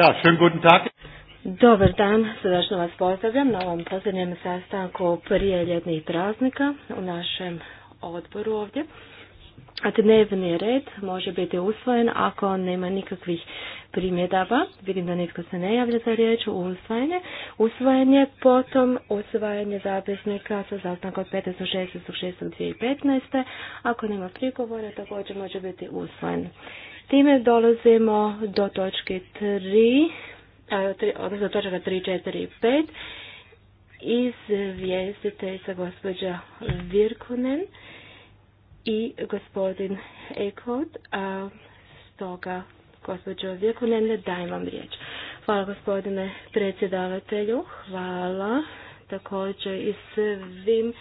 Ja, guten Tag. Dobar dan, srdačno vas pozdravljam na ovom posljednjem sastanku prije ljetnih praznika u našem odboru ovdje. A dnevni red može biti usvojen ako nema nikakvih primjedaba. Vidim da nitko se ne javlja za riječ u Usvojenje Usvajanje potom usvajanje zapisnika sa sastanka od petnaest Ako nema prigovora također može biti usvojen. Time dolazimo do točke 3, odnosno točka 3, 4 i 5. sa gospođa Virkunen i gospodin Ekot, a stoga gospođo Virkunen, ne dajem vam riječ. Hvala gospodine predsjedavatelju, hvala također i svim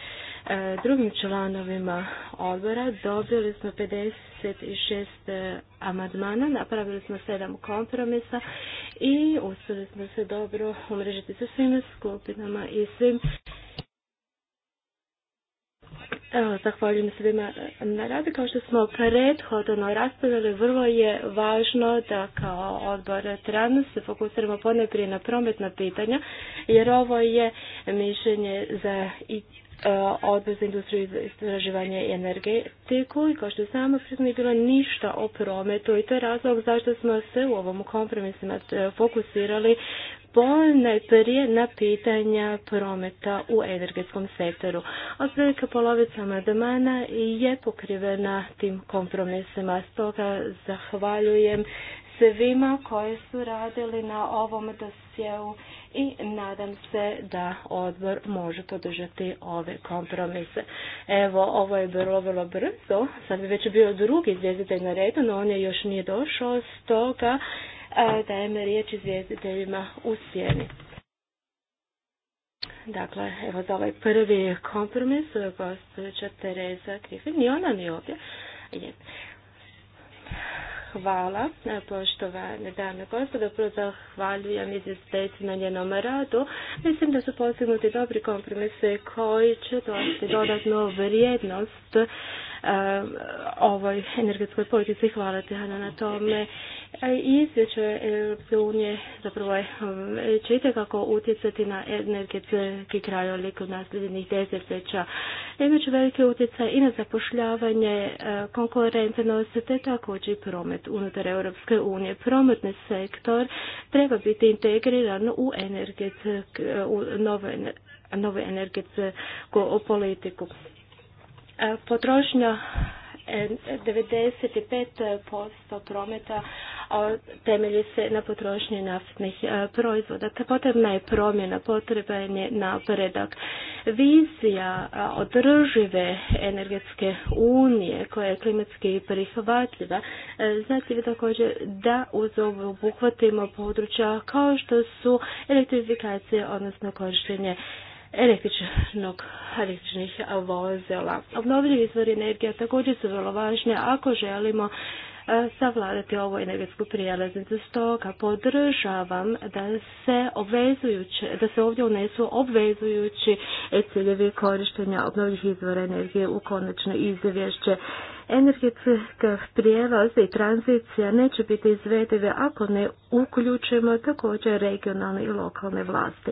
E, drugim članovima odbora dobili smo 56 e, amandmana, napravili smo 7 kompromisa i uspjeli smo se dobro umrežiti sa svim skupinama i svim Evo, zahvaljujem svima na radu. Kao što smo prethodno raspravili, vrlo je važno da kao odbor Trans se fokusiramo ponajprije na prometna pitanja, jer ovo je mišljenje za E, odbor za industriju istraživanje i energetiku i kao što znamo nije bilo ništa o prometu i to je razlog zašto smo se u ovom kompromisima e, fokusirali ponajprije na pitanja prometa u energetskom sektoru. Otprilike polovica amandmana je pokrivena tim kompromisima, stoga zahvaljujem svima koji su radili na ovom dosjeu i nadam se da odbor može podržati ove kompromise. Evo, ovo je bilo vrlo brzo, sad bi već bio drugi izvjestitelj na redu, no on je još nije došao, stoga e, dajem riječ izvjestiteljima u sjeni. Dakle, evo za ovaj prvi kompromis e, gospođa Tereza Griffin ni ona ni ovdje. Hvala, poštovane dame i gospodo. Prvo zahvaljujem izvjestiteljici na njenom radu. Mislim da su postignuti dobri kompromise koji će dodati dodatnu vrijednost Eh, ovoj energetskoj politici. Hvala te na tome. E, izvješće Europske unije zapravo je, eh, će itekako utjecati na energetski krajolik od nasljednih desetljeća. E, imat će velike utjecaj i na zapošljavanje, eh, konkurentnost te također i promet unutar Europske unije. Prometni sektor treba biti integriran u energetsku u nove, energetsku politiku. Potrošnja 95% e, prometa temelji se na potrošnji naftnih e, proizvoda. Potrebna je promjena, potreban je napredak. Vizija održive energetske unije koja je klimatski prihvatljiva e, znači je također da uz ovo obuhvatimo područja kao što su elektrifikacije, odnosno korištenje električnog, električnih vozila. Obnovljivi izvori energije također su vrlo važni ako želimo e, savladati ovu energetsku prijelaznicu. Stoga podržavam da se obvezujući, da se ovdje unesu obvezujući ciljevi korištenja obnovljivih izvora energije u konačno izvješće. Energetska prijevoz i tranzicija neće biti izvedive ako ne uključimo također regionalne i lokalne vlasti.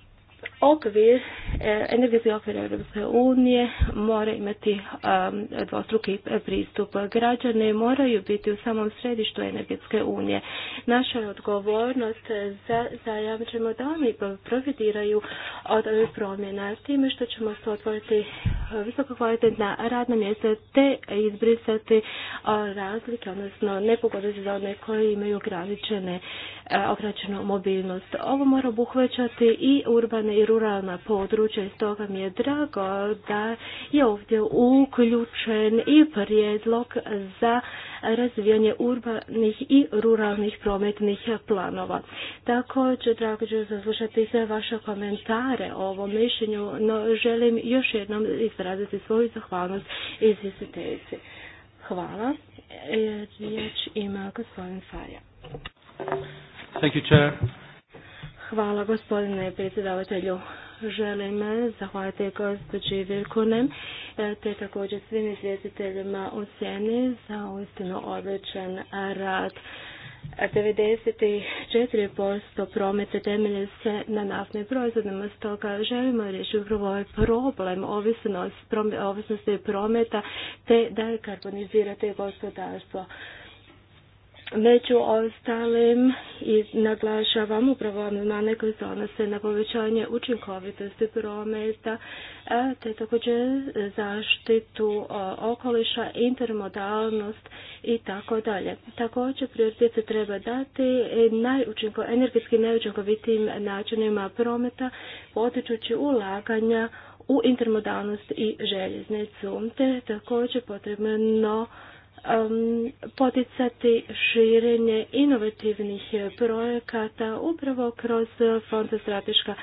okvir, e, energetski okvir Europske unije mora imati dvostruki pristup. Građani moraju biti u samom središtu energetske unije. Naša je odgovornost za zajamčemo da oni profitiraju od ovih promjena s time što ćemo se otvoriti visoko kvalitetna radna mjesta te izbrisati razlike, odnosno nepogode za one koji imaju ograničene e, ograničenu mobilnost. Ovo mora obuhvaćati i urbane i ruralna područja i stoga mi je drago da je ovdje uključen i prijedlog za razvijanje urbanih i ruralnih prometnih planova. Također, drago ću zaslušati sve vaše komentare o ovom mišljenju, no želim još jednom izraziti svoju zahvalnost izvjestiteljici. Hvala. E, riječ ima gospodin Faja. Thank you, Chair. Hvala gospodine predsjedavatelju. Želim zahvaliti gospođi Virkunem e, te također svim izvjestiteljima u Sjeni za uistinu odličan rad. 94% prometa temelje se na naftnim proizvodima, stoga želimo reći upravo ovaj problem ovisnosti prometa te da je karbonizirate gospodarstvo. Među ostalim i naglašavam upravo amandmane koje se odnose na povećanje učinkovitosti prometa, te također zaštitu okoliša, intermodalnost i tako dalje. Također prioritet se treba dati najučinko, energetski najučinkovitijim načinima prometa, potičući ulaganja u intermodalnost i željeznicu, te također potrebno poticati širenje inovativnih projekata upravo kroz Fond za strateška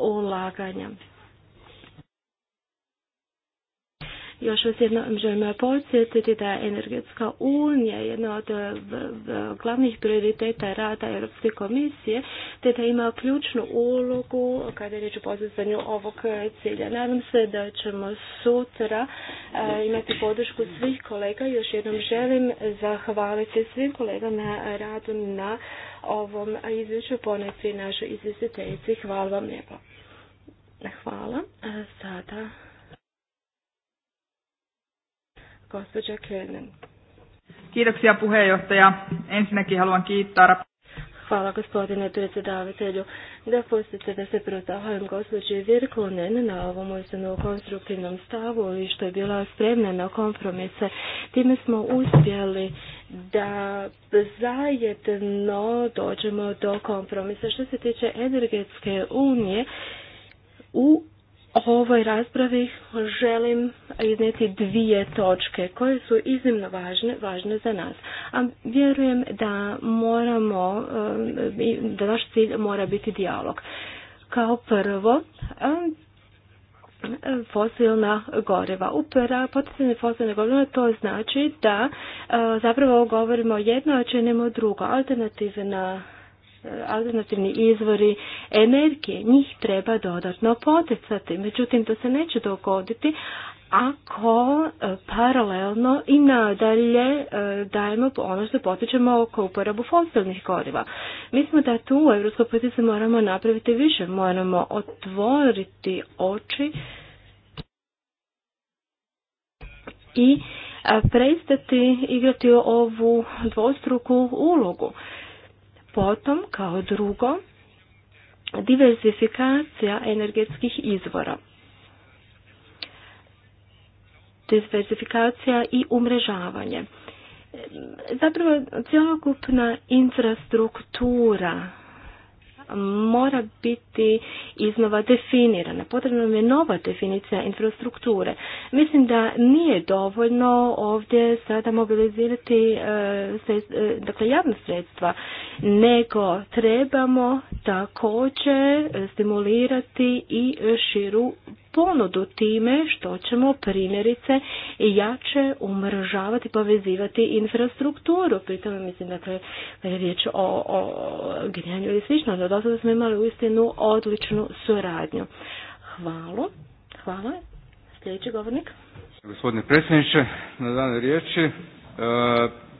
ulaganja. Još jednom jedno želim podsjetiti da je Energetska unija jedna od eh, glavnih prioriteta rada Europske komisije, te da ima ključnu ulogu kada je riječ o postizanju ovog eh, cilja. Nadam se da ćemo sutra eh, imati podršku svih kolega. Još jednom želim zahvaliti svim kolegama na radu na ovom izvješću ponajprije našoj izvjestiteljici. Hvala vam lijepo. Hvala. Sada Gospođa Kernen. Kiitoksia puheenjohtaja. Ensinnäkin haluan kiittää Hvala gospodine predsjedavatelju. Dopustite da se protahajem gospođi Virkunen na ovom uistinu konstruktivnom stavu i što je bila spremna na kompromise. Time smo uspjeli da zajedno dođemo do kompromisa. Što se tiče energetske unije, u ovoj raspravi želim iznijeti dvije točke koje su iznimno važne, važne za nas. A vjerujem da moramo, um, da naš cilj mora biti dijalog. Kao prvo, um, fosilna goriva. Upera, poticanje fosilne goriva, to znači da uh, zapravo govorimo jedno, a činimo drugo. Alternativna alternativni izvori energije. Njih treba dodatno poticati. Međutim, to se neće dogoditi ako e, paralelno i nadalje e, dajemo ono što potičemo oko uporabu fosilnih goriva. Mi smo da tu u Evropskoj politici moramo napraviti više, moramo otvoriti oči i e, prestati igrati ovu dvostruku ulogu. Potom, kao drugo, diversifikacija energetskih izvora. Diversifikacija i umrežavanje. Zapravo, cjelokupna infrastruktura mora biti iznova definirana. Potrebna nam je nova definicija infrastrukture. Mislim da nije dovoljno ovdje sada mobilizirati e, e, dakle, javna sredstva, nego trebamo također stimulirati i širu ponudu time što ćemo primjerice jače umržavati, povezivati infrastrukturu. tome mislim, da dakle, je riječ o, o grijanju ili slično, da do smo imali uistinu odličnu suradnju. Hvala. Hvala. Sljedeći govornik. Gospodine predsjedniče, na dane riječi. E,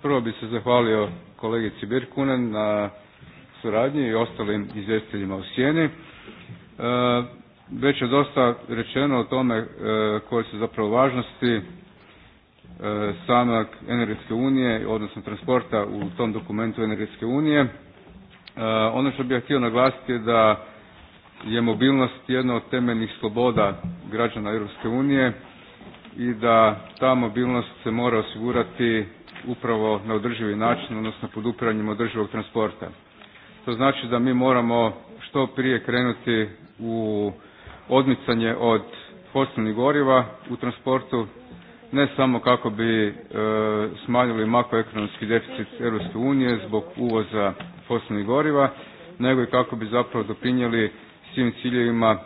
prvo bih se zahvalio kolegici Birkunen na suradnji i ostalim izvjestiteljima u sjeni. E, već je dosta rečeno o tome e, koje su zapravo važnosti e, samog energetske unije, odnosno transporta u tom dokumentu energetske unije. E, ono što bih htio naglasiti je da je mobilnost jedna od temeljnih sloboda građana Europske unije i da ta mobilnost se mora osigurati upravo na održivi način, odnosno pod upravljanjem održivog transporta. To znači da mi moramo što prije krenuti u odmicanje od fosilnih goriva u transportu ne samo kako bi e, smanjili makroekonomski deficit Europske unije zbog uvoza fosilnih goriva, nego i kako bi zapravo doprinijeli svim ciljevima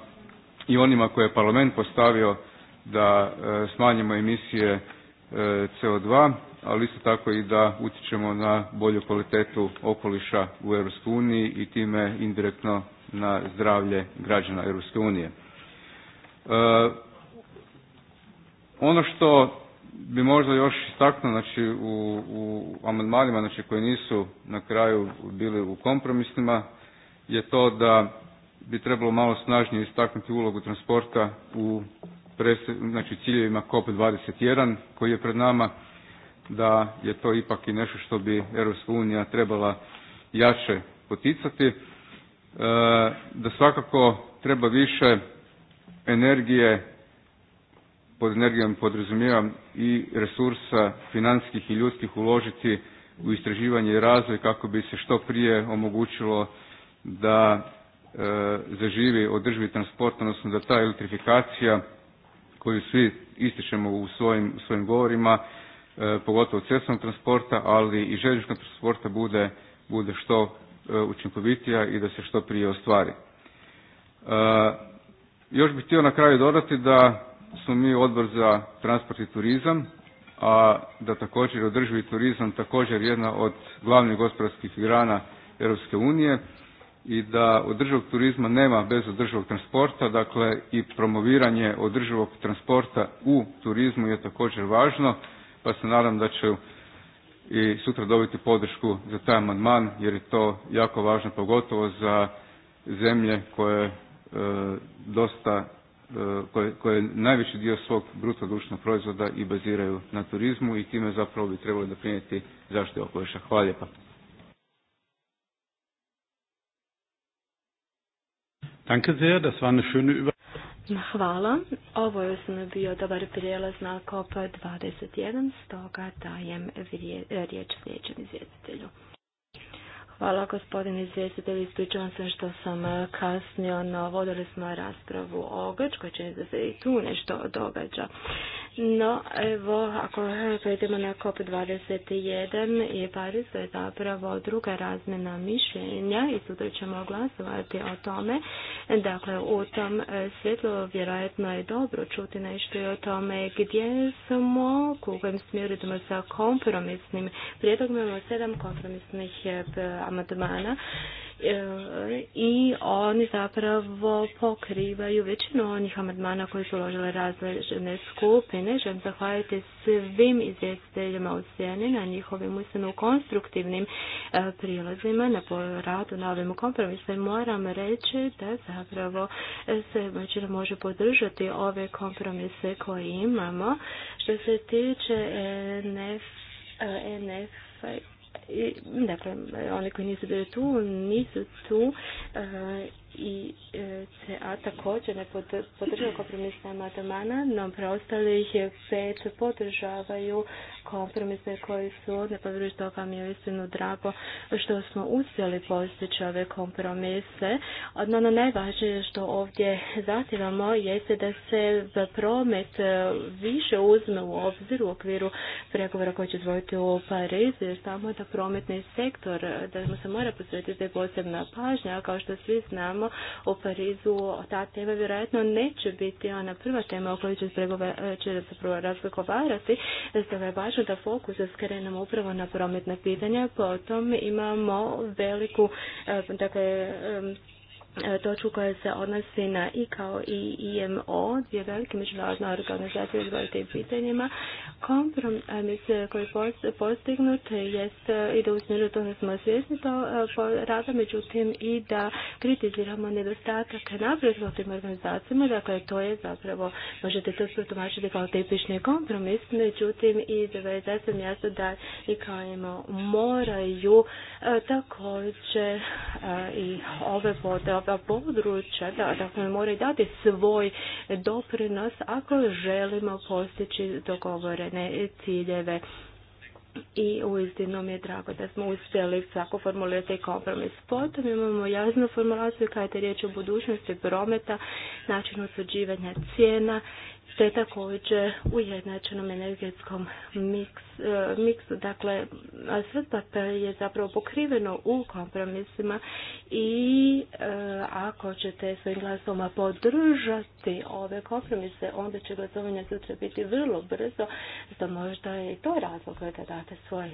i onima koje je parlament postavio da e, smanjimo emisije e, CO2, ali isto tako i da utječemo na bolju kvalitetu okoliša u Europskoj uniji i time indirektno na zdravlje građana Europske unije. E, ono što bi možda još istaknuo znači, u, u amandmanima znači, koji nisu na kraju bili u kompromisima je to da bi trebalo malo snažnije istaknuti ulogu transporta u prese, znači, ciljevima COP21 koji je pred nama, da je to ipak i nešto što bi EU trebala jače poticati, e, da svakako treba više energije, pod energijom podrazumijevam i resursa financijskih i ljudskih uložiti u istraživanje i razvoj kako bi se što prije omogućilo da e, zaživi održivi transport, odnosno da ta elektrifikacija koju svi ističemo u svojim, govorima, e, pogotovo cestovnog transporta, ali i željezničkog transporta bude, što e, učinkovitija i da se što prije ostvari. Još bih htio na kraju dodati da smo mi odbor za transport i turizam, a da također održivi turizam također jedna od glavnih gospodarskih grana Europske unije i da održivog turizma nema bez održivog transporta, dakle i promoviranje održivog transporta u turizmu je također važno, pa se nadam da će i sutra dobiti podršku za taj amandman jer je to jako važno pogotovo za zemlje koje E, dosta e, koje, koje najveći dio svog bruto društvenog proizvoda i baziraju na turizmu i time zapravo bi trebali doprinijeti zaštiti okoliša. Hvala lijepa. Danke sehr, das war eine schöne Hvala. Ovo je bio dobar prijelaz na COP21, stoga dajem riječ sljedećem izvjetitelju. Hvala gospodine izvjestitelj, ispričavam se što sam e, kasnio, no vodili smo raspravu o Grčkoj, čini da se i tu nešto događa. No, evo, ako idemo na COP21 i Paris, to je zapravo druga razmjena mišljenja i sutra ćemo glasovati o tome. Dakle, u tom svjetlu vjerojatno je dobro čuti nešto i o tome gdje smo, u kojem smjeru idemo sa kompromisnim prijedlogom. Imamo sedam kompromisnih e, amandmana e, i oni zapravo pokrivaju većinu onih amandmana koji su uložile različne skupine razine. Želim zahvaliti svim izvjestiteljima u sjeni na njihovim uistinu konstruktivnim e, prilazima na radu na ovim kompromisima. Moram reći da zapravo e, se većina može podržati ove kompromise koje imamo. Što se tiče e, NF, dakle, oni koji nisu bili tu, nisu tu i e, CA također ne podržava kompromisne amandmana, no preostalih je pet podržavaju kompromise koji su ne podržavaju toga mi je istinu drago što smo uspjeli postići ove kompromise. Ono najvažnije što ovdje zatimamo jeste da se promet e, više uzme u obzir u okviru pregovora koji će zvojiti u Parizu, jer samo da prometni sektor, da se mora posvetiti posebna pažnja, kao što svi znamo, tamo u Parizu, ta tema vjerojatno neće biti ona prva tema o kojoj će se prvo razgovarati. Stoga je važno da fokus skrenemo upravo na prometna pitanja. Potom imamo veliku, e, dakle, E, točku koja se odnosi na ICAO i IMO, dvije velike međunarodne organizacije tim pitanjima. Kompromis e, koji je postignut jest e, i da u smjeru toga smo svjesni to rada, međutim i da kritiziramo nedostatak napredu u tim organizacijama, dakle to je zapravo, možete to protumačiti kao tipični kompromis, međutim i da sam jasno da i kao IMO moraju također i ove vode ova područja, da, dakle, moraju dati svoj doprinos ako želimo postići dogovorene ciljeve i uistinu mi je drago da smo uspjeli svako formulirati kompromis. Potom imamo jasnu formulaciju kada je riječ o budućnosti prometa, način osuđivanja cijena te također ujednačenom energetskom e, miksu. Dakle, sve je zapravo pokriveno u kompromisima i e, ako ćete svojim glasom podržati ove kompromise, onda će glasovanje sutra biti vrlo brzo, zato možda je i to razlog da date svoj, e,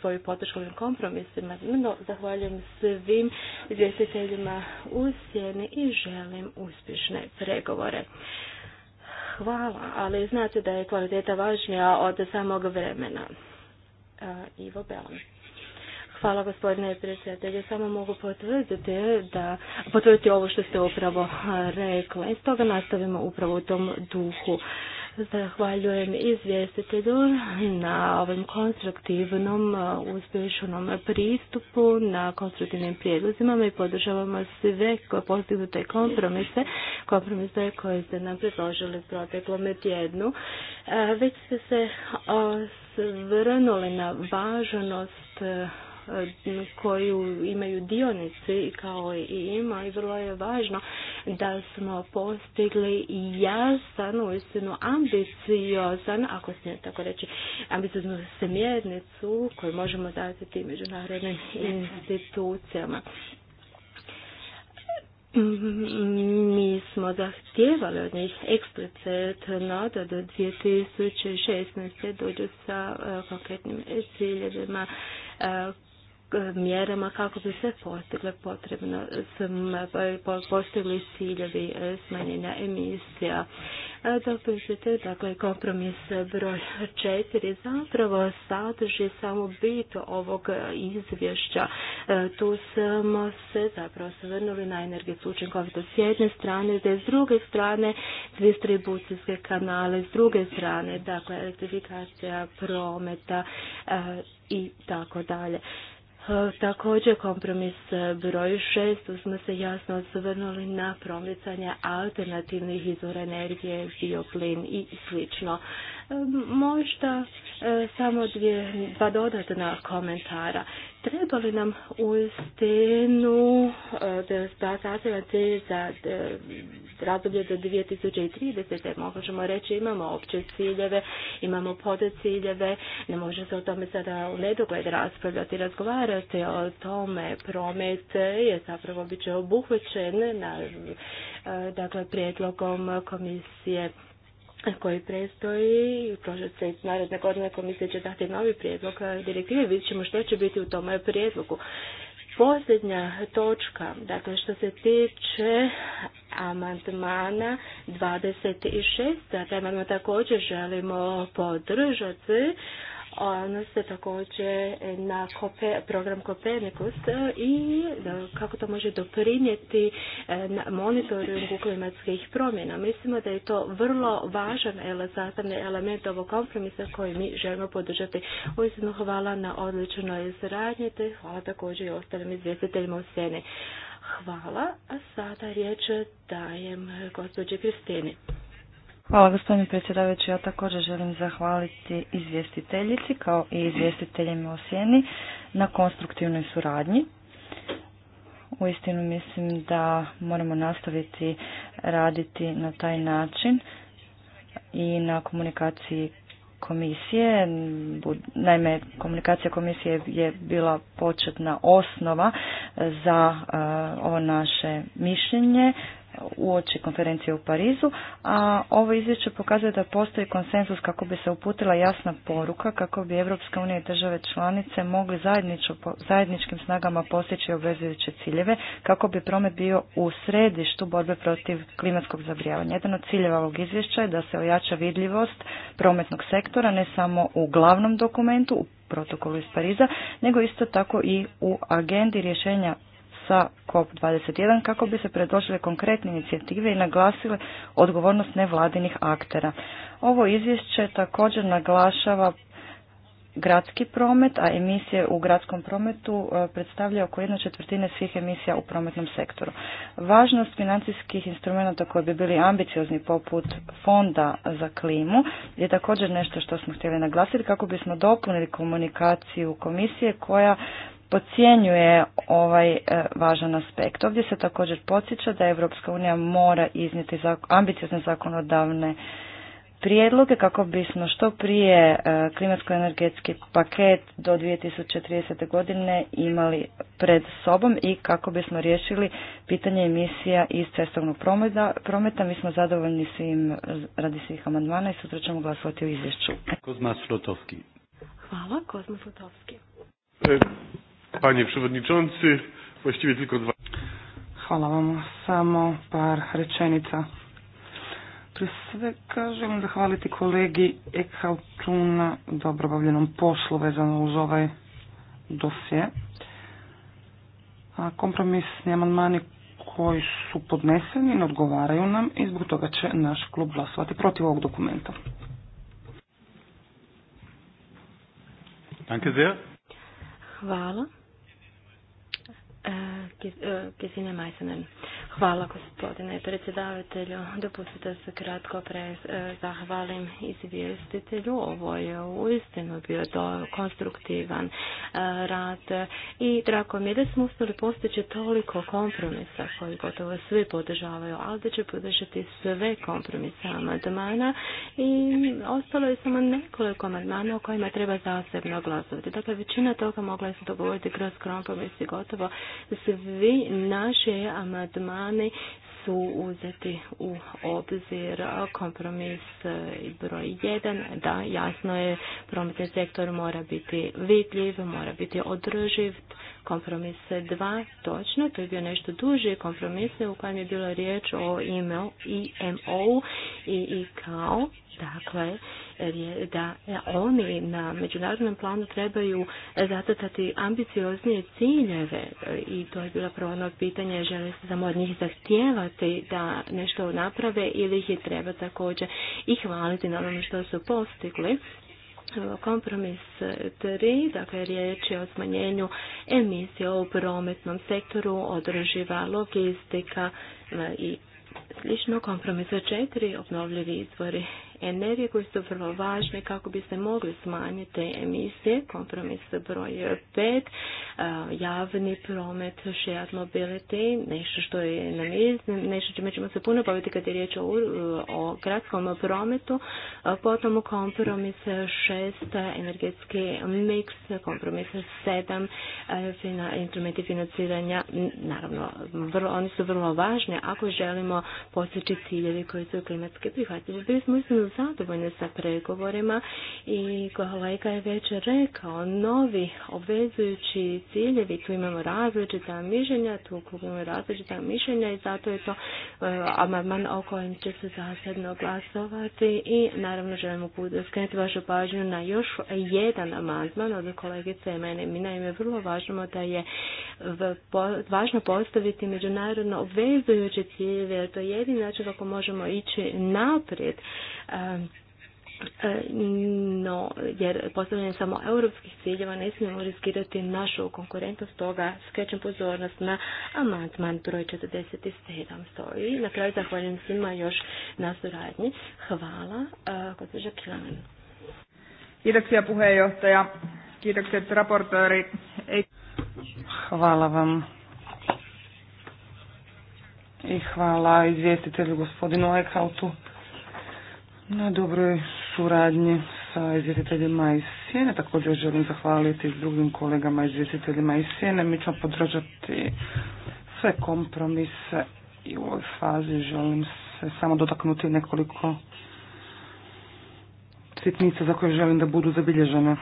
svoju podršku kompromisima. No, zahvaljujem svim izvjestiteljima u sjeni i želim uspješne pregovore hvala, ali znate da je kvaliteta važnija od samog vremena. E, Ivo Belan. Hvala gospodine predsjedatelju. Samo mogu potvrditi da potvrditi ovo što ste upravo rekli. I stoga nastavimo upravo u tom duhu. Zahvaljujem izvjestitelju na ovom konstruktivnom, e, uspješnom pristupu, na konstruktivnim prijedlozima. Mi podržavamo sve postignute kompromise, kompromise koje ste nam predložili u proteklom tjednu. E, već ste se osvrnuli na važnost e, koju imaju dionici kao i ima i vrlo je važno da smo postigli jasan, uistinu ambiciozan, ako ne tako reći, ambicioznu smjernicu koju možemo dati tim međunarodnim institucijama. Mm, mi smo zahtjevali od njih eksplicitno da do 2016. dođu sa e, konkretnim ciljevima e, mjerama kako bi se postigle potrebno, postigli ciljevi e, smanjenja emisija. E, Dopišite, dakle, kompromis broj četiri zapravo sadrži samo bit ovog izvješća. E, tu smo se zapravo vrnuli na energetsku učinkovitost s jedne strane, te s druge strane distribucijske kanale, s druge strane, dakle, elektrifikacija prometa i tako dalje. E, također kompromis e, broj šest, tu smo se jasno osvrnuli na promicanje alternativnih izvora energije, bioplin i slično. Možda e, samo dvije, dva dodatna komentara. Treba li nam u istinu e, strategija za e, razdoblje do 2030. Možemo reći imamo opće ciljeve, imamo ciljeve. ne može se o tome sada u nedogled raspravljati, razgovarati o tome. Promet je zapravo bit će obuhvaćen na, dakle, prijedlogom komisije koji prestoji. Prošle naredne godine komisija će dati novi prijedlog direktive. Vidjet ćemo što će biti u tom prijedlogu. Posljednja točka, dakle što se tiče amandmana 26, taj amandman također želimo podržati ono se također na Kope, program Kopernikus e, i e, kako to može doprinijeti e, na monitoringu klimatskih promjena. Mislimo da je to vrlo važan sastavni element ovog kompromisa koji mi želimo podržati. Uistinu hvala na odličnoj izradnji te hvala također i ostalim izvjestiteljima u sceni Hvala, a sada riječ dajem gospođi Kristini. Hvala gospodine predsjedavajući. Ja također želim zahvaliti izvjestiteljici kao i izvjestiteljima u Sjeni na konstruktivnoj suradnji. Uistinu mislim da moramo nastaviti raditi na taj način i na komunikaciji komisije. Naime, komunikacija komisije je bila početna osnova za eh, ovo naše mišljenje uoči konferencije u Parizu, a ovo izvješće pokazuje da postoji konsenzus kako bi se uputila jasna poruka kako bi Europska unija i države članice mogli zajedničkim snagama postići obvezujuće ciljeve kako bi promet bio u središtu borbe protiv klimatskog zabrijavanja. Jedan od ciljeva ovog izvješća je da se ojača vidljivost prometnog sektora ne samo u glavnom dokumentu, u protokolu iz Pariza, nego isto tako i u agendi rješenja sa COP21 kako bi se predložile konkretne inicijative i naglasile odgovornost nevladinih aktera. Ovo izvješće također naglašava gradski promet, a emisije u gradskom prometu e, predstavlja oko jedna četvrtine svih emisija u prometnom sektoru. Važnost financijskih instrumenta koji bi bili ambiciozni poput fonda za klimu je također nešto što smo htjeli naglasiti kako bismo dopunili komunikaciju komisije koja podcjenjuje ovaj e, važan aspekt. Ovdje se također podsjeća da Europska unija mora iznijeti ambiciozne zakonodavne prijedloge kako bismo što prije e, klimatsko-energetski paket do 2030. godine imali pred sobom i kako bismo riješili pitanje emisija iz cestovnog prometa. prometa. Mi smo zadovoljni svim radi svih amandmana i sutra ćemo glasovati u izvješću. Kozma Slotovski. Hvala, Kozma Slotovski. E, Panie przewodniczący, właściwie tylko dwa. Hvala vam. Samo par rečenica. Prije svega želim zahvaliti kolegi Ekautu na dobro obavljenom poslu vezano uz ovaj dosje. A kompromisni amandmani koji su podneseni ne odgovaraju nam i zbog toga će naš klub glasovati protiv ovog dokumenta. Hvala. Eh, Kesine eh, Majsanen. Hvala gospodine predsjedavatelju. Dopustite da se kratko e, zahvalim izvjestitelju. Ovo je uistinu bio do konstruktivan e, rad i drago mi je da smo uspjeli postići toliko kompromisa koji gotovo svi podržavaju, ali da će podržati sve kompromise amandmana i ostalo je samo nekoliko amandmana o kojima treba zasebno glasovati. Dakle, većina toga mogla se dogovoriti kroz kompromis i gotovo svi naši amandmani strane su uzeti u obzir kompromis e, broj 1. Da, jasno je, prometni sektor mora biti vidljiv, mora biti održiv. Kompromis 2, točno, to je bio nešto duži kompromis u kojem je bilo riječ o IMO i, i kao Dakle, da oni na međunarodnom planu trebaju zacrtati ambicioznije ciljeve i to je bilo prvo ono pitanje žele se samo od njih zahtijevati da nešto naprave ili ih je treba također i hvaliti na onome što su postigli kompromis 3, dakle riječ je o smanjenju emisije u prometnom sektoru, održiva logistika e, i slično. Kompromis 4, obnovljivi izvori energije koje su vrlo važne kako bi se mogli smanjiti emisije. Kompromis broj 5, javni promet, shared mobility, nešto što je na nešto čime ćemo se puno baviti kad je riječ o, o gradskom prometu. Potom kompromis 6, energetski mix, kompromis 7, instrumenti financiranja, naravno, vrlo, oni su vrlo važni ako želimo postići ciljevi koji su klimatske prihvatljivi. Bili zadovoljne sa pregovorima i kolega je već rekao, novi obvezujući ciljevi, tu imamo različita mišljenja, tu imamo različita mišljenja i zato je to e, amandman o kojem će se zasebno glasovati i naravno želimo skrenuti vašu pažnju na još jedan amandman od kolegice i mene. Mi naime vrlo važno da je važno postaviti međunarodno obvezujuće ciljeve, jer to je jedini način kako možemo ići naprijed. E, no, jer postavljanje samo europskih ciljeva ne smijemo riskirati našu konkurentnost, toga skrećem pozornost na amantman broj 47. Stoji. Na kraju zahvaljujem svima još na suradnji. Hvala, e, gospođa Kilan. Kiitoksia Kiitokset Hvala vam. I hvala izvjestitelju gospodinu Eichhautu na dobroj suradnji sa izvjetiteljima iz Sjene. Također želim zahvaliti drugim kolegama izvjetiteljima iz Sjene. Mi ćemo podržati sve kompromise i u ovoj fazi želim se samo dotaknuti nekoliko sitnica za koje želim da budu zabilježene.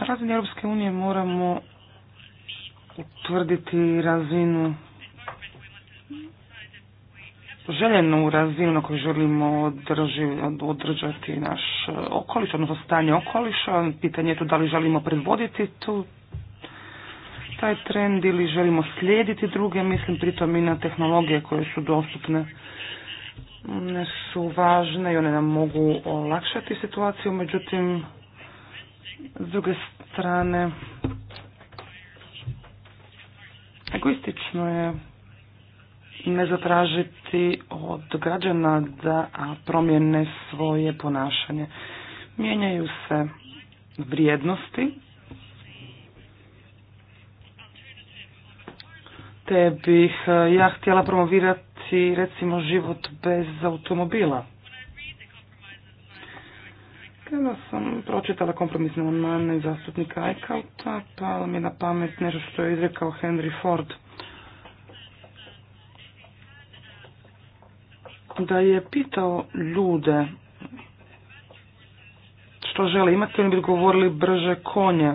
Na razini Europske unije moramo utvrditi razinu željenu razinu na kojoj želimo održati naš e, okoliš, odnosno stanje okoliša. Pitanje je tu da li želimo predvoditi tu taj trend ili želimo slijediti druge, mislim pritom i na tehnologije koje su dostupne. ne su važne i one nam mogu olakšati situaciju, međutim, s druge strane, egoistično je ne zatražiti od građana da promjene svoje ponašanje. Mijenjaju se vrijednosti, te bih ja htjela promovirati recimo život bez automobila. Kada sam pročitala kompromisne amandmane zastupnika Eichauta, pa mi je na pamet nešto što je izrekao Henry Ford – da je pitao ljude što žele imati, oni bi govorili brže konje.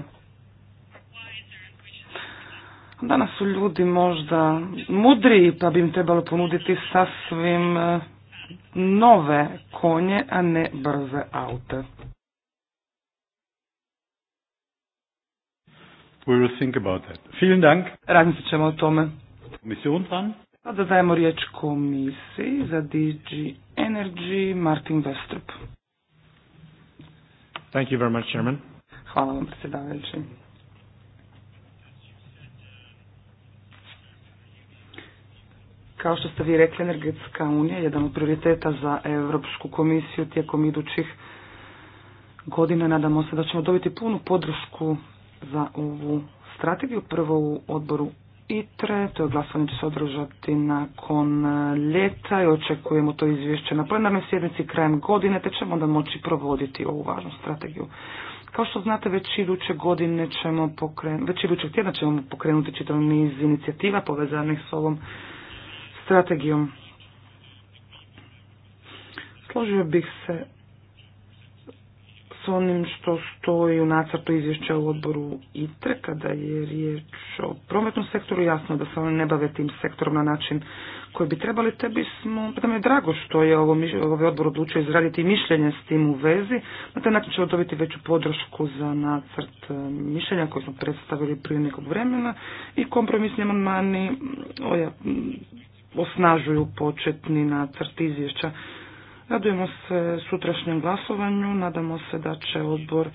Danas su ljudi možda mudri pa bi im trebalo ponuditi sasvim e, nove konje, a ne brze aute. We Vielen Dank. ćemo o tome. Mission dran. Sada dajemo riječ komisiji za DG Energy, Martin Westrup. Thank you very much, Chairman. Hvala vam, predsjedavajući. Kao što ste vi rekli, Energetska unija je jedan od prioriteta za Europsku komisiju tijekom idućih godina. Nadamo se da ćemo dobiti punu podršku za ovu strategiju, prvo u odboru ITRE, to je glasovanje će se održati nakon e, ljeta i očekujemo to izvješće na plenarnoj sjednici krajem godine, te ćemo onda moći provoditi ovu važnu strategiju. Kao što znate, već iduće godine ćemo pokrenuti, već idućeg tjedna ćemo pokrenuti čitav niz inicijativa povezanih s ovom strategijom. Složio bih se s onim što stoji u nacrtu izvješća u odboru ITRE kada je riječ o prometnom sektoru. Jasno da se oni ne bave tim sektorom na način koji bi trebali, te bismo, da pa mi je drago što je ovo, ovaj odbor odlučio izraditi mišljenje s tim u vezi. Na taj način ćemo dobiti veću podršku za nacrt e, mišljenja koje smo predstavili prije nekog vremena i kompromisni amandmani mm, mm, osnažuju početni nacrt izvješća. Radujemo se sutrašnjem glasovanju, nadamo se da će odbor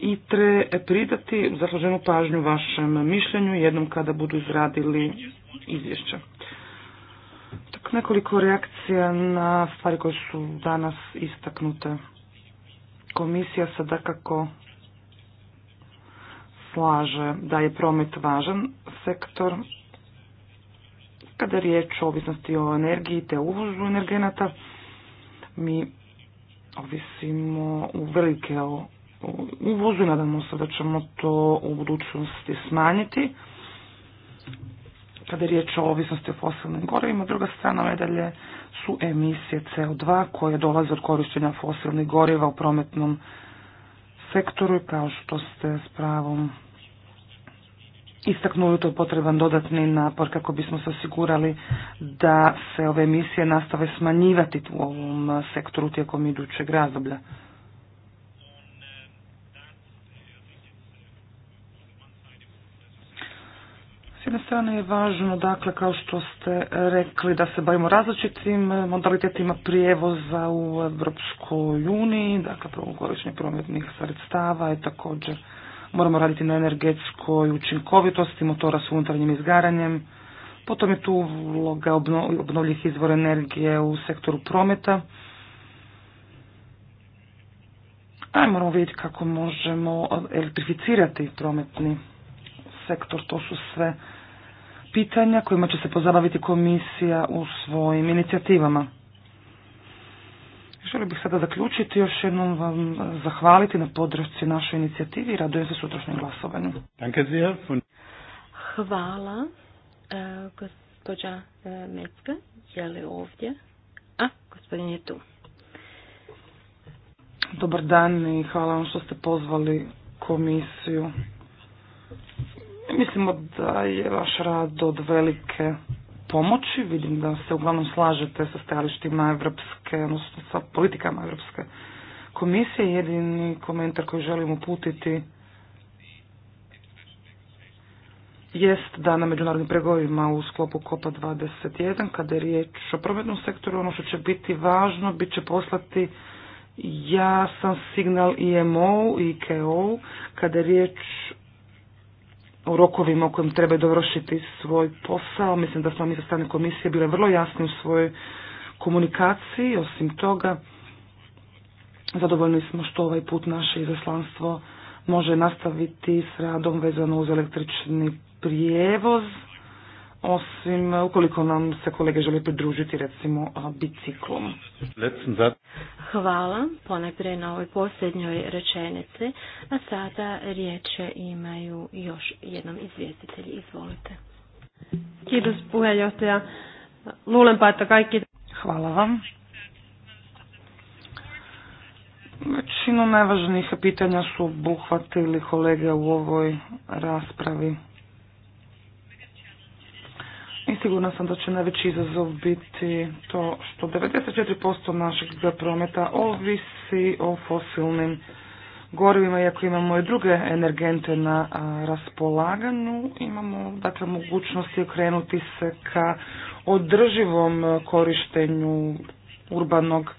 i tre pridati zasluženu pažnju vašem mišljenju jednom kada budu izradili izvješće. Tako nekoliko reakcija na stvari koje su danas istaknute. Komisija se dakako slaže da je promet važan sektor kada je riječ o ovisnosti o energiji te uvozu energenata. Mi ovisimo u velike o uvozu i nadamo se da ćemo to u budućnosti smanjiti. Kada je riječ o ovisnosti o fosilnim gorivima, druga strana medalje su emisije CO2 koje dolaze od korištenja fosilnih goriva u prometnom sektoru kao što ste s pravom to potreban dodatni napor kako bismo se osigurali da se ove emisije nastave smanjivati u ovom sektoru tijekom idućeg razdoblja. S jedne strane je važno, dakle, kao što ste rekli, da se bavimo različitim modalitetima prijevoza u Evropskoj uniji, dakle, prvogorišnje prometnih sredstava je također Moramo raditi na energetskoj učinkovitosti motora s unutarnjim izgaranjem. Potom je tu uloga obnovljivih izvora energije u sektoru prometa. A moramo vidjeti kako možemo elektrificirati prometni sektor. To su sve pitanja kojima će se pozabaviti komisija u svojim inicijativama. Želio bih sada zaključiti, još jednom vam e, zahvaliti na podršci našoj inicijativi i radujem se sutrašnjem glasovanju. Hvala. E, gospođa e, Mecka, je li ovdje? A, gospodin je tu. Dobar dan i hvala vam što ste pozvali komisiju. Mislimo da je vaš rad od velike pomoći. Vidim da se uglavnom slažete sa stajalištima Evropske, odnosno sa politikama Evropske komisije. Jedini komentar koji želim uputiti jest da na međunarodnim pregovima u sklopu COPA 21, kada je riječ o prometnom sektoru, ono što će biti važno, bit će poslati jasan signal IMO i IKO, kada je riječ u rokovima u kojim treba dovršiti svoj posao. Mislim da smo mi sa strane komisije bile vrlo jasni u svojoj komunikaciji. Osim toga, zadovoljni smo što ovaj put naše izaslanstvo može nastaviti s radom vezano uz električni prijevoz osim ukoliko nam se kolege žele pridružiti recimo biciklom. Hvala ponajprije na ovoj posljednjoj rečenici, a sada riječ imaju još jednom izvjestitelji. Izvolite. Kiitos kaikki... Hvala vam. Većinu najvažnijih pitanja su obuhvatili kolege u ovoj raspravi. I sigurna sam da će najveći izazov biti to što 94% našeg prometa ovisi o fosilnim gorivima, iako imamo i druge energente na raspolaganju, imamo dakle mogućnosti okrenuti se ka održivom korištenju urbanog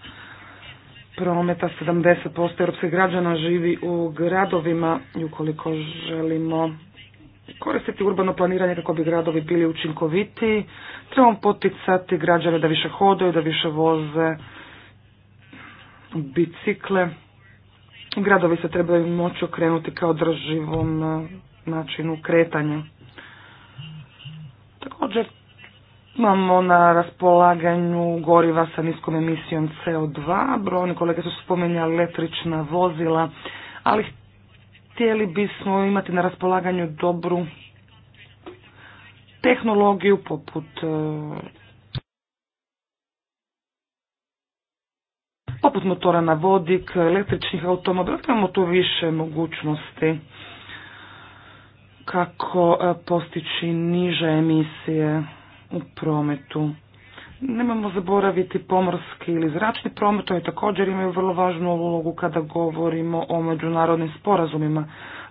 prometa. 70% europskih građana živi u gradovima i ukoliko želimo koristiti urbano planiranje kako bi gradovi bili učinkovitiji. Trebamo poticati građane da više hodaju, da više voze bicikle. Gradovi se trebaju moći okrenuti kao drživom e, načinu kretanja. Također imamo na raspolaganju goriva sa niskom emisijom CO2. Brojni kolege su spomenjali električna vozila, ali htjeli bismo imati na raspolaganju dobru tehnologiju poput e, poput motora na vodik, električnih automobila, dakle, imamo tu više mogućnosti kako e, postići niže emisije u prometu. Nemamo zaboraviti pomorski ili zračni promet, oni također imaju vrlo važnu ulogu kada govorimo o međunarodnim sporazumima.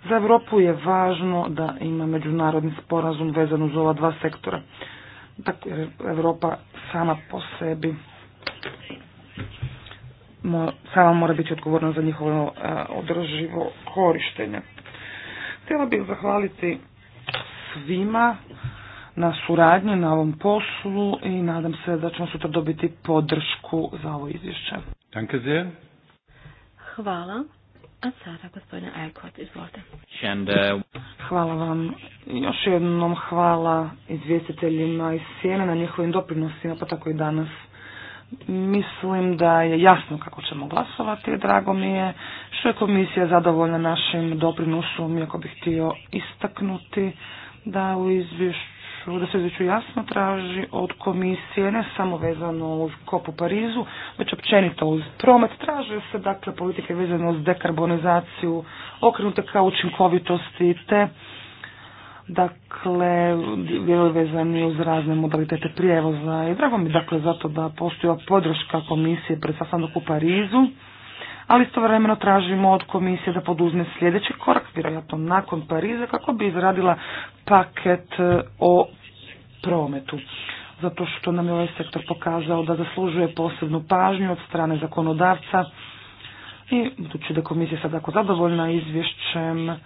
Za Europu je važno da ima međunarodni sporazum vezan uz ova dva sektora. Dakle, Europa sama po sebi sama mora biti odgovorna za njihovo e, održivo korištenje. Htjela bih zahvaliti svima na suradnju na ovom poslu i nadam se da ćemo sutra dobiti podršku za ovo izvješće. Danke Hvala. A sada izvolite. Uh, hvala vam. Još jednom hvala izvjestiteljima iz Sjene na njihovim doprinosima, pa tako i danas. Mislim da je jasno kako ćemo glasovati. Drago mi je što je komisija zadovoljna našim doprinosom, iako bih htio istaknuti da u izvješću su, da se jasno traži od komisije, ne samo vezano uz kop u Parizu, već općenito uz promet. Traže se dakle politike vezano uz dekarbonizaciju, okrenute kao učinkovitosti, te dakle dijelovi vezani uz razne modalitete prijevoza i drago mi dakle zato da postoji podrška komisije pred sastanak u Parizu ali istovremeno tražimo od komisije da poduzme sljedeći korak, vjerojatno nakon Pariza, kako bi izradila paket e, o prometu. Zato što nam je ovaj sektor pokazao da zaslužuje posebnu pažnju od strane zakonodavca i budući da komisija sad tako zadovoljna izvješćem,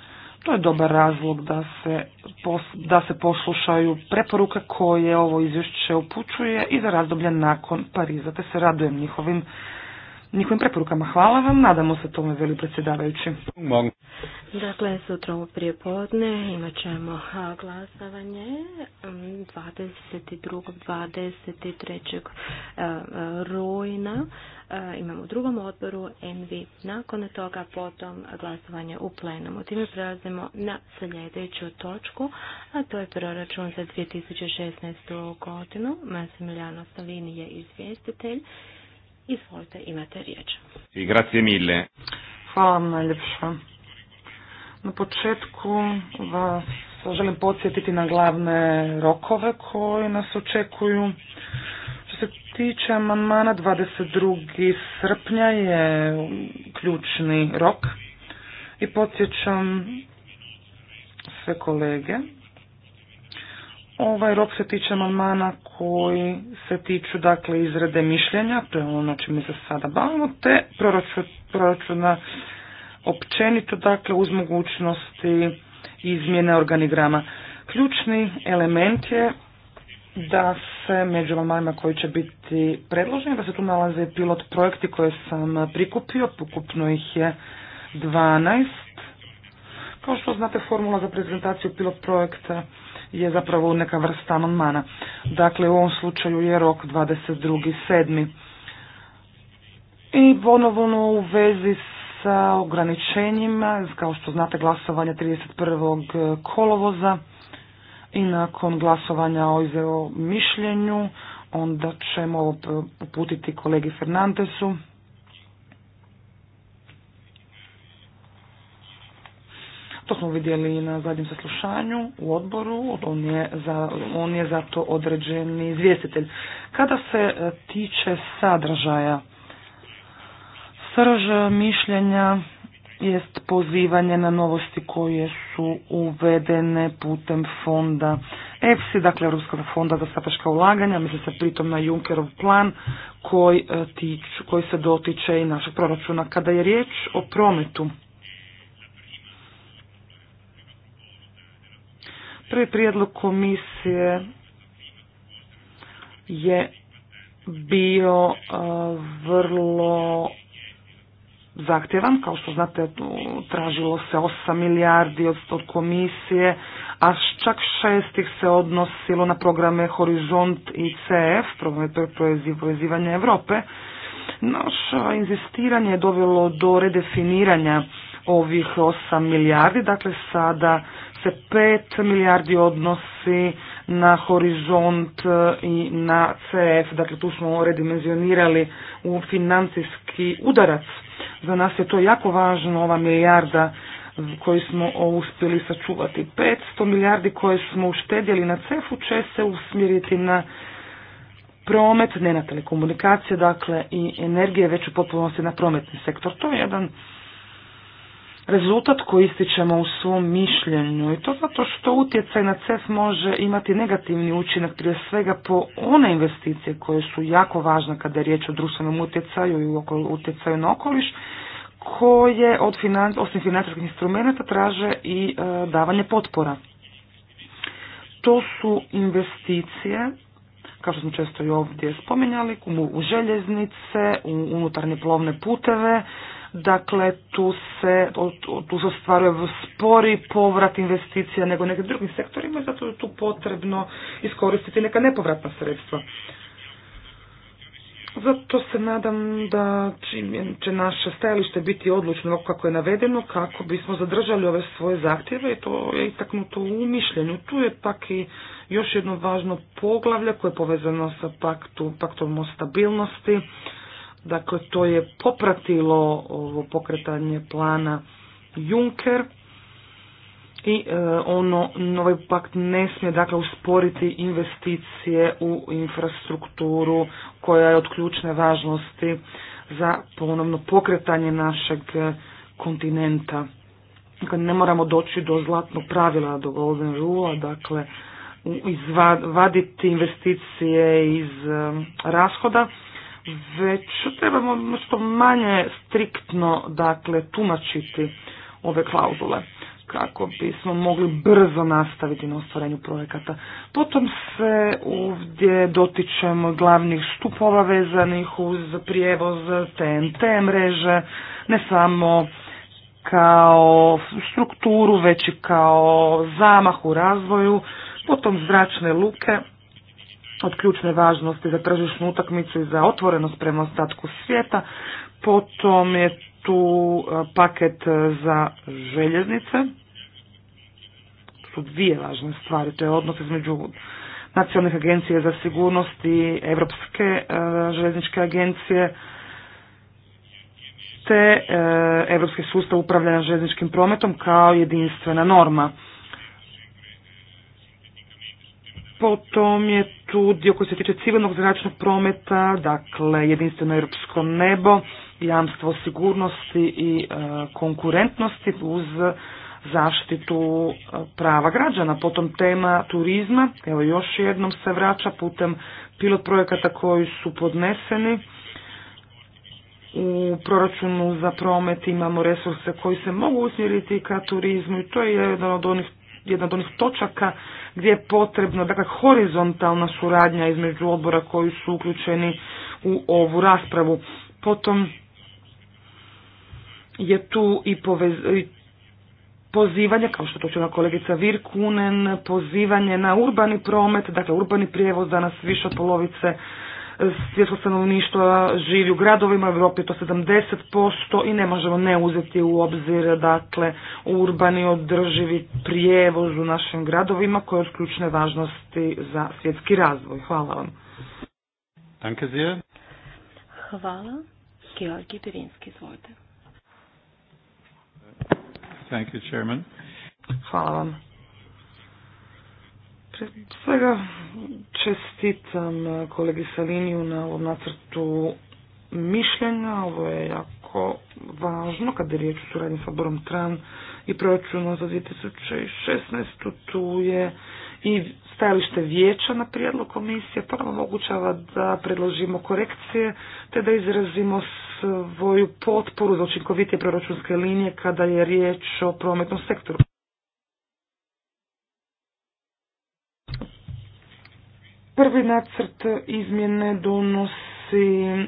to je dobar razlog da se, da se poslušaju preporuke koje ovo izvješće upućuje i za razdoblje nakon Pariza, te se radujem njihovim njihovim preporukama. Hvala vam, nadamo se tome veli predsjedavajući. Dakle, sutra u prije podne imat ćemo glasavanje 22. 23. rujna. E, imamo u drugom odboru MV Nakon toga potom glasovanje u plenumu. Time prelazimo na sljedeću točku, a to je proračun za 2016. godinu. Masimiljano stavini je izvjestitelj. Izvolite, imate riječ. I grazie mille. Hvala vam najljepša. Na početku vas želim podsjetiti na glavne rokove koji nas očekuju. Što se tiče amandmana, 22. srpnja je ključni rok i podsjećam sve kolege Ovaj rok se tiče amandmana koji se tiču dakle izrade mišljenja, to je ono čime se sada bavimo, te proračuna općenito dakle uz mogućnosti izmjene organigrama. Ključni element je da se među amandmanima koji će biti predloženi, da se tu nalaze pilot projekti koje sam prikupio, ukupno ih je 12. Kao što znate, formula za prezentaciju pilot projekta je zapravo neka vrsta amandmana. Dakle, u ovom slučaju je rok 22.7. I ponovno u vezi sa ograničenjima, kao što znate glasovanje 31. kolovoza i nakon glasovanja o izveo mišljenju, onda ćemo uputiti kolegi Fernandesu. To smo vidjeli na zadnjem saslušanju u odboru, on je za, on je za to određeni izvjestitelj. Kada se e, tiče sadržaja, srž mišljenja jest pozivanje na novosti koje su uvedene putem fonda EFSI, dakle Europskog fonda za strateška ulaganja, misli se pritom na Junckerov plan koji, e, tič, koji se dotiče i našeg proračuna. Kada je riječ o prometu, Prvi prijedlog komisije je bio e, vrlo zahtjevan, kao što znate tražilo se 8 milijardi od komisije, a čak šestih se odnosilo na programe Horizont i CF, programe povezivanja Europe. no inzistiranje je dovelo do redefiniranja ovih 8 milijardi, dakle sada se 5 milijardi odnosi na horizont e, i na CF, dakle tu smo redimenzionirali u financijski udarac. Za nas je to jako važno, ova milijarda koju smo uspjeli sačuvati. 500 milijardi koje smo uštedjeli na CEF-u će se usmjeriti na promet, ne na telekomunikacije, dakle i energije, već u potpunosti na prometni sektor. To je jedan rezultat koji ističemo u svom mišljenju i to zato što utjecaj na CES može imati negativni učinak prije svega po one investicije koje su jako važne kada je riječ o društvenom utjecaju i utjecaju na okoliš koje od finan, osim financijskih instrumenata traže i e, davanje potpora. To su investicije, kao što smo često i ovdje spominjali, u željeznice, u unutarnje plovne puteve, Dakle, tu se, tu se ostvaruje spori povrat investicija nego nekim drugim sektorima i zato je tu potrebno iskoristiti neka nepovratna sredstva. Zato se nadam da će naše stajalište biti odlučno kako je navedeno, kako bismo zadržali ove svoje zahtjeve i to je istaknuto u mišljenju. Tu je pak i još jedno važno poglavlje koje je povezano sa paktu, paktom o stabilnosti. Dakle, to je popratilo ovo pokretanje plana Juncker i e, ono, ovaj pakt ne smije dakle usporiti investicije u infrastrukturu koja je od ključne važnosti za ponovno pokretanje našeg kontinenta. Dakle, ne moramo doći do zlatnog pravila, do golden rule, dakle, izvaditi vaditi investicije iz e, rashoda, već trebamo što manje striktno dakle tumačiti ove klauzule kako bismo mogli brzo nastaviti na ostvarenju projekata. Potom se ovdje dotičemo glavnih stupova vezanih uz prijevoz TNT mreže, ne samo kao strukturu, već i kao zamah u razvoju, potom zračne luke, od ključne važnosti za tržišnu utakmicu i za otvorenost prema ostatku svijeta. Potom je tu e, paket e, za željeznice. To su dvije važne stvari. To je odnos između nacionalnih agencije za sigurnost i Evropske e, željezničke agencije te Evropski sustav upravljanja željezničkim prometom kao jedinstvena norma. Potom je tu dio koji se tiče civilnog zračnog prometa, dakle jedinstveno europsko nebo, jamstvo sigurnosti i e, konkurentnosti uz zaštitu e, prava građana. Potom tema turizma, evo još jednom se vraća putem pilot projekata koji su podneseni. U proračunu za promet imamo resurse koji se mogu usmjeriti ka turizmu i to je jedan od onih jedna od onih točaka gdje je potrebno dakle, horizontalna suradnja između odbora koji su uključeni u ovu raspravu. Potom je tu i, pozivanje, kao što to na kolegica Virkunen, pozivanje na urbani promet, dakle urbani prijevoz danas više od polovice svjetsko stanovništva živi u gradovima, u Europi to 70% i ne možemo ne uzeti u obzir dakle urbani održivi prijevoz u našim gradovima koje je od ključne važnosti za svjetski razvoj. Hvala vam. Danke sehr. Hvala. Georgi Thank you, Chairman. Hvala vam svega čestitam e, kolegi Saliniju na ovom nacrtu mišljenja. Ovo je jako važno kada je riječ o suradnji sa Borom Tran i proračunom za 2016. Tu je i stajalište vijeća na prijedlog komisije. To pa nam omogućava da predložimo korekcije te da izrazimo svoju potporu za učinkovitije proračunske linije kada je riječ o prometnom sektoru. Prvi nacrt izmjene donosi e,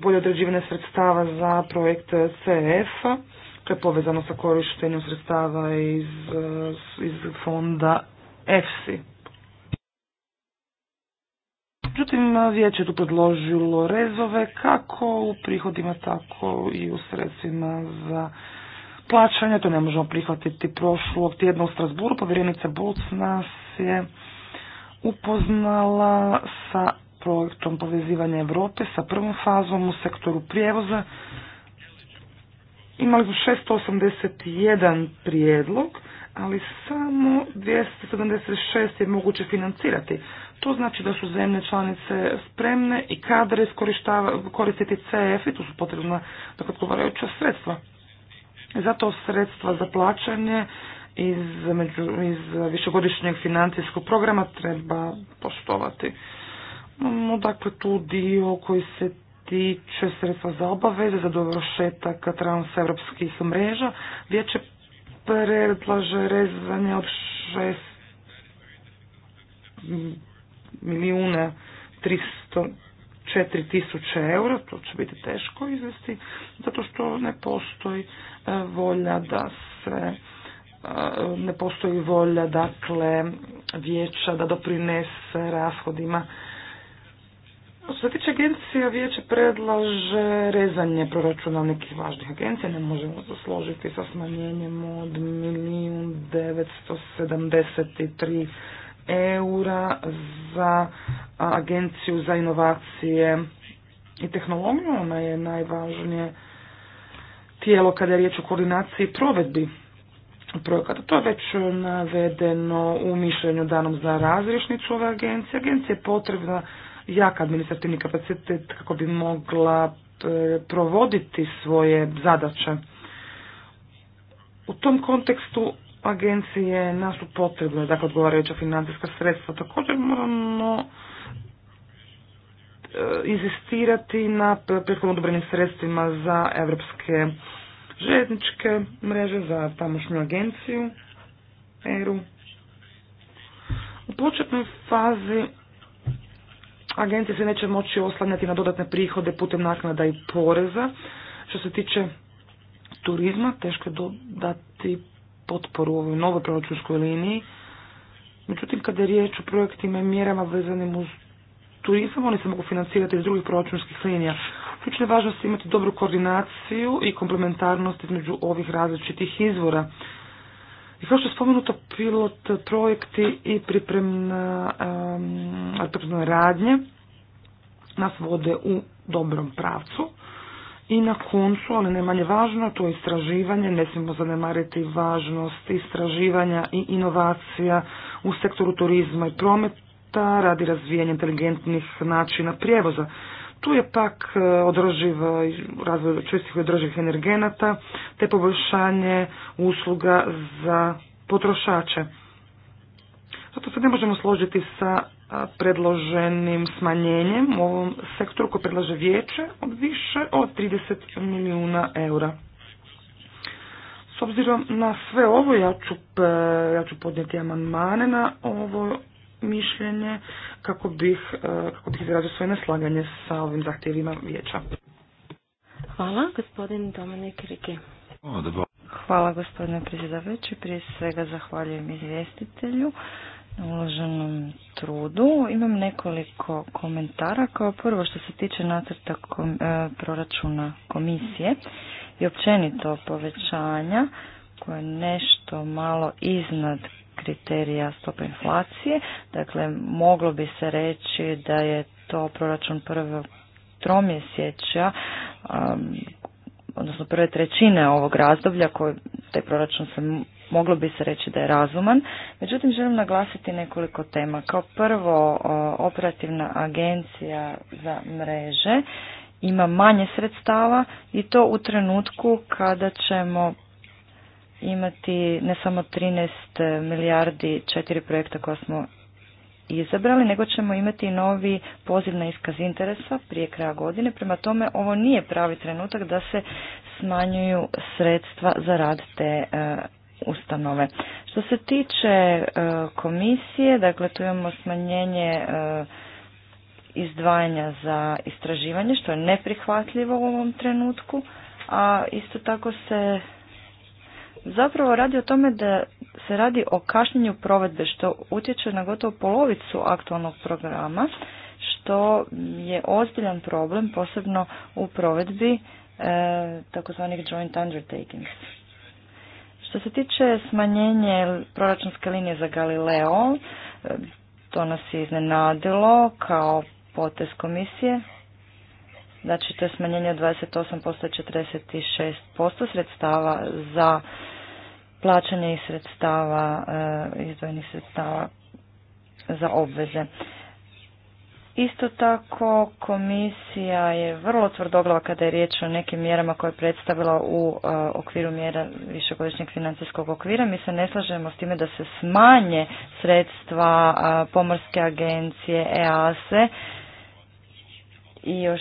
bolje određivanje sredstava za projekt cf koje je povezano sa korištenjem sredstava iz, e, iz fonda EFSI. Međutim, vijeće je tu predložilo rezove kako u prihodima, tako i u sredstvima za plaćanje. To ne možemo prihvatiti prošlog tjedna u Strasburu. Povjerenica Buc nas je upoznala sa projektom povezivanja Europe sa prvom fazom u sektoru prijevoza. Imali su 681 prijedlog, ali samo 276 je moguće financirati. To znači da su zemlje članice spremne i kadre koristiti CEF i tu su potrebna dakle, odgovarajuća sredstva. Zato sredstva za plaćanje iz, među, iz višegodišnjeg financijskog programa treba poštovati. dakle, tu dio koji se tiče sredstva za obaveze, za dovršetak transevropskih mreža, vijeće predlaže rezanje od 6 milijuna četiri tisuće eura, to će biti teško izvesti, zato što ne postoji e, volja da se ne postoji volja dakle vijeća da doprinese rashodima. Što se tiče agencija, vijeće predlaže rezanje proračuna nekih važnih agencija, ne možemo se složiti sa smanjenjem od milijun devetsto eura za agenciju za inovacije i tehnologiju. Ona je najvažnije tijelo kada je riječ o koordinaciji i provedbi projekata. To je već e, navedeno u mišljenju danom za razrišnicu ove agencije. Agencija je potrebna jak administrativni kapacitet kako bi mogla e, provoditi svoje zadaće. U tom kontekstu agencije nasu je, dakle odgovarajuća financijska sredstva. Također moramo e, inzistirati na prethodno odobrenim sredstvima za evropske željezničke mreže za tamošnju agenciju ERU. U početnoj fazi agencije se neće moći oslanjati na dodatne prihode putem naknada i poreza. Što se tiče turizma, teško je dodati potporu u ovoj novoj proračunskoj liniji. Međutim, kada je riječ o projektima i mjerama vezanim uz turizam, oni se mogu financirati iz drugih proračunskih linija je važnost imati dobru koordinaciju i komplementarnost između ovih različitih izvora. I kao što je spomenuto, pilot projekti i pripremna, um, pripremne radnje nas vode u dobrom pravcu. I na koncu, ali ne manje važno, to je istraživanje, ne smijemo zanemariti važnost istraživanja i inovacija u sektoru turizma i prometa radi razvijanja inteligentnih načina prijevoza. Tu je pak e, održiv e, razvoj čestih i održivih energenata te poboljšanje usluga za potrošače. Zato se ne možemo složiti sa e, predloženim smanjenjem u ovom sektoru koje predlaže vijeće od više od 30 milijuna eura. S obzirom na sve ovo, ja ću, ja ću podnijeti amandmane na ovo mišljenje kako bih, e, kako bih izrazio svoje neslaganje sa ovim zahtjevima vijeća. Hvala, gospodin Dominik Riki. Hvala, gospodine predsjedavajući. Prije svega zahvaljujem izvjestitelju na uloženom trudu. Imam nekoliko komentara. Kao prvo što se tiče nacrta e, proračuna komisije i općenito povećanja koje je nešto malo iznad kriterija stopa inflacije. Dakle, moglo bi se reći da je to proračun prve tromjesečja, um, odnosno prve trećine ovog razdoblja, koji, taj proračun se moglo bi se reći da je razuman. Međutim, želim naglasiti nekoliko tema. Kao prvo, operativna agencija za mreže ima manje sredstava i to u trenutku kada ćemo imati ne samo 13 milijardi četiri projekta koja smo izabrali, nego ćemo imati novi poziv na iskaz interesa prije kraja godine. Prema tome, ovo nije pravi trenutak da se smanjuju sredstva za rad te e, ustanove. Što se tiče e, komisije, dakle tu imamo smanjenje e, izdvajanja za istraživanje, što je neprihvatljivo u ovom trenutku, a isto tako se zapravo radi o tome da se radi o kašnjenju provedbe što utječe na gotovo polovicu aktualnog programa što je ozbiljan problem posebno u provedbi e, takozvanih joint undertakings. Što se tiče smanjenje proračunske linije za Galileo, e, to nas je iznenadilo kao potez komisije. Znači to je smanjenje od 28% 46% sredstava za plaćanje iz sredstava, eh, izdvojenih sredstava za obveze. Isto tako komisija je vrlo tvrdoglava kada je riječ o nekim mjerama koje je predstavila u eh, okviru mjera višegodišnjeg financijskog okvira. Mi se ne slažemo s time da se smanje sredstva eh, pomorske agencije EASE e. i još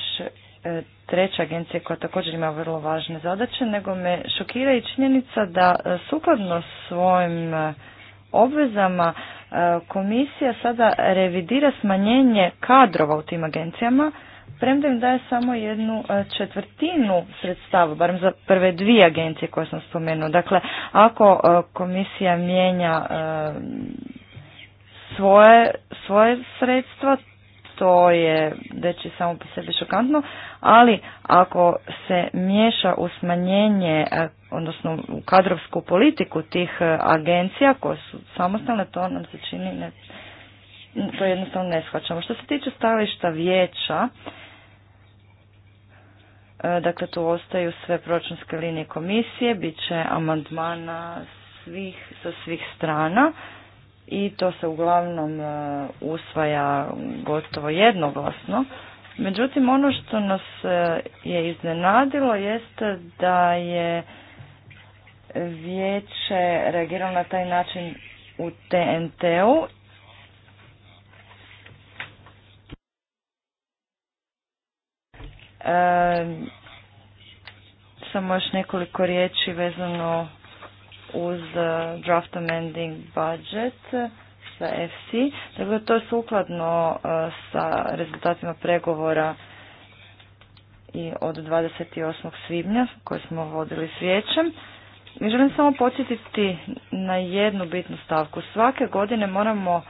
treća agencija koja također ima vrlo važne zadaće, nego me šokira i činjenica da e, sukladno svojim e, obvezama e, komisija sada revidira smanjenje kadrova u tim agencijama, premda im daje samo jednu četvrtinu sredstava, barem za prve dvije agencije koje sam spomenuo. Dakle, ako komisija mijenja svoje, svoje sredstva, to je već i samo po sebi šokantno, ali ako se miješa u smanjenje, e, odnosno u kadrovsku politiku tih e, agencija koje su samostalne, to nam se čini to jednostavno ne shvaćamo. Što se tiče stajališta vijeća, e, dakle tu ostaju sve proračunske linije komisije, bit će amandmana svih, sa svih strana i to se uglavnom e, usvaja gotovo jednoglasno. Međutim, ono što nas e, je iznenadilo jeste da je vijeće reagiralo na taj način u TNT-u e, samo još nekoliko riječi vezano uz e, draft amending budget sa FC. Dakle, to je sukladno e, sa rezultatima pregovora i od 28. svibnja koje smo vodili s vijećem. I želim samo podsjetiti na jednu bitnu stavku. Svake godine moramo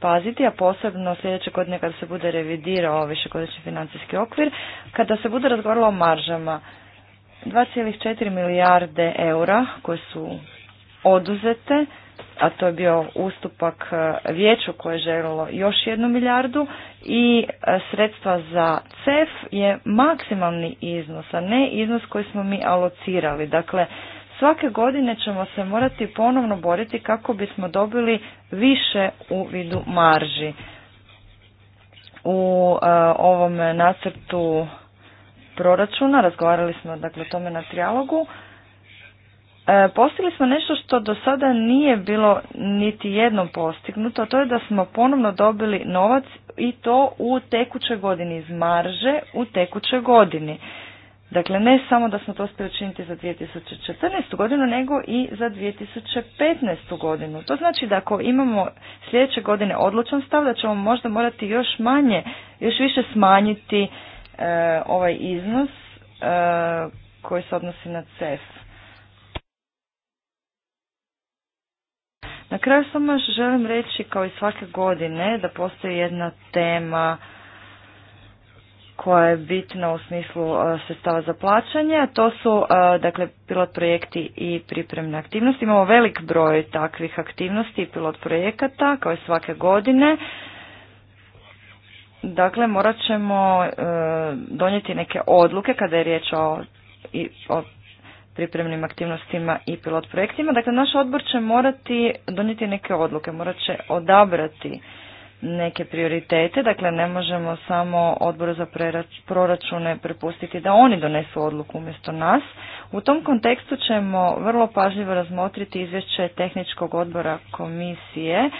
paziti, a posebno sljedeće godine kada se bude revidirao višegodišnji financijski okvir, kada se bude razgovaralo o maržama. 2,4 milijarde eura koje su oduzete, a to je bio ustupak e, vijeću koje je željelo još jednu milijardu i e, sredstva za CEF je maksimalni iznos, a ne iznos koji smo mi alocirali. Dakle, svake godine ćemo se morati ponovno boriti kako bismo dobili više u vidu marži. U e, ovom nacrtu proračuna, razgovarali smo dakle o tome na trijalogu, e, postigli smo nešto što do sada nije bilo niti jednom postignuto, a to je da smo ponovno dobili novac i to u tekućoj godini, iz marže u tekućoj godini. Dakle, ne samo da smo to uspjeli učiniti za 2014. godinu, nego i za 2015. godinu. To znači da ako imamo sljedeće godine odlučan stav, da ćemo možda morati još manje, još više smanjiti E, ovaj iznos e, koji se odnosi na CEF. Na kraju samo želim reći kao i svake godine da postoji jedna tema koja je bitna u smislu e, sredstava za plaćanje, a to su dakle pilot projekti i pripremne aktivnosti. Imamo velik broj takvih aktivnosti i pilot projekata kao i svake godine. Dakle, morat ćemo e, donijeti neke odluke kada je riječ o, i, o pripremnim aktivnostima i pilot projektima. Dakle, naš odbor će morati donijeti neke odluke, morat će odabrati neke prioritete, dakle ne možemo samo odboru za proračune prepustiti da oni donesu odluku umjesto nas. U tom kontekstu ćemo vrlo pažljivo razmotriti izvješće tehničkog odbora komisije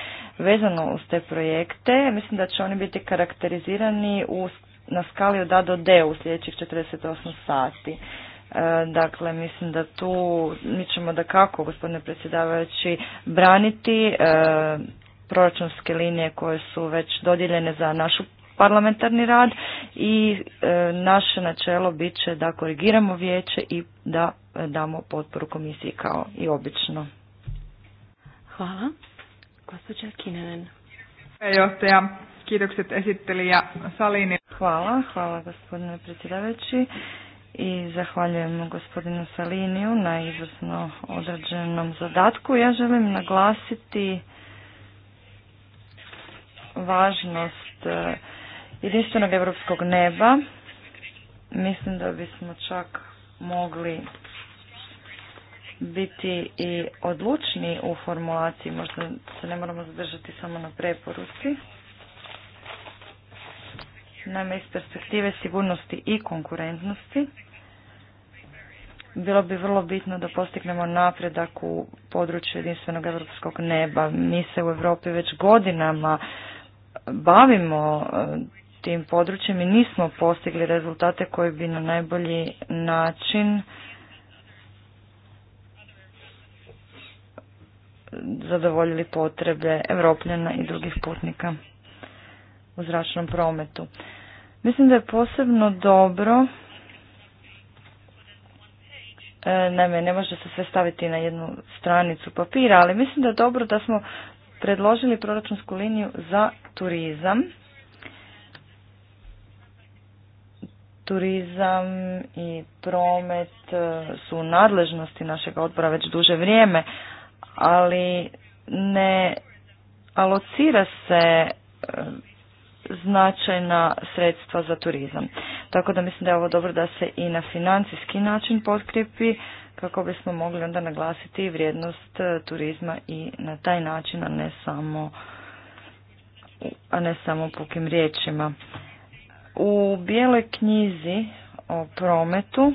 vezano uz te projekte. Mislim da će oni biti karakterizirani u, na skali od A do D u sljedećih 48 sati. E, dakle, mislim da tu mi ćemo da kako, gospodine predsjedavajući, braniti e, proračunske linije koje su već dodijeljene za našu parlamentarni rad i e, naše načelo bit će da korigiramo vijeće i da e, damo potporu komisiji kao i obično. Hvala. Gospođa Hvala, kiitokset Hvala, hvala gospodine predsjedavajući i zahvaljujem gospodinu Saliniju na izvrsno određenom zadatku. Ja želim naglasiti važnost e, jedinstvenog europskog neba. Mislim da bismo čak mogli biti i odlučni u formulaciji, možda se ne moramo zadržati samo na preporuci. Naime, iz perspektive sigurnosti i konkurentnosti bilo bi vrlo bitno da postignemo napredak u području jedinstvenog europskog neba. Mi se u Europi već godinama bavimo e, tim područjem i nismo postigli rezultate koji bi na najbolji način zadovoljili potrebe Evropljana i drugih putnika u zračnom prometu. Mislim da je posebno dobro, e, naime ne može se sve staviti na jednu stranicu papira, ali mislim da je dobro da smo predložili proračunsku liniju za turizam. turizam i promet e, su nadležnosti našeg odbora već duže vrijeme, ali ne alocira se e, značajna sredstva za turizam. Tako da mislim da je ovo dobro da se i na financijski način potkrijepi kako bismo mogli onda naglasiti vrijednost e, turizma i na taj način, a ne samo, a ne samo pukim riječima. U bijeloj knjizi o prometu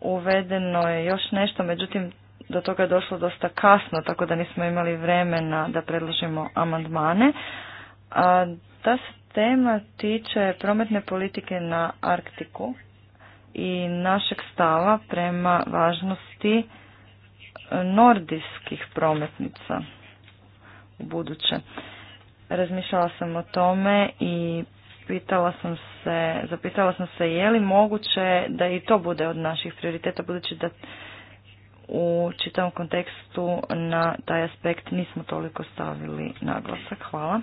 uvedeno je još nešto, međutim do toga je došlo dosta kasno, tako da nismo imali vremena da predložimo amandmane. A ta se tema tiče prometne politike na Arktiku i našeg stava prema važnosti e, nordijskih prometnica u buduće. Razmišljala sam o tome i pitala sam se, zapitala sam se je li moguće da i to bude od naših prioriteta budući da u čitavom kontekstu na taj aspekt nismo toliko stavili naglasak. Hvala.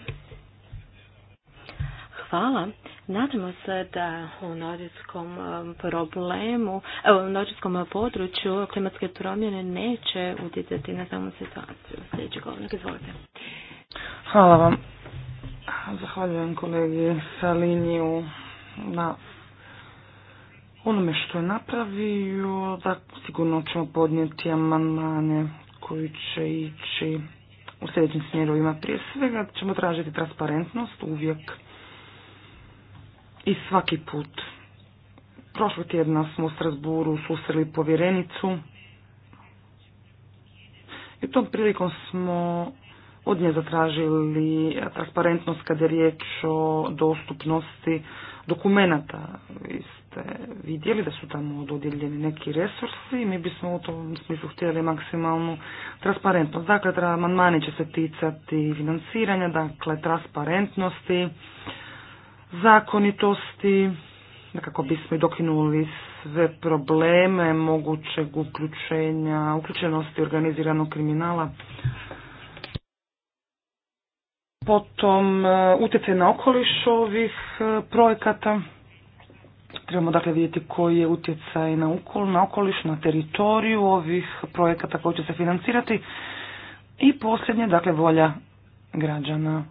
Hvala. Nadamo se da u nordijskom um, problemu, u nordijskom području klimatske promjene neće utjecati na samu situaciju. Sljedeći govornik, izvolite. Hvala vam. Zahvaljujem kolegi Saliniju na onome što je napravio, da sigurno ćemo podnijeti amandmane koji će ići u sljedećim smjerovima. Prije svega ćemo tražiti transparentnost uvijek i svaki put. Prošlog tjedna smo u Strasburu susreli povjerenicu i tom prilikom smo od nje zatražili transparentnost kada je riječ o dostupnosti dokumenata. Vi ste vidjeli da su tamo dodijeljeni neki resursi i mi bismo u tom smislu htjeli maksimalnu transparentnost. Dakle, amandmani će se ticati financiranja, dakle, transparentnosti, zakonitosti, kako bismo i dokinuli sve probleme mogućeg uključenja, uključenosti organiziranog kriminala. Potom e, utjecaj na okoliš ovih e, projekata. Trebamo dakle vidjeti koji je utjecaj na, na okoliš, na teritoriju ovih projekata koji će se financirati. I posljednje, dakle, volja građana.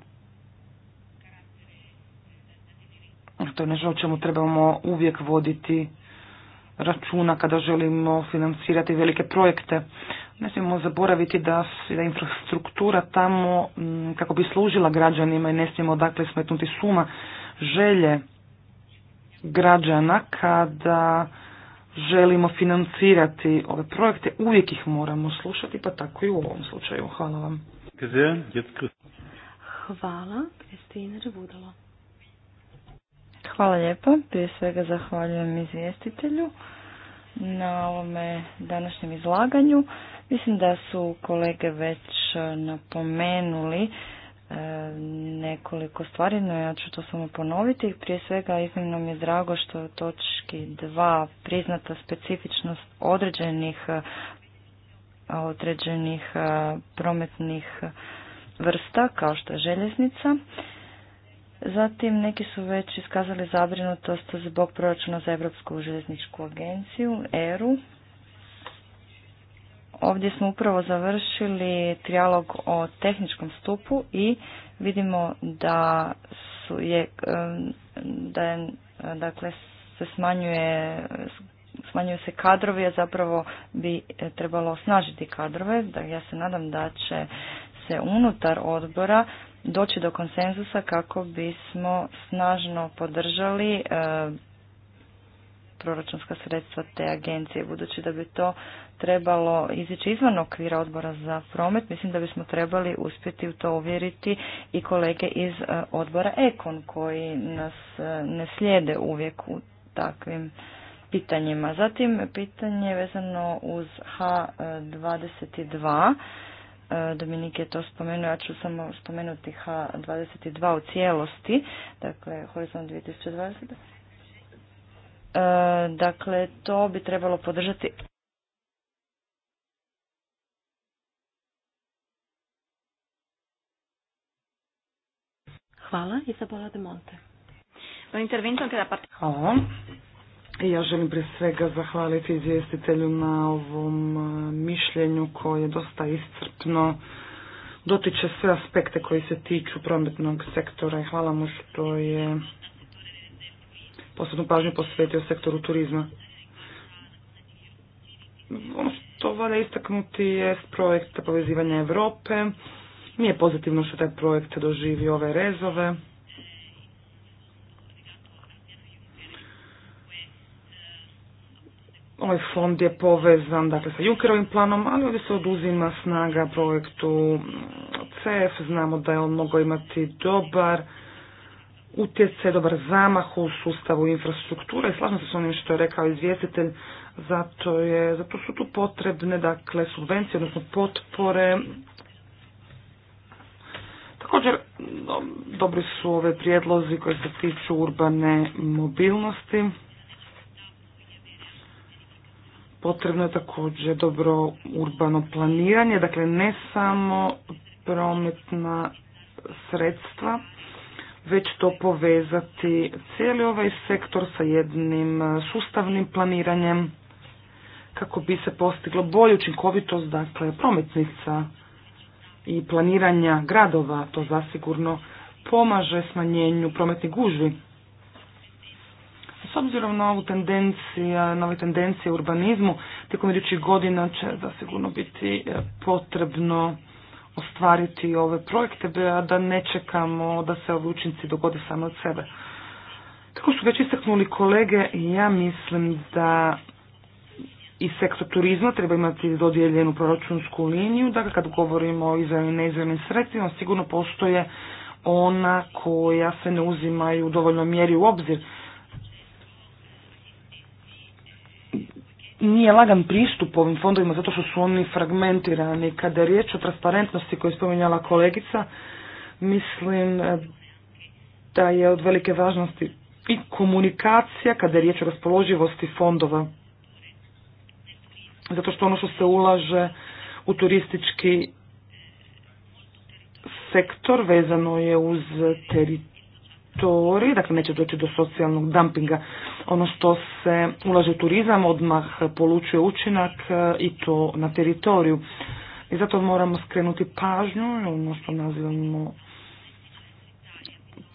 To je nešto o čemu trebamo uvijek voditi računa kada želimo financirati velike projekte. Ne smijemo zaboraviti da, da infrastruktura tamo mm, kako bi služila građanima i ne smijemo dakle smetnuti suma želje građana kada želimo financirati ove projekte, uvijek ih moramo slušati, pa tako i u ovom slučaju. Hvala vam. Hvala, Kristina Hvala lijepo. Prije svega zahvaljujem izvjestitelju na ovome današnjem izlaganju. Mislim da su kolege već e, napomenuli e, nekoliko stvari, no ja ću to samo ponoviti. Prije svega iznimno mi je drago što je točki dva priznata specifičnost određenih e, određenih prometnih vrsta kao što je željeznica. Zatim neki su već iskazali zabrinutost zbog proračuna za Europsku željezničku agenciju, ERU, Ovdje smo upravo završili trijalog o tehničkom stupu i vidimo da su je, da dakle, se smanjuje smanjuju se kadrovi, a zapravo bi e, trebalo osnažiti kadrove. Da ja se nadam da će se unutar odbora doći do konsenzusa kako bismo snažno podržali e, proračunska sredstva te agencije, budući da bi to trebalo izići izvan okvira odbora za promet, mislim da bismo trebali uspjeti u to uvjeriti i kolege iz e, odbora Ekon koji nas e, ne slijede uvijek u takvim pitanjima. Zatim pitanje vezano uz H22. E, Dominik je to spomenuo, ja ću samo spomenuti H22 u cijelosti, dakle Horizont 2020. Dakle, to bi trebalo podržati Hvala, Izabela de Monte. Hvala Ja želim prije svega zahvaliti izvjestitelju na ovom e, mišljenju koje je dosta iscrpno dotiče sve aspekte koji se tiču prometnog sektora i hvala mu što je posebnu pažnju posvetio sektoru turizma. Ono što valja istaknuti je projekt povezivanja Europe, nije pozitivno što taj projekt doživi ove rezove. Ovaj fond je povezan dakle, sa Junkerovim planom, ali ovdje se oduzima snaga projektu CEF. Znamo da je on mogao imati dobar utjecaj, dobar zamah u sustavu infrastrukture. Slažem se s onim što je rekao izvjestitelj, zato, je, zato su tu potrebne dakle, subvencije, odnosno potpore Također, dobri su ove prijedlozi koji se tiču urbane mobilnosti. Potrebno je također dobro urbano planiranje, dakle ne samo prometna sredstva, već to povezati cijeli ovaj sektor sa jednim e, sustavnim planiranjem kako bi se postiglo bolju učinkovitost dakle prometnica i planiranja gradova, to zasigurno pomaže smanjenju prometnih gužvi. S obzirom na ovu tendenciju, na ove tendencije u urbanizmu, tijekom idućih godina će zasigurno biti e, potrebno ostvariti ove projekte, a da ne čekamo da se ovi učinci dogode sami od sebe. Tako su već istaknuli kolege, ja mislim da i sektor turizma treba imati dodijeljenu proračunsku liniju. Dakle, kad govorimo o izravnim i neizravnim sredstvima, sigurno postoje ona koja se ne uzimaju u dovoljnoj mjeri u obzir. Nije lagan pristup ovim fondovima zato što su oni fragmentirani. Kada je riječ o transparentnosti koju je spominjala kolegica, mislim eh, da je od velike važnosti i komunikacija kada je riječ o raspoloživosti fondova zato što ono što se ulaže u turistički sektor vezano je uz teritorij, dakle neće doći do socijalnog dumpinga. Ono što se ulaže u turizam odmah polučuje učinak eh, i to na teritoriju. I zato moramo skrenuti pažnju, ono što nazivamo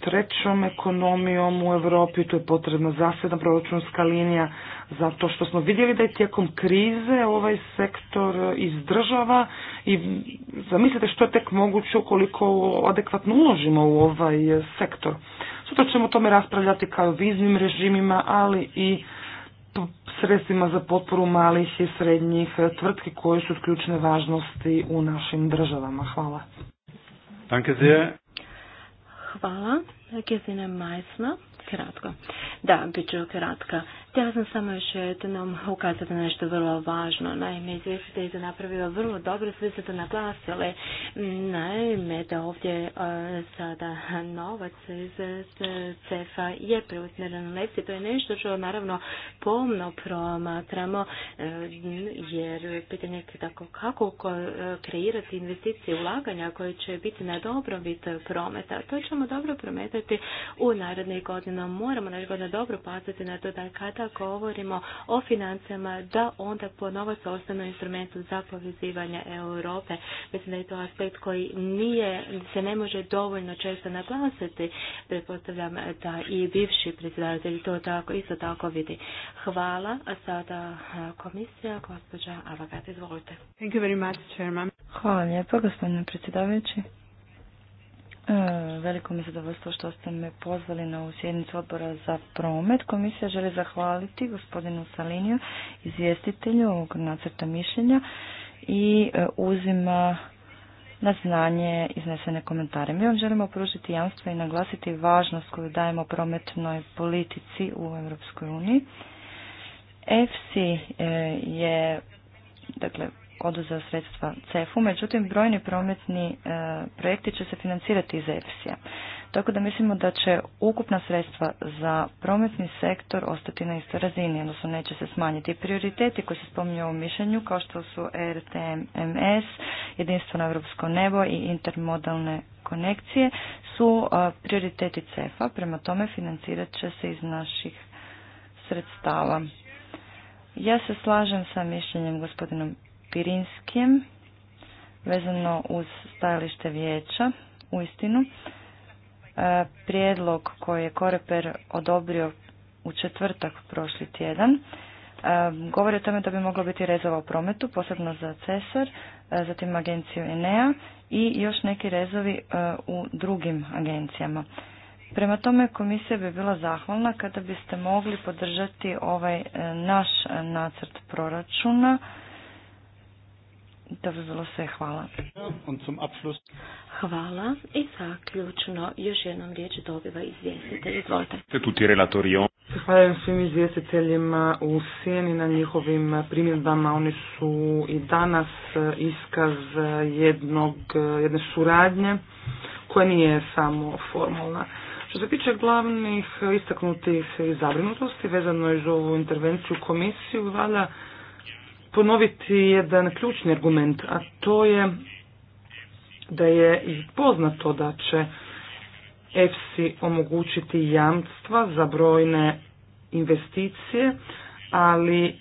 trećom ekonomijom u Europi, tu je potrebna zasebna proračunska linija, zato što smo vidjeli da je tijekom krize ovaj sektor izdržava i zamislite što je tek moguće ukoliko adekvatno uložimo u ovaj sektor. Sutra ćemo o tome raspravljati kao viznim režimima, ali i sredstvima za potporu malih i srednjih tvrtki koje su ključne važnosti u našim državama. Hvala. Hvala, Gesine Majsna. Kratko. Da, bit ću kratka. Htjela sam samo još jednom ukazati na nešto vrlo važno. Naime, izvješće je napravila vrlo dobro, svi se to naglasili. Mm, naime, da ovdje e, sada novac iz CEFA je preusmjeren na To je nešto što naravno pomno promatramo, e, jer pitanje tako kako e, kreirati investicije ulaganja koje će biti na dobrobit prometa. To ćemo dobro prometati u narednih godina. Moramo naš godina dobro paziti na to da kada kada govorimo o financijama da onda ponovo se ostane instrumentu za povezivanje Europe. Mislim da je to aspekt koji nije, se ne može dovoljno često naglasiti. Pretpostavljam da i bivši predsjedavatelj to tako, isto tako vidi. Hvala. A sada komisija, gospođa Avagat, izvolite. Hvala lijepo, gospodine predsjedavajući. E, veliko mi je zadovoljstvo što ste me pozvali na ovu sjednicu odbora za promet. Komisija želi zahvaliti gospodinu Saliniju, izvjestitelju ovog nacrta mišljenja i e, uzima na znanje iznesene komentare. Mi vam želimo pružiti jamstvo i naglasiti važnost koju dajemo prometnoj politici u Europskoj uniji. EFSI je dakle, oduzeo sredstva CEF-u, međutim brojni prometni e, projekti će se financirati iz EFSI-a. Tako da mislimo da će ukupna sredstva za prometni sektor ostati na istoj razini, odnosno neće se smanjiti. Prioriteti koji se spominju u mišljenju kao što su e RTMS, Jedinstvo na europsko nebo i intermodalne konekcije su e, prioriteti CEF-a, prema tome financirat će se iz naših sredstava. Ja se slažem sa mišljenjem gospodinom, Pirinskijem vezano uz stajalište vijeća uistinu e, prijedlog koji je Koreper odobrio u četvrtak prošli tjedan e, govori o tome da bi moglo biti rezova u prometu, posebno za Cesar, e, zatim agenciju Enea i još neki rezovi u drugim agencijama. Prema tome komisija bi bila zahvalna kada biste mogli podržati ovaj naš nacrt proračuna to bi bilo sve. Hvala. Hvala. I zaključno, još jednom riječ dobiva izvjestitelj. Izvolite. Zahvaljujem svim izvjestiteljima u sjeni na njihovim primjedbama. Oni su i danas iskaz jednog, jedne suradnje koja nije samo formalna. Što se tiče glavnih istaknutih i zabrinutosti vezano iz ovu intervenciju komisiju, valja ponoviti jedan ključni argument, a to je da je poznato da će EFSI omogućiti jamstva za brojne investicije, ali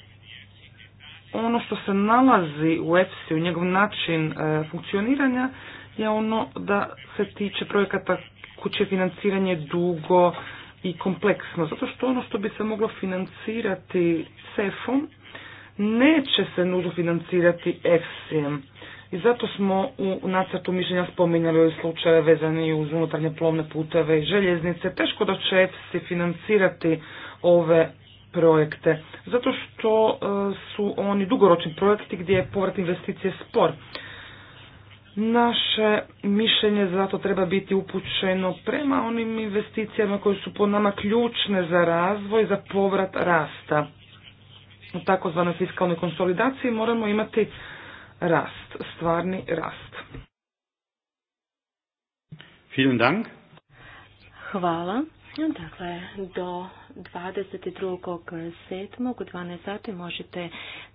ono što se nalazi u EFSI, u njegov način e, funkcioniranja, je ono da se tiče projekata kuće financiranje dugo i kompleksno, zato što ono što bi se moglo financirati CEF-om neće se nužno financirati efsi I zato smo u nacrtu mišljenja spominjali ove slučaje vezani uz unutarnje plovne puteve i željeznice. Teško da će EFSI financirati ove projekte, zato što e, su oni dugoročni projekti gdje je povrat investicije spor. Naše mišljenje zato treba biti upućeno prema onim investicijama koje su po nama ključne za razvoj, za povrat rasta u takozvanoj fiskalnoj konsolidaciji moramo imati rast, stvarni rast. Vielen Dank. Hvala. Dakle, do 22.7. u 12 sati možete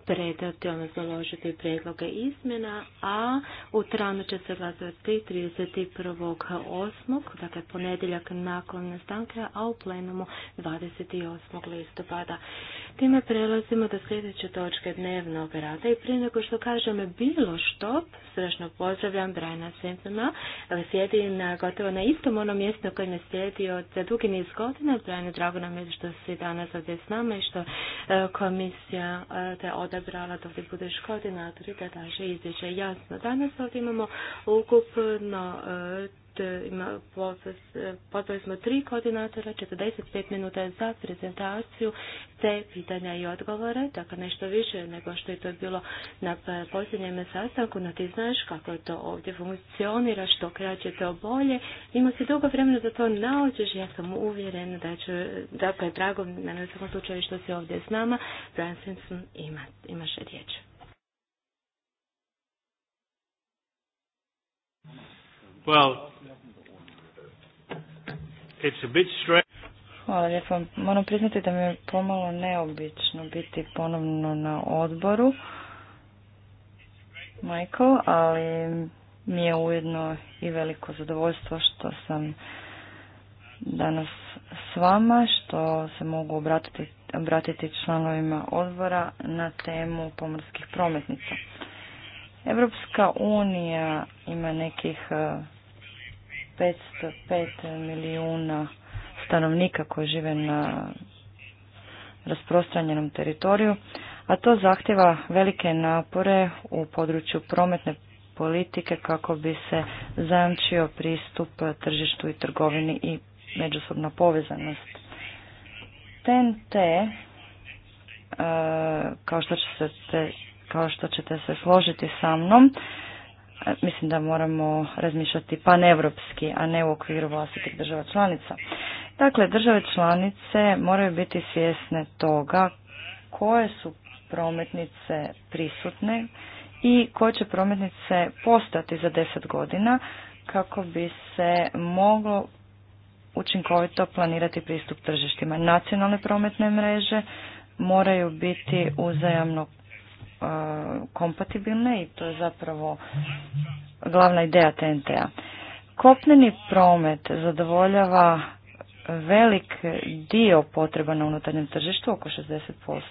predati, odnosno ložiti predloge izmjena, a u tranu će se glasati 31.8., dakle ponedjeljak nakon stanke, a u plenumu 28. listopada. Time prelazimo do sljedeće točke dnevnog rada i prije nego što kažem bilo što, srčno pozdravljam Brajna Simpsona, sjedi na, gotovo na istom onom mjestu na kojem je sjedio za dugi niz godina. Brajna, drago nam je što si danas ovdje s nama i što e, komisija e, te odabra izabrala da ovdje budeš koordinator i da daže izvješće. Jasno, danas ovdje imamo ukupno e, ima, smo tri koordinatora, 45 minuta za prezentaciju te pitanja i odgovore, dakle nešto više nego što je to bilo na posljednjem sastanku, no ti znaš kako to ovdje funkcionira, što kraće to bolje. Ima se dugo vremena da to naučiš, ja sam uvjerena da ću, dakle, drago na svakom slučaju što si ovdje s nama. Branson, ima, imaš riječ. Well, it's a bit Hvala lijepo. Moram priznati da mi je pomalo neobično biti ponovno na odboru, Michael, ali mi je ujedno i veliko zadovoljstvo što sam danas s vama, što se mogu obratiti, obratiti članovima odbora na temu pomorskih prometnica. Evropska unija ima nekih eh, 505 milijuna stanovnika koji žive na rasprostranjenom teritoriju, a to zahtjeva velike napore u području prometne politike kako bi se zajamčio pristup tržištu i trgovini i međusobna povezanost. TNT, e, kao što kao što ćete se složiti sa mnom, E, mislim da moramo razmišljati paneuropski, a ne u okviru vlastitih država članica. Dakle, države članice moraju biti svjesne toga koje su prometnice prisutne i koje će prometnice postati za deset godina kako bi se moglo učinkovito planirati pristup tržištima. Nacionalne prometne mreže moraju biti uzajamno kompatibilne i to je zapravo glavna ideja TNT-a. Kopneni promet zadovoljava velik dio potreba na unutarnjem tržištu, oko 60%,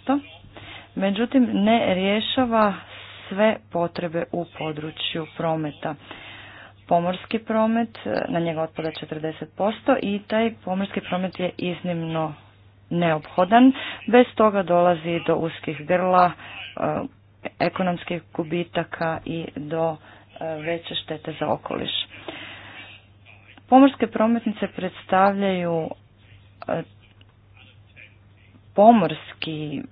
međutim ne rješava sve potrebe u području prometa. Pomorski promet, na njega otpada 40% i taj pomorski promet je iznimno neophodan. Bez toga dolazi do uskih grla e, ekonomskih gubitaka i do e, veće štete za okoliš. Pomorske prometnice predstavljaju e, pomorski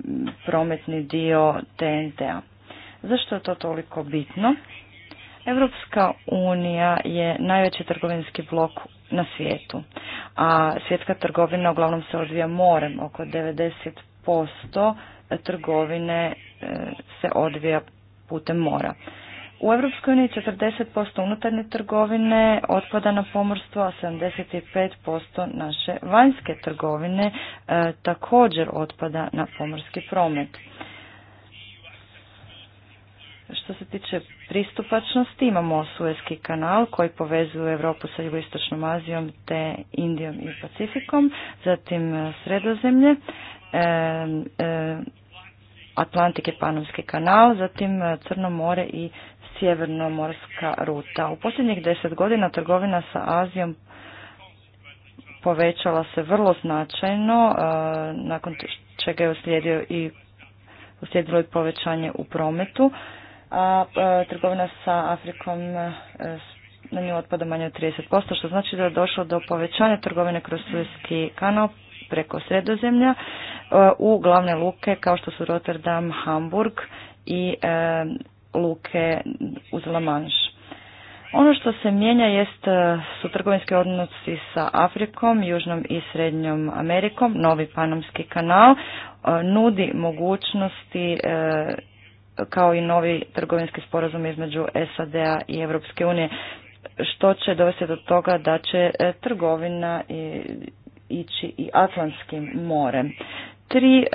prometni dio TNT-a. Zašto je to toliko bitno? Evropska unija je najveći trgovinski blok na svijetu, a svjetska trgovina uglavnom se odvija morem, oko 90% trgovine e, se odvija putem mora. U europskoj uniji 40% unutarnje trgovine otpada na pomorstvo, a 75% naše vanjske trgovine e, također otpada na pomorski promet. Što se tiče pristupačnosti, imamo Suezki kanal koji povezuje Europu sa jugoistočnom Azijom te Indijom i Pacifikom, zatim e, Sredozemlje, Atlantik i Panovski kanal, zatim e, Crno more i sjevernomorska ruta. U posljednjih deset godina trgovina sa Azijom povećala se vrlo značajno, e, nakon čega je uslijedio i uslijedilo i povećanje u prometu, a e, trgovina sa Afrikom na nju otpada manje od 30%, što znači da je došlo do povećanja trgovine kroz Suezki kanal preko sredozemlja e, u glavne luke kao što su Rotterdam, Hamburg i e, luke uz La Manche. Ono što se mijenja jest, e, su trgovinski odnosi sa Afrikom, Južnom i Srednjom Amerikom, novi Panamski kanal, nudi mogućnosti kao i novi trgovinski sporazum između SAD-a i Europske unije, što će dovesti do toga da će trgovina i ići i Atlantskim morem. Tri e,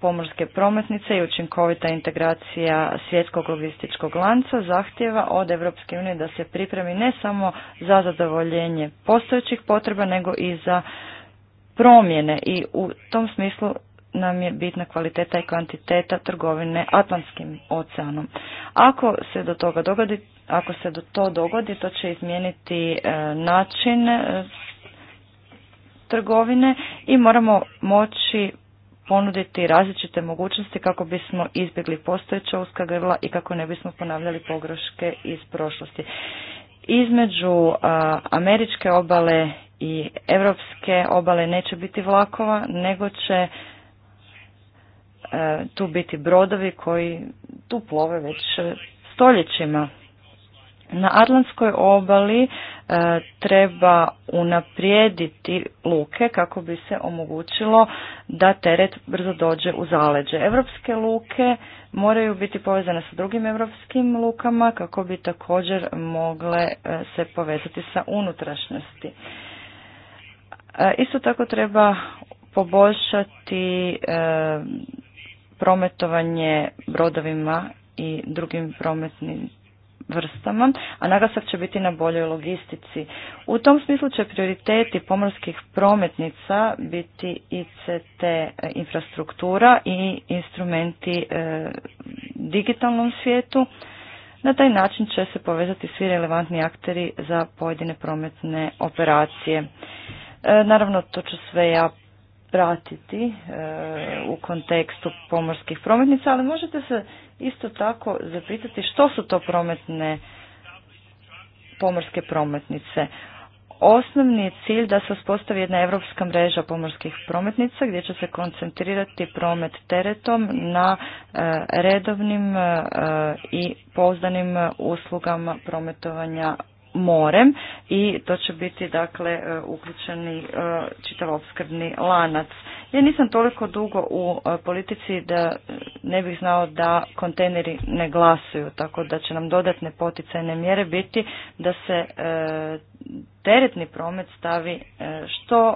pomorske prometnice i učinkovita integracija svjetskog logističkog lanca zahtjeva od Europske unije da se pripremi ne samo za zadovoljenje postojećih potreba, nego i za promjene i u tom smislu nam je bitna kvaliteta i kvantiteta trgovine Atlantskim oceanom. Ako se do toga dogodi, ako se do to dogodi, to će izmijeniti e, način e, trgovine i moramo moći ponuditi različite mogućnosti kako bismo izbjegli postojeća uska grla i kako ne bismo ponavljali pogreške iz prošlosti. Između američke obale i europske obale neće biti vlakova, nego će e, tu biti brodovi koji tu plove već stoljećima. Na Atlanskoj obali e, treba unaprijediti luke kako bi se omogućilo da teret brzo dođe u zaleđe. Europske luke moraju biti povezane sa drugim europskim lukama kako bi također mogle e, se povezati sa unutrašnjosti. E, isto tako treba poboljšati prometovanje brodovima i drugim prometnim vrstama, a naglasak će biti na boljoj logistici. U tom smislu će prioriteti pomorskih prometnica biti ICT e, infrastruktura i instrumenti e, digitalnom svijetu. Na taj način će se povezati svi relevantni akteri za pojedine prometne operacije. E, naravno, to ću sve ja pratiti e, u kontekstu pomorskih prometnica, ali možete se isto tako zapitati što su to prometne pomorske prometnice. Osnovni je cilj da se uspostavi jedna evropska mreža pomorskih prometnica gdje će se koncentrirati promet teretom na e, redovnim e, i pouzdanim uslugama prometovanja morem i to će biti dakle e, uključeni e, čitav opskrbni lanac. Ja nisam toliko dugo u e, politici da ne bih znao da kontejneri ne glasuju, tako da će nam dodatne poticajne mjere biti da se teretni promet stavi što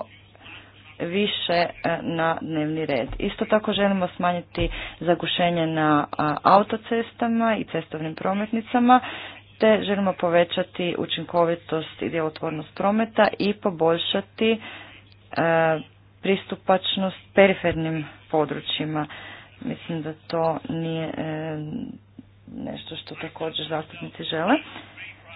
više na dnevni red. Isto tako želimo smanjiti zagušenje na autocestama i cestovnim prometnicama te želimo povećati učinkovitost i djelotvornost prometa i poboljšati e, pristupačnost perifernim područjima. Mislim da to nije e, nešto što također zastupnici žele.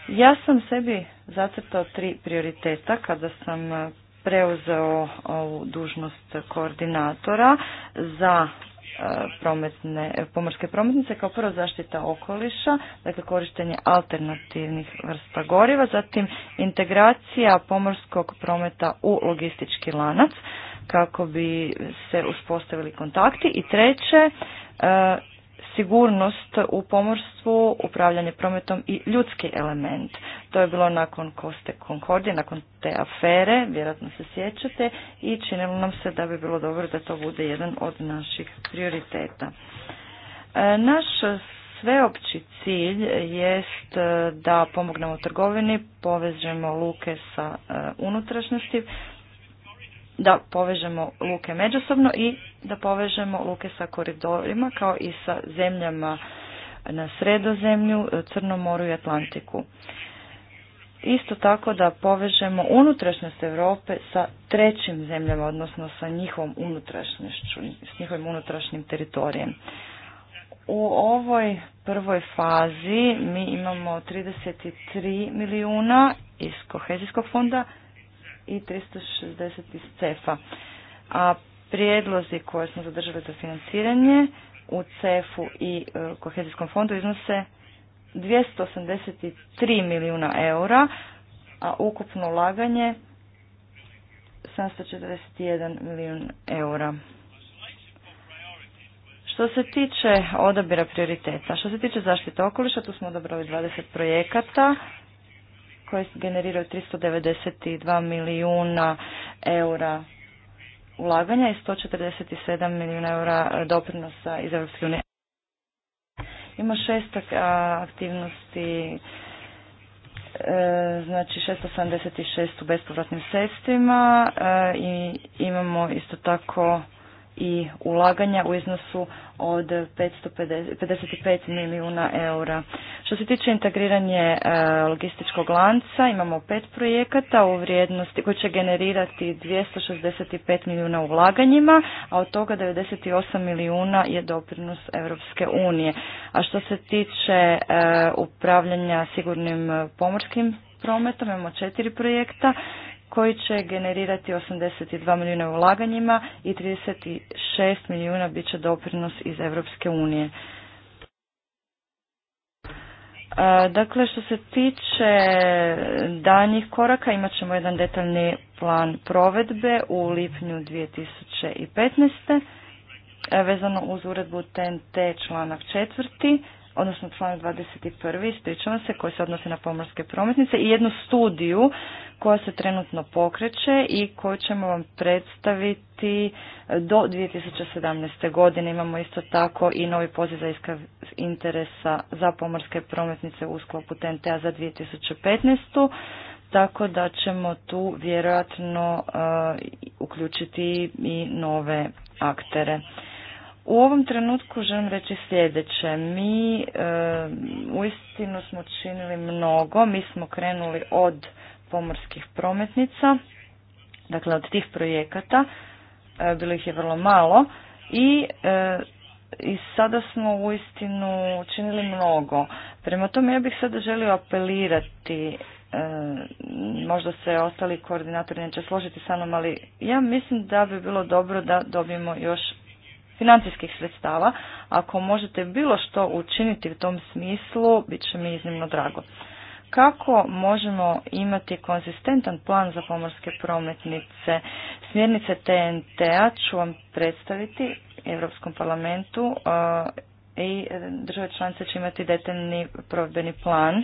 Ja sam sebi zacrtao tri prioriteta kada sam e, preuzeo ovu dužnost koordinatora za E, prometne, pomorske prometnice kao prvo zaštita okoliša, dakle korištenje alternativnih vrsta goriva, zatim integracija pomorskog prometa u logistički lanac kako bi se uspostavili kontakti i treće e, sigurnost u pomorstvu, upravljanje prometom i ljudski element. To je bilo nakon Koste Concordije, nakon te afere, vjerojatno se sjećate, i činilo nam se da bi bilo dobro da to bude jedan od naših prioriteta. E, naš sveopći cilj jest e, da pomognemo trgovini, povežemo luke sa e, unutrašnjosti, da povežemo luke međusobno i da povežemo luke sa koridorima kao i sa zemljama na Sredozemlju, Crnom moru i Atlantiku. Isto tako da povežemo unutrašnjost Europe sa trećim zemljama, odnosno sa njihovom unutrašnjošću, s njihovim unutrašnjim teritorijem. U ovoj prvoj fazi mi imamo 33 milijuna iz kohezijskog fonda, i 360 iz CEFA. A prijedlozi koje smo zadržali za financiranje u CEF-u i e, kohezijskom fondu iznose 283 milijuna eura, a ukupno ulaganje 741 milijun eura. Što se tiče odabira prioriteta, što se tiče zaštite okoliša, tu smo odabrali 20 projekata koje generiraju 392 milijuna eura ulaganja i 147 milijuna eura doprinosa iz Europske Ima šestak aktivnosti, e, znači 676 u bespovratnim sredstvima e, i imamo isto tako i ulaganja u iznosu od 555 milijuna eura. Što se tiče integriranje e, logističkog lanca, imamo pet projekata u vrijednosti koji će generirati 265 milijuna ulaganjima, a od toga 98 milijuna je doprinos Europske unije. A što se tiče e, upravljanja sigurnim e, pomorskim prometom, imamo četiri projekta koji će generirati 82 milijuna ulaganjima i 36 milijuna bit će doprinos iz Europske unije. E, dakle, što se tiče danjih koraka, imat ćemo jedan detaljni plan provedbe u lipnju 2015. E, vezano uz uredbu TNT članak četvrti odnosno članak 21. ispričavam se, koji se odnosi na pomorske prometnice i jednu studiju koja se trenutno pokreće i koju ćemo vam predstaviti do 2017. godine. Imamo isto tako i novi poziv za interesa za pomorske prometnice u sklopu TNT-a za 2015. Tako da ćemo tu vjerojatno e, uključiti i nove aktere. U ovom trenutku želim reći sljedeće. Mi e, uistinu smo činili mnogo. Mi smo krenuli od pomorskih prometnica, dakle od tih projekata. E, bilo ih je vrlo malo. I e, i sada smo uistinu učinili mnogo. Prema tome ja bih sada želio apelirati, e, možda se ostali koordinatori neće složiti sa mnom, ali ja mislim da bi bilo dobro da dobijemo još financijskih sredstava. Ako možete bilo što učiniti u tom smislu, bit će mi iznimno drago. Kako možemo imati konzistentan plan za pomorske prometnice? Smjernice TNT-a ću vam predstaviti Europskom parlamentu e, i države članice će imati detaljni provedbeni plan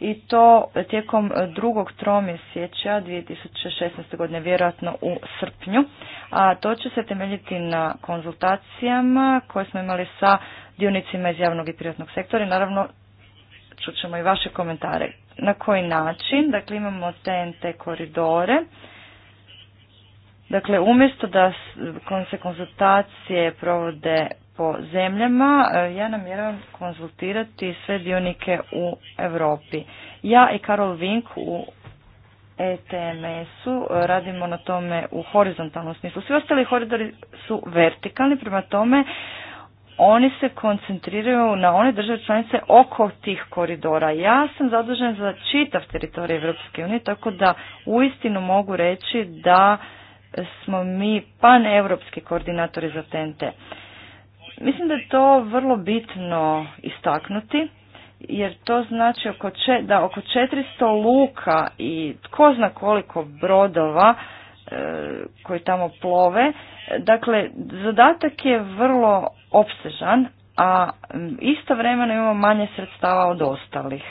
i to tijekom drugog tromjeseća 2016. godine, vjerojatno u srpnju, a to će se temeljiti na konzultacijama koje smo imali sa dionicima iz javnog i privatnog sektora i naravno čućemo i vaše komentare. Na koji način? Dakle, imamo TNT koridore. Dakle, umjesto da se konzultacije provode po zemljama, e, ja namjeravam konzultirati sve dionike u Europi. Ja i Karol Vink u ETMS-u e, radimo na tome u horizontalnom smislu. Svi ostali koridori su vertikalni, prema tome oni se koncentriraju na one države članice oko tih koridora. Ja sam zadužen za čitav teritorij Europske unije, tako da uistinu mogu reći da smo mi Evropski koordinatori za TNT. Mislim da je to vrlo bitno istaknuti jer to znači oko da oko 400 luka i tko zna koliko brodova e, koji tamo plove. Dakle, zadatak je vrlo opsežan, a istovremeno imamo manje sredstava od ostalih.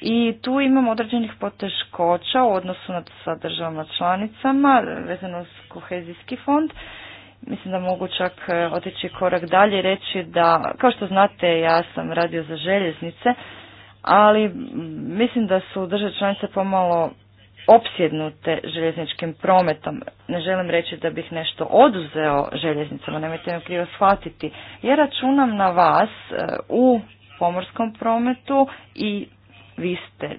I tu imamo određenih poteškoća u odnosu na, sa državama članicama vezano s kohezijski fond mislim da mogu čak e, otići korak dalje i reći da, kao što znate, ja sam radio za željeznice, ali mislim da su države članice pomalo opsjednute željezničkim prometom. Ne želim reći da bih nešto oduzeo željeznicama, nemojte me krivo shvatiti. Ja računam na vas e, u pomorskom prometu i vi ste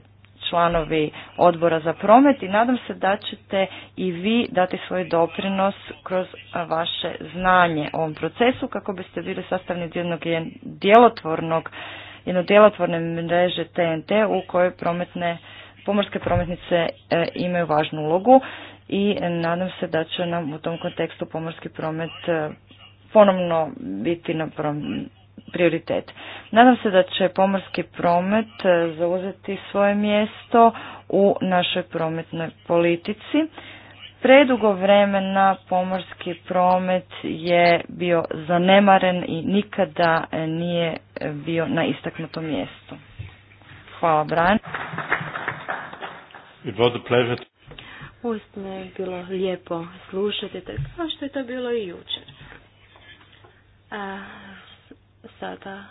članovi odbora za promet i nadam se da ćete i vi dati svoj doprinos kroz vaše znanje o ovom procesu kako biste bili sastavni jednog djelotvornog jedno djelotvorne mreže TNT u kojoj prometne, pomorske prometnice e, imaju važnu ulogu i nadam se da će nam u tom kontekstu pomorski promet e, ponovno biti na, prioritet. Nadam se da će pomorski promet e, zauzeti svoje mjesto u našoj prometnoj politici. Predugo vremena pomorski promet je bio zanemaren i nikada e, nije bio na istaknutom mjestu. Hvala, Brian. It je bilo lijepo slušati, kao što je to bilo i jučer. A, sada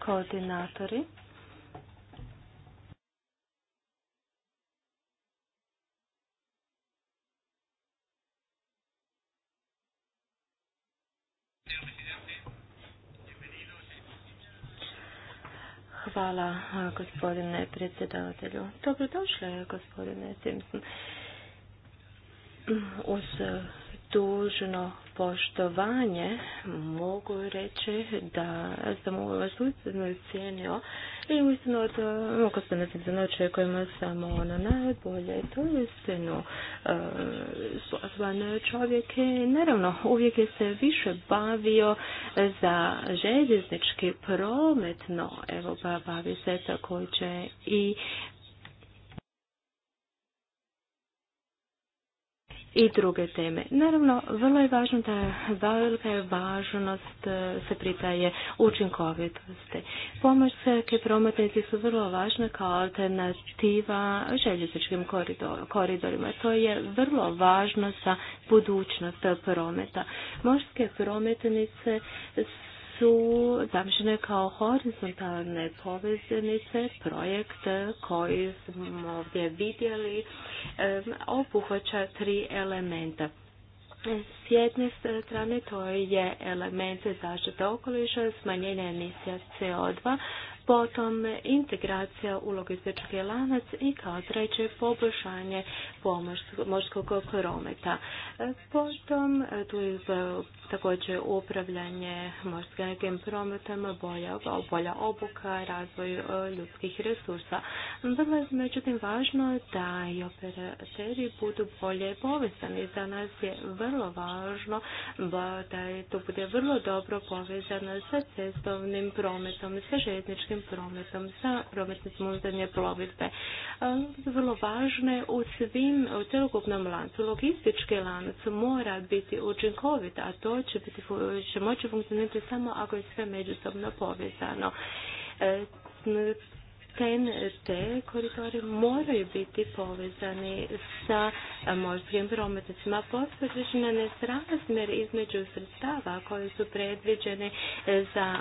koordinatori. Hvala gospodine predsjedavatelju. Dobrodošli gospodine Simpson. Uz dužno poštovanje mogu reći da sam mogu vas uistinu cijenio i uistinu od mogu se ne očekujemo samo ono najbolje to je e, čovjek je naravno uvijek je se više bavio za željeznički prometno evo pa bavi se također i i druge teme. Naravno, vrlo je važno da velika je važnost e, se pritaje učinkovitosti. Pomorske prometnice su vrlo važne kao alternativa željezničkim koridorima. To je vrlo važno za budućnost prometa. Morske prometnice su zamišljene kao horizontalne poveznice, projekt koji smo ovdje vidjeli obuhvaća tri elementa. S jedne strane to je element zaštite okoliša, smanjenje emisija CO2, potom integracija u logistički lanac i kao treće poboljšanje pomorskog prometa. Potom tu je također upravljanje morskim prometom, bolja, obuka, razvoj e, ljudskih resursa. Vrlo je međutim važno da i operateri budu bolje povezani. Za nas je vrlo važno da je to bude vrlo dobro povezano sa cestovnim prometom, sa željezničkim prometom, sa prometnim unutarnje plovidbe. E, vrlo važno je u svim, u celokupnom lancu, logistički lanac mora biti učinkovit, a to moći će, biti, će moći funkcionirati samo ako je sve međusobno povezano e, te koridori moraju biti povezani sa morskim prometnicima. Postoji nesrazmjer između sredstava koji su predviđene za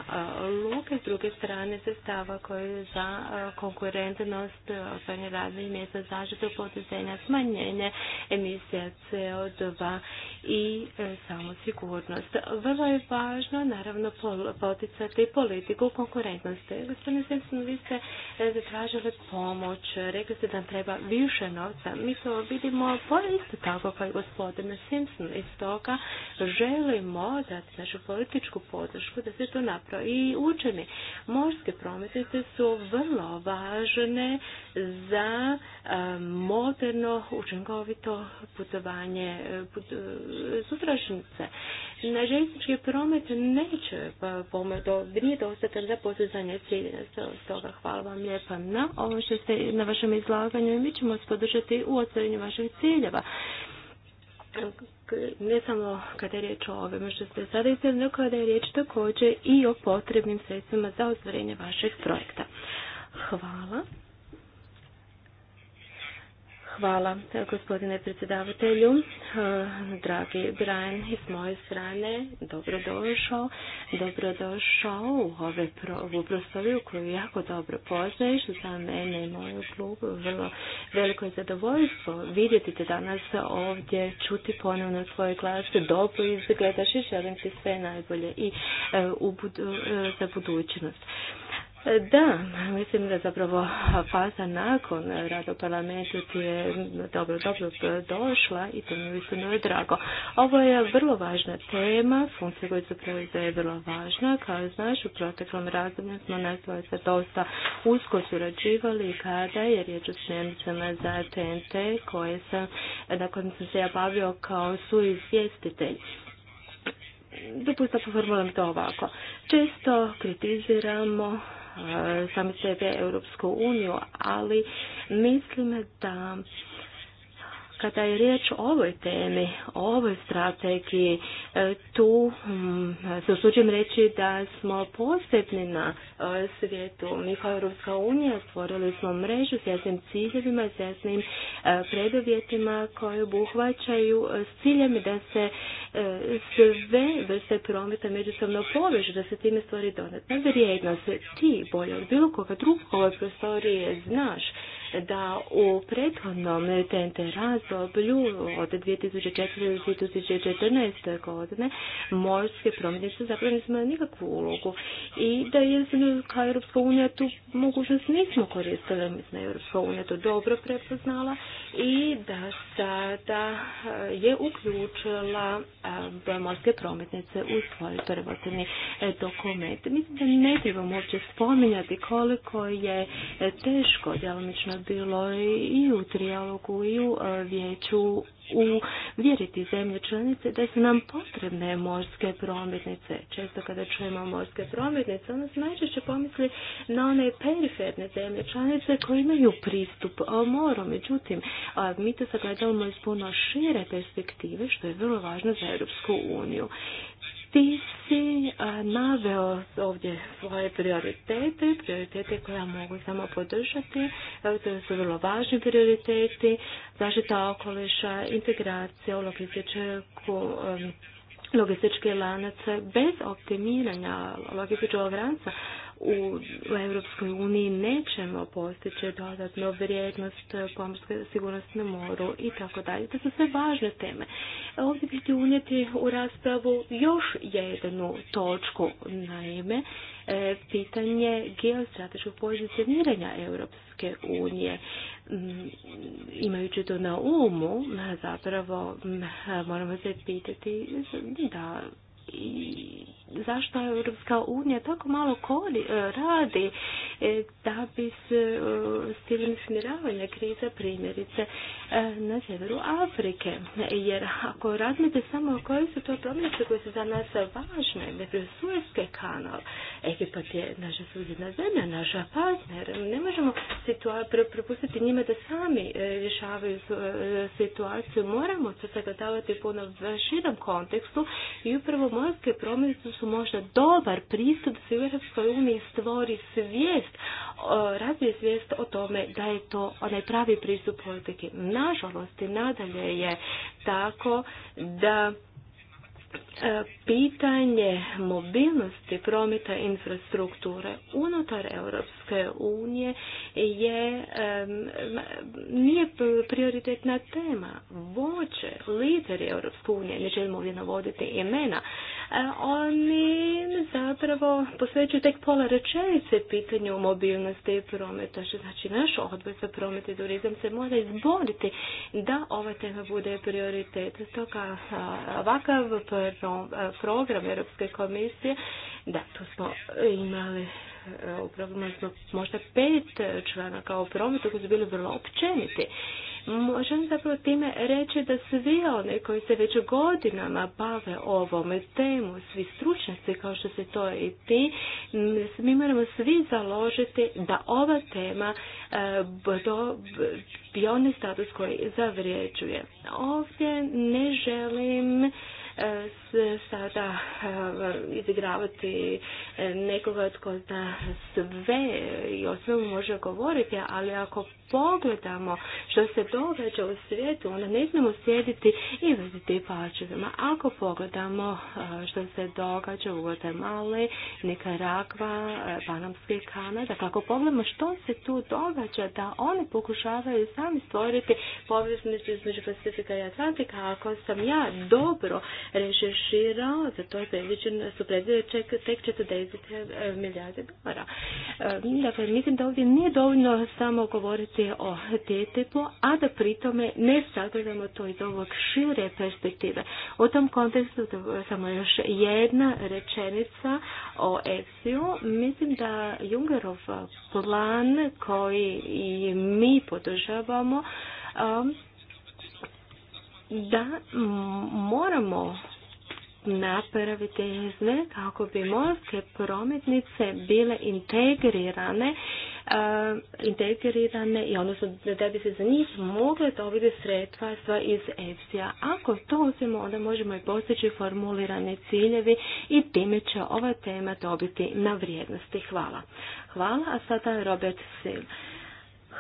luke, s druge strane sredstava koje za konkurentnost, otvaranje radnih mjesta, zaštitu poduzenja, smanjenje emisija CO2 i e, samo sigurnost. Vrlo je važno, naravno, poticati politiku konkurentnosti. Gospodine Simpson, vi ste e, ste zatražili pomoć, rekli ste da treba više novca. Mi to vidimo po isto tako kao i gospodine Simpson. Iz toga želimo dati našu političku podršku da se to napravi i učeni. Morske prometnice su vrlo važne za e, moderno, učinkovito putovanje e, put, e, na željeznički promet neće pomoći, pa, pa nije dostatan za postizanje ciljeva. Stoga hvala vam lijepa na ovom što ste na vašem izlaganju i mi ćemo vas podržati u ostvarenju vaših ciljeva ne samo kada je riječ o ovome što ste sada izgledali, nego kada je riječ također i o potrebnim sredstvima za ostvarenje vašeg projekta. Hvala. Hvala gospodine predsjedavatelju. Eh, dragi Brian, s moje strane, dobrodošao. Dobrodošao u ove pro, u prostoriju koju jako dobro poznaješ. Za mene i moju klubu vrlo veliko je zadovoljstvo vidjeti te danas ovdje, čuti ponovno svoje glase, dobro izgledaš i želim ti sve najbolje i eh, u eh, za budućnost. Da, mislim da zapravo faza nakon rada u parlamentu ti je dobro, dobro došla i to mi je drago. Ovo je vrlo važna tema, funkcija koju se je vrlo važna. Kao znaš, u proteklom razdoblju smo nas se dosta usko surađivali kada je riječ o smjernicama za TNT koje sam, nakon kojem sam se ja bavio kao suizvjestitelj dopusta poformulam to ovako. Često kritiziramo E, sami sebe Europsku uniju, ali mislim da kada je riječ o ovoj temi, o ovoj strategiji, e, tu mm, se usuđujem reći da smo posebni na e, svijetu. Mi kao Europska unija stvorili smo mrežu s jasnim ciljevima, s jasnim e, predovjetima koje obuhvaćaju s ciljem da se sve vrste prometa međusobno povežu, da se time stvori dodatna vrijednost. Ti bolje od bilo koga drugog je prostorije znaš da u prethodnom TNT razdoblju od 2004. do 2014. godine morske prometnice su zapravo nismo nikakvu ulogu i da je kao Europska unija tu mogućnost nismo koristili, mislim da Europska unija to dobro prepoznala i da sada eh, je uključila eh, morske prometnice u svoj prvotni eh, dokument. Mislim da ne trebamo uopće spominjati koliko je teško djelomično bilo i u trijalogu i u e, vijeću u zemlje članice da su nam potrebne morske prometnice. Često kada čujemo morske prometnice, onda se najčešće pomisli na one periferne zemlje članice koje imaju pristup e, moru. Međutim, mi to sagledamo iz puno šire perspektive, što je vrlo važno za Europsku uniju. Ti si naveo ovdje svoje prioritete, prioritete koje ja mogu samo podržati, to su vrlo važni prioriteti, zaštita okoliša, integracija, u logističke lanac bez optimiranja logističkog lanca u Europskoj uniji nećemo postići dodatno vrijednost pomorske sigurnosti na moru i tako dalje. To su sve važne teme. Ovdje bih unijeti u raspravu još jednu točku, naime, e, pitanje geostrateškog pozicioniranja Europske unije. Mm, imajući to na umu, zapravo mm, moramo se pitati da i zašto je Europska unija tako malo koli e, radi e, da bi se e, stigli smiravanje kriza primjerice na sjeveru Afrike. Jer ako razmite samo koje su to promjenice koje su za nas važne, dakle, ne Suezke kanal, Egipat je naša susjedna zemlja, naša partner, ne možemo propustiti njima da sami rješavaju situaciju, moramo se sagledavati puno puno širom kontekstu i upravo morske promjene su su možda dobar pristup da se u Europskoj stvori svijest, e, razvije svijest o tome da je to onaj pravi pristup politike. Nažalost i nadalje je tako da E, pitanje mobilnosti prometa infrastrukture unutar Europske unije je nije prioritetna tema. Voće, lideri Europske unije, ne želimo ovdje navoditi imena, e, oni zapravo posvećuju tek pola rečenice pitanju mobilnosti i prometa. znači naš odbor za promet i turizam se mora izboriti da ova tema bude prioritet. Stoga ovakav E, program Europske komisije, da, tu smo imali e, u programu možda pet članaka kao prometu koji su bili vrlo općeniti. Možem zapravo time reći da svi oni koji se već godinama bave ovom temu, svi stručnjaci kao što se to i ti, mi moramo svi založiti da ova tema e, bi onaj status koji zavrijeđuje. Ovdje ne želim E, sada e, izigravati e, nekoga tko zna sve i o svemu može govoriti, ali ako pogledamo što se događa u svijetu, onda ne smijemo sjediti i vidjeti pačevima. Ako pogledamo što se događa u Guatemala, Nikaragva, Panamske Kanada, ako pogledamo što se tu događa, da oni pokušavaju sami stvoriti poveznicu između Pacifika i Atlantika, ako sam ja dobro rešeširao, za to je su predviđene tek 40 eh, milijarde dolara. Eh, dakle, mislim da ovdje nije dovoljno samo govoriti o TTIP-u, a da pritome ne sagledamo to i ovog šire perspektive. U tom kontekstu samo još jedna rečenica o efsi Mislim da Jungerov plan koji i mi podržavamo eh, da moramo napraviti izne kako bi morske prometnice bile integrirane integrirane i odnosno da bi se za njih mogle dobiti sredstva sva iz EFSI-a. Ako to uzmemo, onda možemo i postići formulirane ciljevi i time će ova tema dobiti na vrijednosti. Hvala. Hvala, a sada Robert Sil.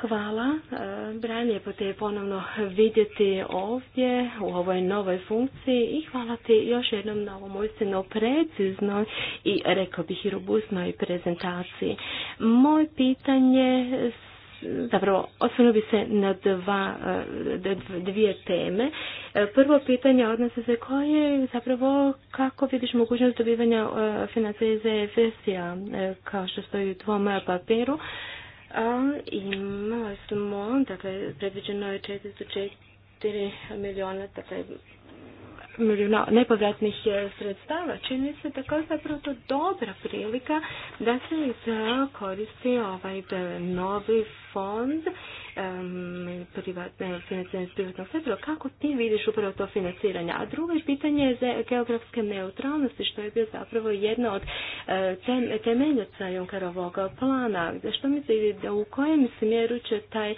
Hvala. E, Brian, lijepo te je ponovno vidjeti ovdje u ovoj novoj funkciji i hvala ti još jednom na ovom uistinu preciznoj i rekao bih i robustnoj prezentaciji. Moje pitanje zapravo osvrnuo bi se na dva, e, dvije teme. E, prvo pitanje odnosi se koje zapravo kako vidiš mogućnost dobivanja financije za kao što stoji u tvom papiru. Um, Imali smo, um, dakle, predviđeno je 404 milijuna, dakle, milijuna nepovratnih e, sredstava. Čini se da kao zapravo to dobra prilika da se koristi ovaj e, novi fond um, privatne, privatnog sektora, kako ti vidiš upravo to financiranje? A drugo je pitanje je geografske neutralnosti, što je bio zapravo jedna od uh, temeljaca Junkerovog plana. Što mislite, da u kojem smjeru će taj e,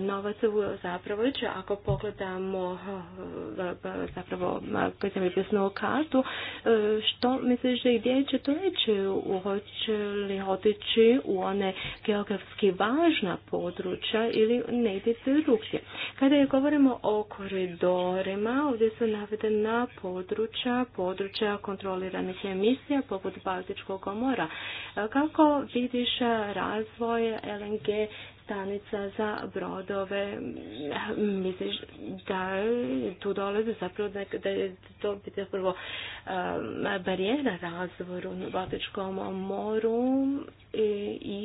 novac zapravo ići? Ako pogledamo e, zapravo koji sam je kartu, što misliš da gdje će to ići? Hoće li otići u one geografski važna područja ili ili negdje drugdje. Kada je govorimo o koridorima, ovdje su navedena područja, područja kontroliranih emisija poput Baltičkog mora. Kako vidiš razvoj LNG stanica za brodove. Misliš da tu dolazi zapravo da, da je to biti prvo um, barijera razvoru u Baltičkom moru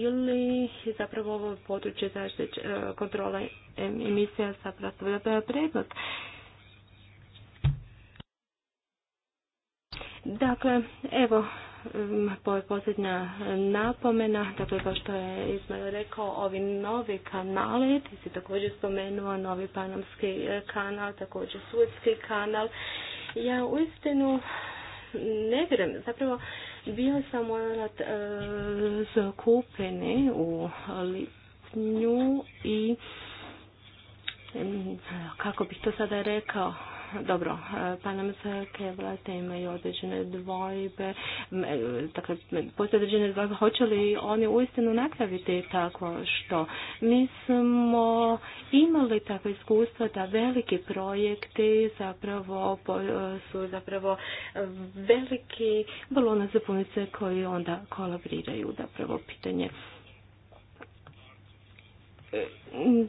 ili zapravo ovo područje uh, za kontrola emisija zapravo prednost. Dakle, evo, Mm, posljednja napomena, dakle kao što je Ismail rekao, ovi novi kanali, ti si također spomenuo novi panamski e, kanal, također sudski kanal. Ja uistinu ne vjerujem, zapravo bio sam u zakupini e, u lipnju i e, kako bih to sada rekao, dobro, e, panamske vlaste imaju određene dvojbe, e, dakle, postoje određene dvojbe, hoće li oni uistinu napraviti tako što? Mi smo imali takve iskustva da veliki projekti zapravo e, su zapravo veliki balona za punice koji onda kolabriraju, zapravo pitanje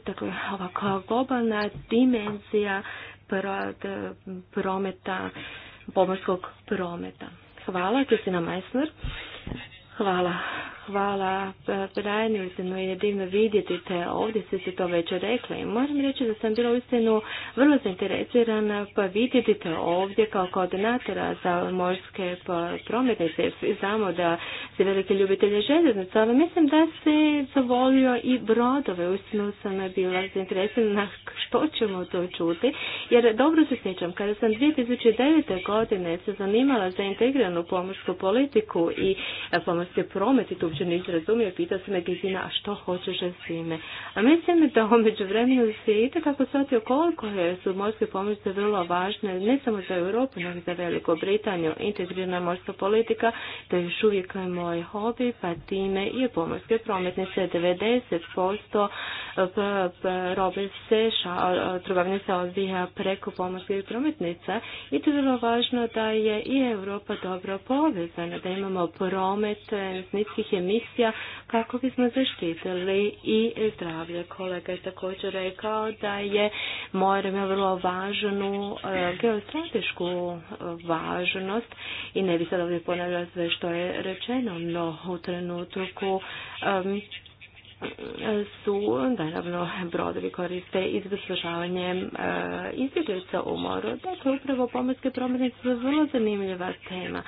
dakle, ovako globalna dimenzija Eh, prometa, pomorskog prometa. Hvala, Kristina Meissner. Hvala Hvala, e, Brian, uistinu je divno vidjeti te ovdje, ste se to već rekli. moram reći da sam bila uistinu vrlo zainteresirana pa vidjeti te ovdje kao koordinatora za morske prometnice. Znamo da se velike ljubitelje željeznice, ali mislim da se zavolio i brodove. Uistinu sam bila zainteresirana što ćemo to čuti, jer dobro se sjećam, kada sam 2009. godine se zanimala za integralnu pomorsku politiku i e, pomorske promet tu uopće nisi razumio pitao se me a što hoćeš s time? A mislim da u vremenu se i tako shvatio koliko je, su morske pomorce vrlo važne, ne samo za Europu, nego za Veliku Britaniju. Integrirana morska politika, to je još uvijek moj hobi, pa time i pomorske prometnice 90% robe se, trgovine se odvija preko pomorskih prometnica i to je vrlo važno da je i Europa dobro povezana, da imamo promet niskih misija kako bismo zaštitili i zdravlje. Kolega je također rekao da je more ima vrlo važnu e, geostratešku e, važnost i ne bi sad ovdje ponavljala sve što je rečeno, no u trenutku su naravno brodovi koriste izvršavanje e, izbjeglica u moru. Dakle, upravo pomorske prometnice su vrlo zanimljiva tema.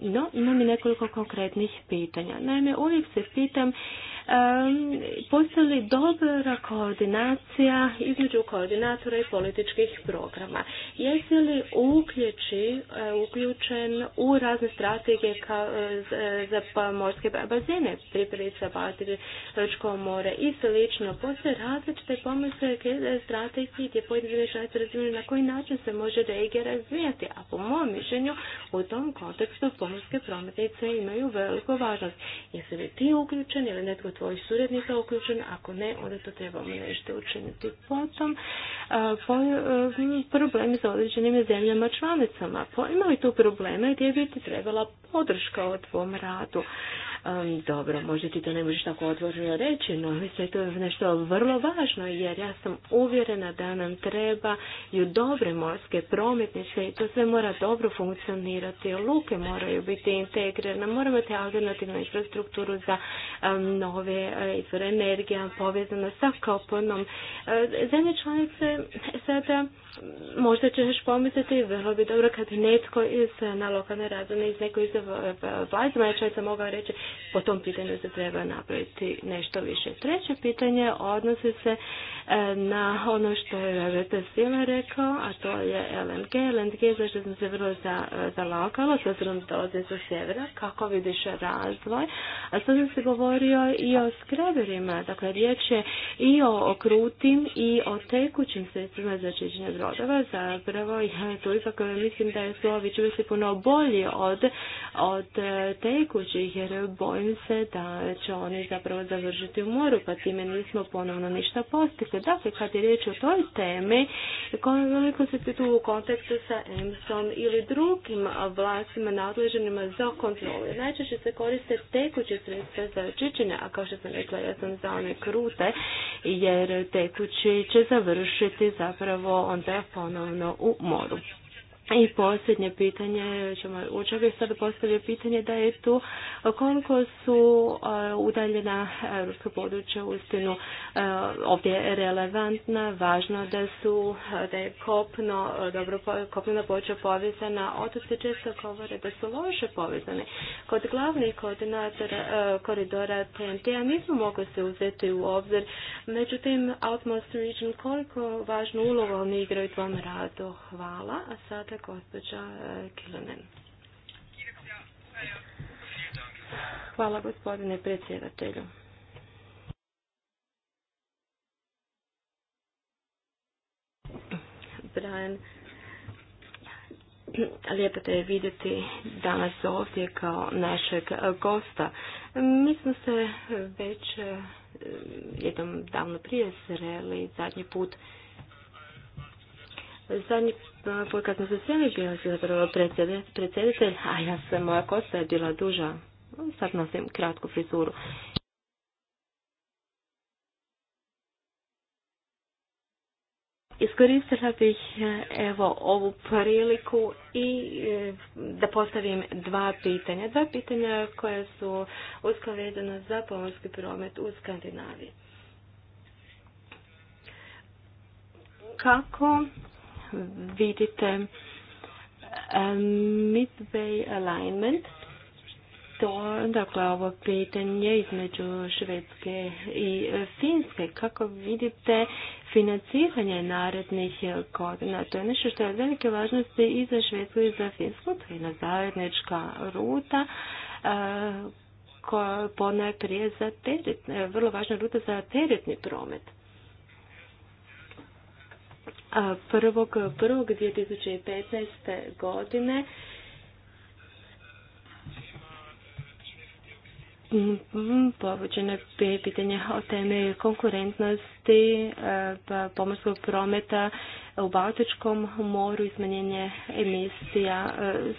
No, imam i nekoliko konkretnih pitanja. Naime, uvijek se pitam postoji li dobra koordinacija između koordinatora i političkih programa? Jesi li uključi, e, uključen u razne strategije kao, e, e, za pa, morske bazene, pripelica, Baltičko more i slično? Postoje različite pomisle, strategije gdje pojedine šalice razvijaju na koji način se može regija razvijati, a po mom mišljenju u tom kontekstu pomorske prometnice imaju veliku važnost. Jesi li ti uključen ili netko tvojih suradnika uključen, ako ne, onda to trebamo nešto učiniti. Potom, e, problemi sa određenim zemljama članicama. po imali tu probleme gdje bi ti trebala podrška o tvom radu dobro, možda ti to ne možeš tako otvoreno reći, no mislim to je nešto vrlo važno, jer ja sam uvjerena da nam treba i dobre morske prometnice i to sve mora dobro funkcionirati. Luke moraju biti integrirane, moramo imati alternativnu infrastrukturu za nove izvore energije, povezano sa koponom. Uh, zemlje članice sada možda ćeš pomisliti vrlo bi dobro kad netko iz, na lokalne razini iz nekoj iz vlade sam mogao reći po tom pitanju se treba napraviti nešto više. Treće pitanje odnosi se e, na ono što je Rete Sima rekao, a to je LNG. LNG zašto sam se vrlo zalakala, s obzirom da sa sjevera, kako vidiš razvoj. A sada se govorio i o skreberima, dakle riječ je i o krutim i o tekućim sredstvima za čišćenje brodova. Zapravo, ja tu ipak mislim da su ovi se puno bolji od, od e, tekućih, jer bojim se da će oni zapravo završiti u moru, pa time nismo ponovno ništa postigli. Dakle, kad je riječ o toj temi, koliko se tu u kontekstu sa ems ili drugim vlastima nadleženima za kontrolu. Najčešće se koriste tekuće sredstva za čičenje, a kao što sam rekla, ja sam za one krute, jer tekući će završiti zapravo onda ponovno u moru. I posljednje pitanje, ćemo učevi sad pitanje da je tu koliko su e, udaljena europska područja uistinu e, ovdje relevantna, važno da su, da je kopno, dobro kopnena područja povezana, se često govore da su loše povezane. Kod glavnih koordinatora e, koridora TNT-a nismo mogli se uzeti u obzir, međutim Outmost Region koliko važnu ulogu oni igraju u radu. Hvala, a sada izvolite, gospođa e, Kilonen. Hvala gospodine predsjedatelju. Brian, lijepo te je vidjeti danas ovdje kao našeg gosta. Mi smo se već e, jednom davno prije sreli zadnji put Zadnji put kad smo se sjeli bila si zapravo predsjeditelj, a ja sam, moja kosa je bila duža. Sad nosim kratku frizuru. Iskoristila bih evo ovu priliku i e, da postavim dva pitanja. Dva pitanja koja su usko za pomorski promet u Skandinaviji. Kako vidite um, midway alignment, to, dakle, ovo pitanje između Švedske i Finske, kako vidite financiranje narednih godina, to je nešto što je velike važnosti i za Švedsku i za Finsku, to je jedna zajednička ruta, uh, koja ponajprije za vrlo važna ruta za teretni promet. 1.1.2015. godine povođeno je pitanje o temi konkurentnosti e, pa pomorskog prometa u Baltičkom moru i smanjenje emisija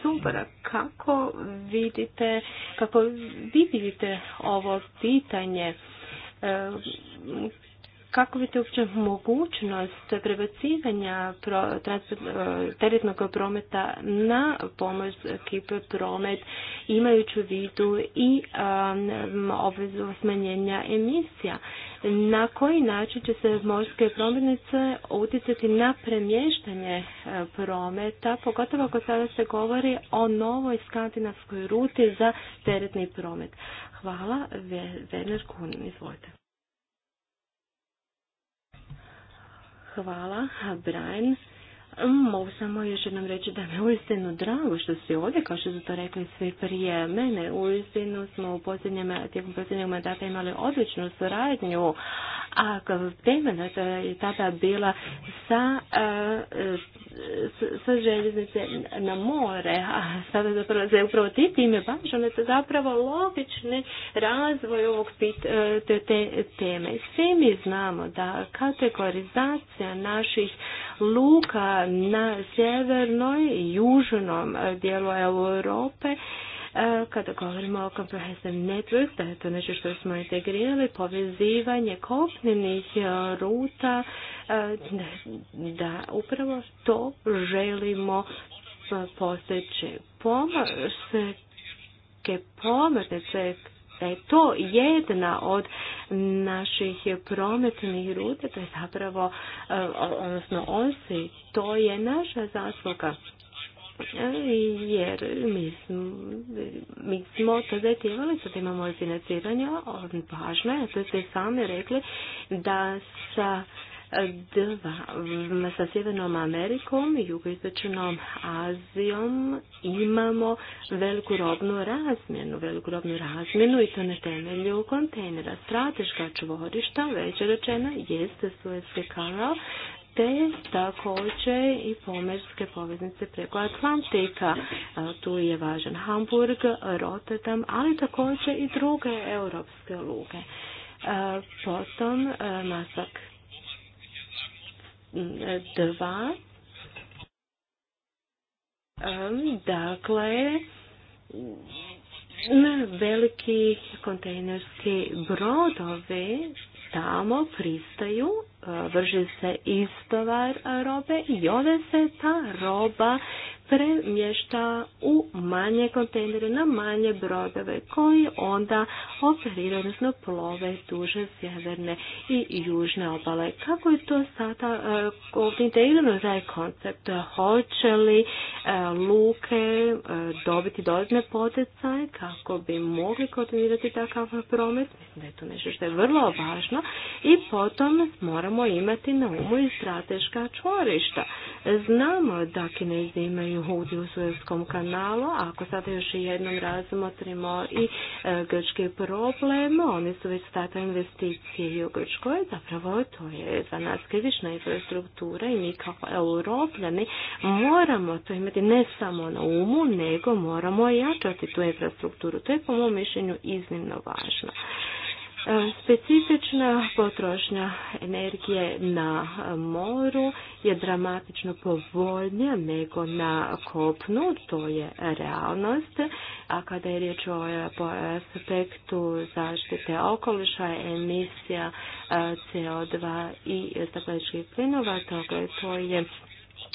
zubora e, Kako vidite, kako vidite ovo pitanje e, kako vidite uopće mogućnost prebacivanja e, teretnog prometa na pomorski promet imajući u vidu i um, obvezu smanjenja emisija? Na koji način će se morske prometnice utjecati na premještanje e, prometa, pogotovo ako sada se govori o novoj skandinavskoj ruti za teretni promet? Hvala, Werner Kunin, izvolite. Hvala, Brian. Mm, mogu samo još jednom reći da me uistinu drago što si ovdje, kao što su to rekli svi prije mene. Uistinu smo u tijekom posljednjeg mandata imali odličnu suradnju, a tema je tada bila sa, e, sa željeznice na more, a sada zapravo se upravo ti time baš, ono je zapravo logični razvoj ovog e, te, te teme. Svi mi znamo da kategorizacija naših luka na sjevernoj i južnom dijelu Europe e, kada govorimo o comprehensive network, da je to nešto što smo integrirali, povezivanje kopnenih e, ruta, e, da upravo to želimo postići. Pomorske se da je to jedna od naših prometnih ruta, to je zapravo, e, odnosno osi, to je naša zasluga e, jer mi smo, mi smo to zajetivali, sad imamo financiranje, važno je, to ste sami rekli, da sa dva, sa Sjevernom Amerikom i jugoistočnom Azijom imamo veliku robnu razmjenu, veliku robnu razmjenu i to na temelju kontejnera. Strateška čvorišta, već rečena, jeste Suezke kanal, te također i pomerske poveznice preko Atlantika. E, tu je važan Hamburg, Rotterdam, ali također i druge europske luke. E, potom Masak e, dva. Dakle, veliki kontejnerski brodovi tamo pristaju vrši se istovar robe i onda se ta roba premješta u manje kontejnere na manje brodove koji onda operiraju, odnosno plove duže sjeverne i južne obale. Kako je to sada e, ovdje integrirano taj koncept? Hoće li e, luke e, dobiti dodatne poticaje kako bi mogli koordinirati takav promet? Mislim da je to nešto što je vrlo važno i potom moramo moramo imati na umu i strateška čvorišta. Znamo da Kinezi imaju hudi u Suezkom kanalu, ako sada još jednom razmotrimo i e, grčke probleme, oni su već stata investicije u Grčkoj, zapravo to je za nas krivična infrastruktura i mi kao europljani moramo to imati ne samo na umu, nego moramo jačati tu infrastrukturu. To je po mom mišljenju iznimno važno. E, specifična potrošnja energije na moru je dramatično povoljnija nego na kopnu, to je realnost, a kada je riječ o e, aspektu zaštite okoliša, emisija e, CO2 i stakleničkih plinova, to je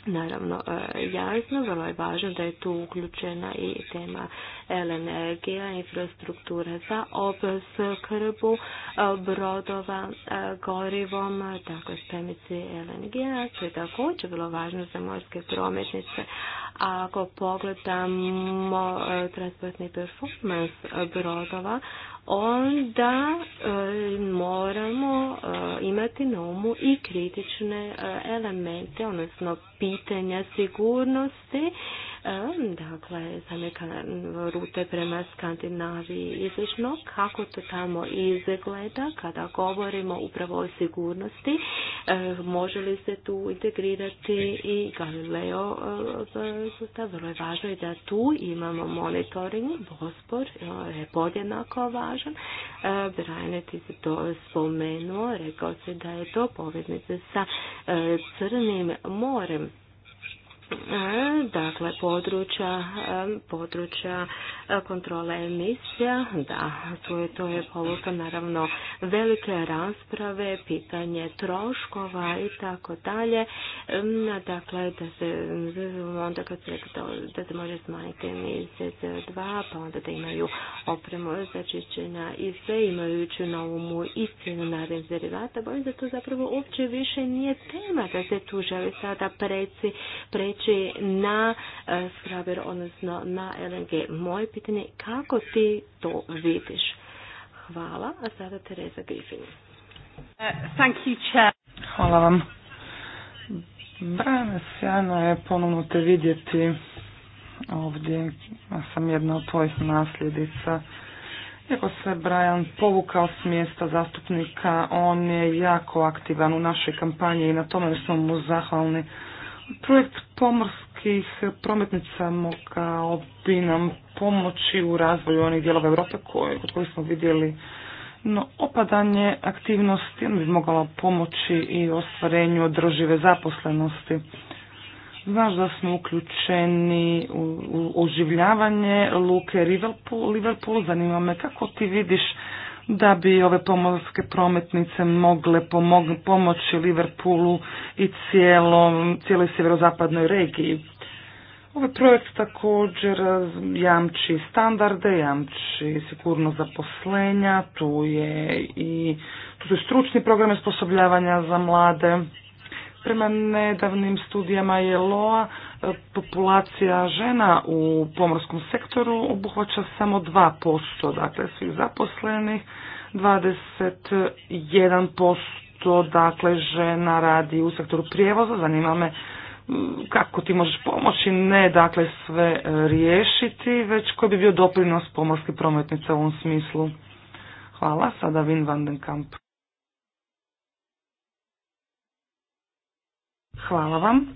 naravno e, jasno, vrlo je važno da je tu uključena i tema lng infrastrukture infrastruktura za krbu e, brodova e, gorivom, tako spremici LNG-a, što je također vrlo važno za morske prometnice. ako pogledamo transportni performance brodova, onda e, moramo e, imati na umu i kritične e, elemente, odnosno pitanja sigurnosti dakle, za neka rute prema Skandinaviji i slično, kako to tamo izgleda kada govorimo upravo o sigurnosti, može li se tu integrirati i Galileo sustav, vrlo je važno i da tu imamo monitoring, Bospor je podjednako važan, Brajne ti se to spomenuo, rekao se da je to poveznice sa Crnim morem dakle područja, područja e, kontrole emisija, da, to je, to je povuka naravno velike rasprave, pitanje troškova i tako dalje, dakle da se onda kad se da se može smanjiti emisije CO2, pa onda da imaju opremu za čišćenja i sve imajući na umu i na rezervata, bojim da to zapravo uopće više nije tema da se tu želi sada preci, preći znači na e, skraber, odnosno na LNG. Moje pitanje je kako ti to vidiš? Hvala, a sada Tereza Griffin. E, Hvala vam. Brane, sjajno je ponovno te vidjeti ovdje. Ja sam jedna od tvojih nasljedica. Iako se Brian povukao s mjesta zastupnika, on je jako aktivan u našoj kampanji i na tome smo mu zahvalni. Projekt pomorskih prometnica mogao bi nam pomoći u razvoju onih dijelova Europe koje, kod smo vidjeli no, opadanje aktivnosti bi mogala pomoći i ostvarenju održive zaposlenosti. Znaš da smo uključeni u oživljavanje luke Liverpool. Liverpool, zanima me kako ti vidiš da bi ove pomorske prometnice mogle pomoći Liverpoolu i cijeloj sjeverozapadnoj regiji. Ovaj projekt također jamči standarde, jamči sigurnost zaposlenja, tu je i tu su stručni program osposobljavanja za mlade. Prema nedavnim studijama je LOA populacija žena u pomorskom sektoru obuhvaća samo 2%, dakle svih zaposlenih, 21% dakle žena radi u sektoru prijevoza, zanima me kako ti možeš pomoći, ne dakle sve e, riješiti, već koji bi bio doprinos pomorske prometnice u ovom smislu. Hvala, sada Vin van den Kamp. Hvala vam.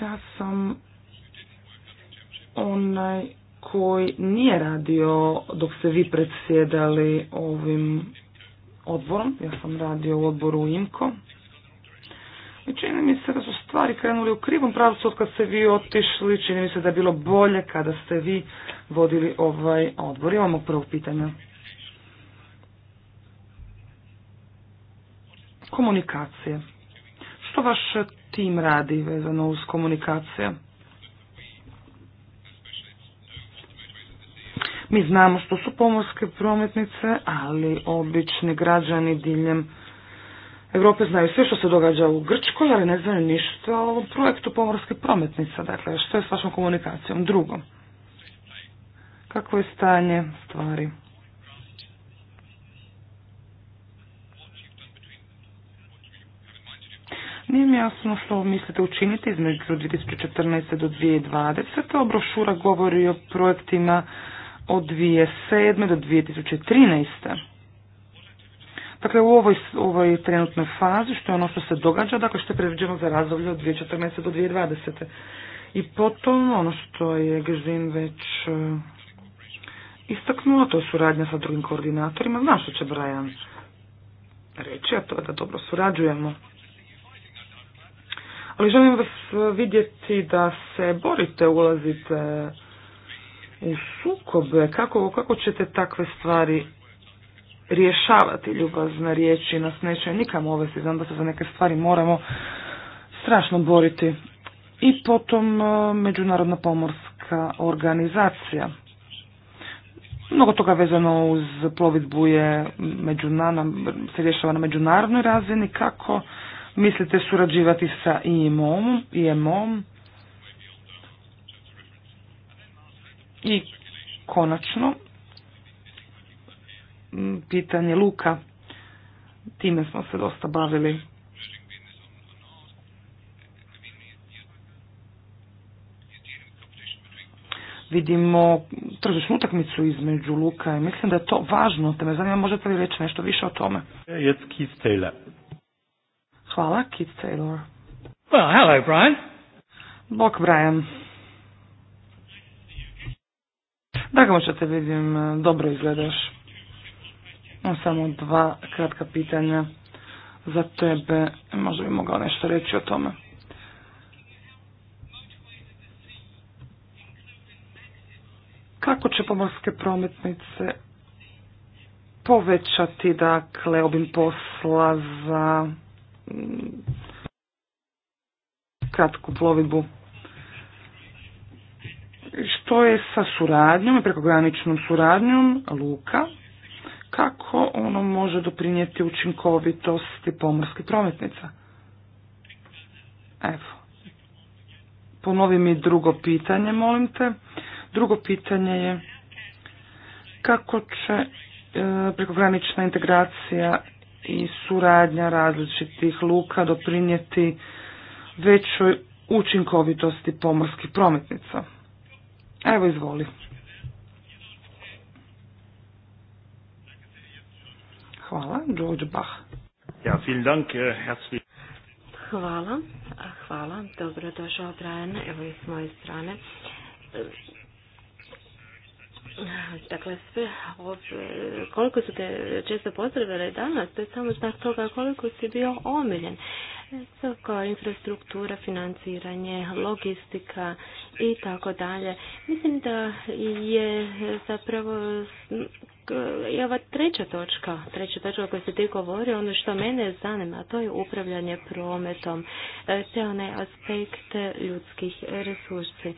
Ja sam onaj koji nije radio dok ste vi predsjedali ovim odborom. Ja sam radio u odboru IMKO. I čini mi se da su stvari krenuli u krivom pravcu od kad ste vi otišli. Čini mi se da je bilo bolje kada ste vi vodili ovaj odbor. Imamo prvo pitanje. Komunikacije. Što vaše tim radi vezano uz komunikacije. Mi znamo što su pomorske prometnice, ali obični građani diljem Europe znaju sve što se događa u Grčkoj, ali ne znaju ništa o projektu pomorske prometnice. Dakle, što je s vašom komunikacijom? Drugo, Kakvo je stanje stvari? Nije mi jasno što mislite učiniti između 2014. do 2020. O brošura govori o projektima od 2007. do 2013. Dakle, u ovoj, ovoj trenutnoj fazi, što je ono što se događa, dakle, što je predviđeno za razdoblje od 2014. do 2020. I potom, ono što je Gezin već eh, istaknula, to je suradnja sa drugim koordinatorima. Znaš što će Brian reći, a to je da dobro surađujemo ali želim vas vidjeti da se borite, ulazite u sukobe, kako, kako ćete takve stvari rješavati ljubazne riječi nas neće nikam ovesti, znam da se za neke stvari moramo strašno boriti. I potom e, Međunarodna pomorska organizacija. Mnogo toga vezano uz plovidbu je se rješava na međunarodnoj razini, kako mislite surađivati sa IMO-om i konačno pitanje luka time smo se dosta bavili vidimo tržišnu utakmicu između luka i mislim da je to važno, te me zanima možete li reći nešto više o tome. Jetzt Hvala, Kit Taylor. Well, hello, Brian. Bok, Brian. Drago što te vidim, dobro izgledaš. Imam samo dva kratka pitanja za tebe. Možda bi mogao nešto reći o tome. Kako će pomorske prometnice povećati dakle obim posla za kratku plovidbu. Što je sa suradnjom i prekograničnom suradnjom luka? Kako ono može doprinijeti učinkovitosti pomorskih prometnica? Evo. Ponovi mi drugo pitanje, molim te. Drugo pitanje je kako će e, prekogranična integracija i suradnja različitih luka doprinijeti većoj učinkovitosti pomorskih prometnica. Evo izvoli. Hvala, George Bach. Ja, vielen Dank, eh, herzlich. Hvala, hvala, dobro došao Brian, evo i s moje strane. Dakle, sve koliko su te često pozdravili danas, to je samo znak toga koliko si bio omiljen. Sve infrastruktura, financiranje, logistika i tako dalje. Mislim da je zapravo i ova treća točka, treća točka o kojoj se ti govori, ono što mene zanima, to je upravljanje prometom, sve one aspekte ljudskih resursi.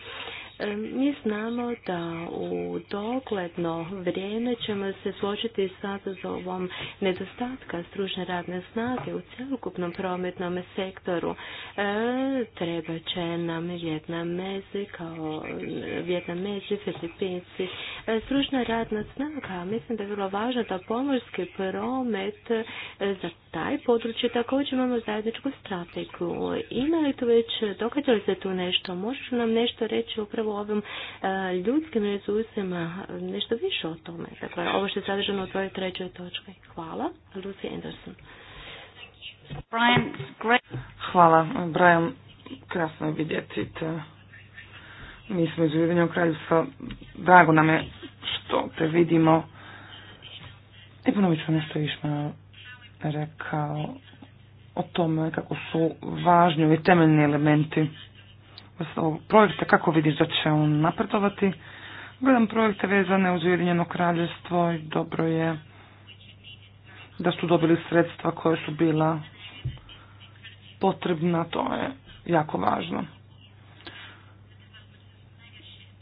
E, mi znamo da u dogledno vrijeme ćemo se složiti s ovom nedostatka stručne radne snage u cjelokupnom prometnom sektoru. E, treba će nam mezi kao vjetna filipinci. E, stručna radna snaga, mislim da je vrlo važno da pomorski promet za taj područje također imamo zajedničku strategiju. Ima li tu već, događa li se tu nešto? Možeš nam nešto reći upravo o ovim e, ljudskim resursima, nešto više o tome? Dakle, ovo što je sadržano u tvojoj trećoj točki. Hvala. Lucy Anderson. Brian, great. Hvala, Brian. Krasno je vidjeti te. Mi smo iz u kraljevstva. Drago nam je što te vidimo. I ponovit ću nešto išma rekao o tome kako su važni ovi temeljni elementi projekta, kako vidiš da će on napredovati. Gledam projekte vezane uz Ujedinjeno kraljevstvo i dobro je da su dobili sredstva koje su bila potrebna, to je jako važno.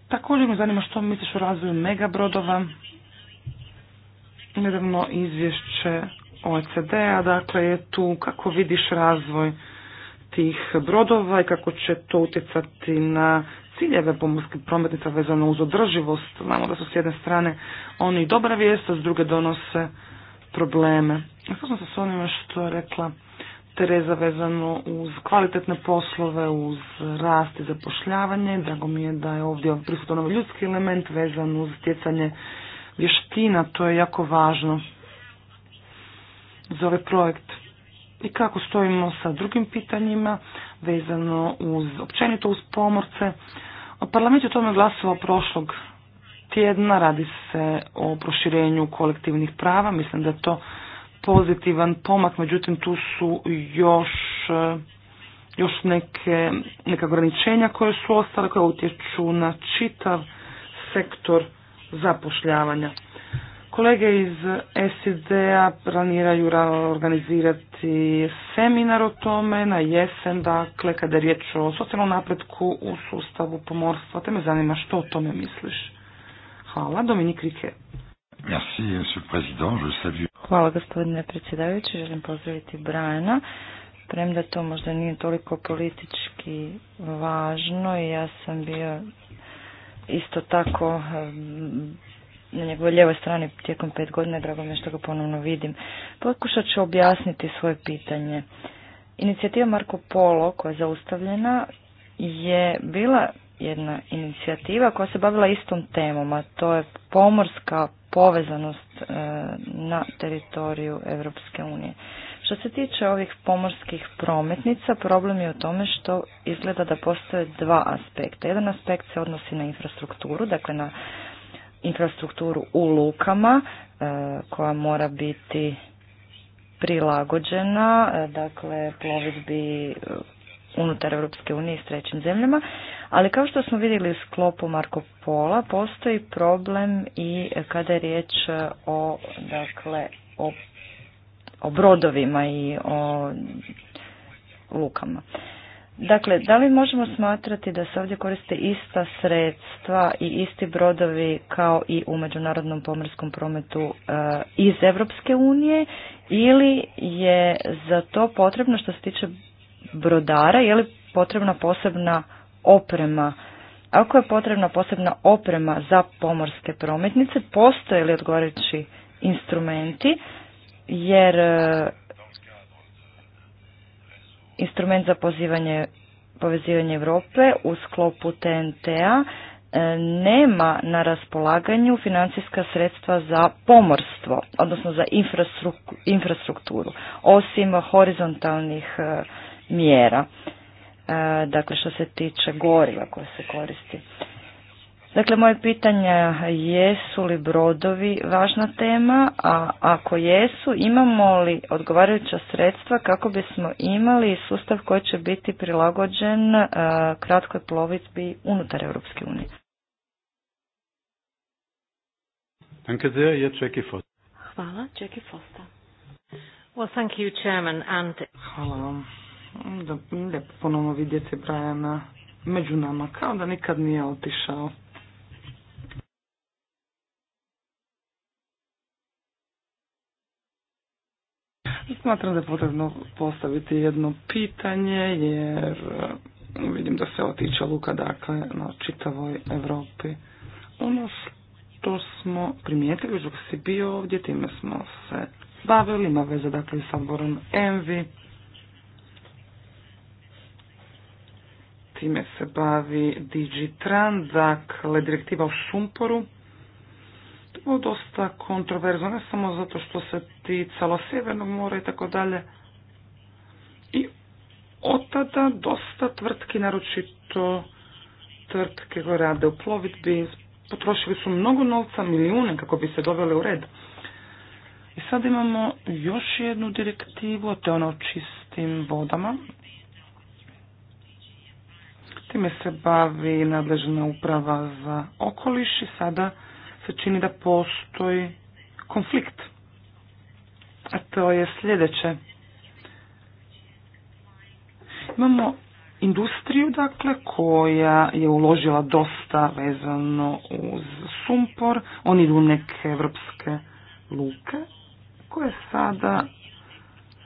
Također me zanima što misliš o razvoju megabrodova. Nedavno izvješće OECD-a, dakle je tu kako vidiš razvoj tih brodova i kako će to utjecati na ciljeve pomorskih prometnica vezano uz održivost. Znamo da su s jedne strane oni dobra vijest, a s druge donose probleme. Slično se s onima što je rekla Tereza vezano uz kvalitetne poslove, uz rast i zapošljavanje. Drago mi je da je ovdje prisutan ljudski element vezan uz stjecanje vještina. To je jako važno za ovaj projekt i kako stojimo sa drugim pitanjima vezano uz općenito uz pomorce. Parlament je o tome glasovao prošlog tjedna, radi se o proširenju kolektivnih prava, mislim da je to pozitivan pomak, međutim tu su još još neke, neka ograničenja koje su ostale, koje utječu na čitav sektor zapošljavanja. Kolege iz SID-a planiraju organizirati seminar o tome na jesen, dakle, kada je riječ o socijalnom napretku u sustavu pomorstva, te me zanima što o tome misliš. Hvala, Dominik Rike. Hvala gospodine predsjedavajući, želim pozdraviti Brajana. Premda to možda nije toliko politički važno, ja sam bio isto tako na njegovoj ljevoj strani tijekom pet godina drago mi je što ga ponovno vidim. Pokušat ću objasniti svoje pitanje. Inicijativa Marko Polo koja je zaustavljena je bila jedna inicijativa koja se bavila istom temom, a to je pomorska povezanost e, na teritoriju Europske unije. Što se tiče ovih pomorskih prometnica, problem je u tome što izgleda da postoje dva aspekta. Jedan aspekt se odnosi na infrastrukturu, dakle na infrastrukturu u lukama e, koja mora biti prilagođena, e, dakle plovidbi e, unutar Europske unije s trećim zemljama, ali kao što smo vidjeli u sklopu Marko Pola, postoji problem i kada je riječ o, dakle, o, o brodovima i o lukama. Dakle, da li možemo smatrati da se ovdje koriste ista sredstva i isti brodovi kao i u međunarodnom pomorskom prometu e, iz Europske unije ili je za to potrebno što se tiče brodara, je li potrebna posebna oprema? Ako je potrebna posebna oprema za pomorske prometnice, postoje li odgovarajući instrumenti jer e, instrument za pozivanje, povezivanje Europe u sklopu TNT-a e, nema na raspolaganju financijska sredstva za pomorstvo, odnosno za infrastrukturu, osim horizontalnih e, mjera, e, dakle što se tiče goriva koje se koristi. Dakle, moje pitanje jesu li brodovi važna tema, a ako jesu, imamo li odgovarajuća sredstva kako bismo imali sustav koji će biti prilagođen e, kratkoj plovidbi unutar Europske unije? Hvala, Jackie Foster. Well, thank you, Chairman, and... Hvala vam. Da, ponovno vidjeti Brajana među nama, kao da nikad nije otišao. Smatram da je potrebno postaviti jedno pitanje jer e, vidim da se otiče luka dakle na čitavoj Europi. Ono što smo primijetili dok si bio ovdje, time smo se bavili, ima veze dakle sa odborom Envi. Time se bavi Digitran, dakle direktiva o šumporu bilo dosta kontroverzno, ne samo zato što se ticalo Sjevernog mora i tako dalje. I od tada dosta tvrtki, naročito tvrtke koje rade u plovidbi, potrošili su mnogo novca, milijune, kako bi se doveli u red. I sad imamo još jednu direktivu, te ono o čistim vodama. Time se bavi nadležna uprava za okoliš i sada se čini da postoji konflikt. A to je sljedeće. Imamo industriju dakle koja je uložila dosta vezano uz sumpor, oni idu u neke evropske luke koje sada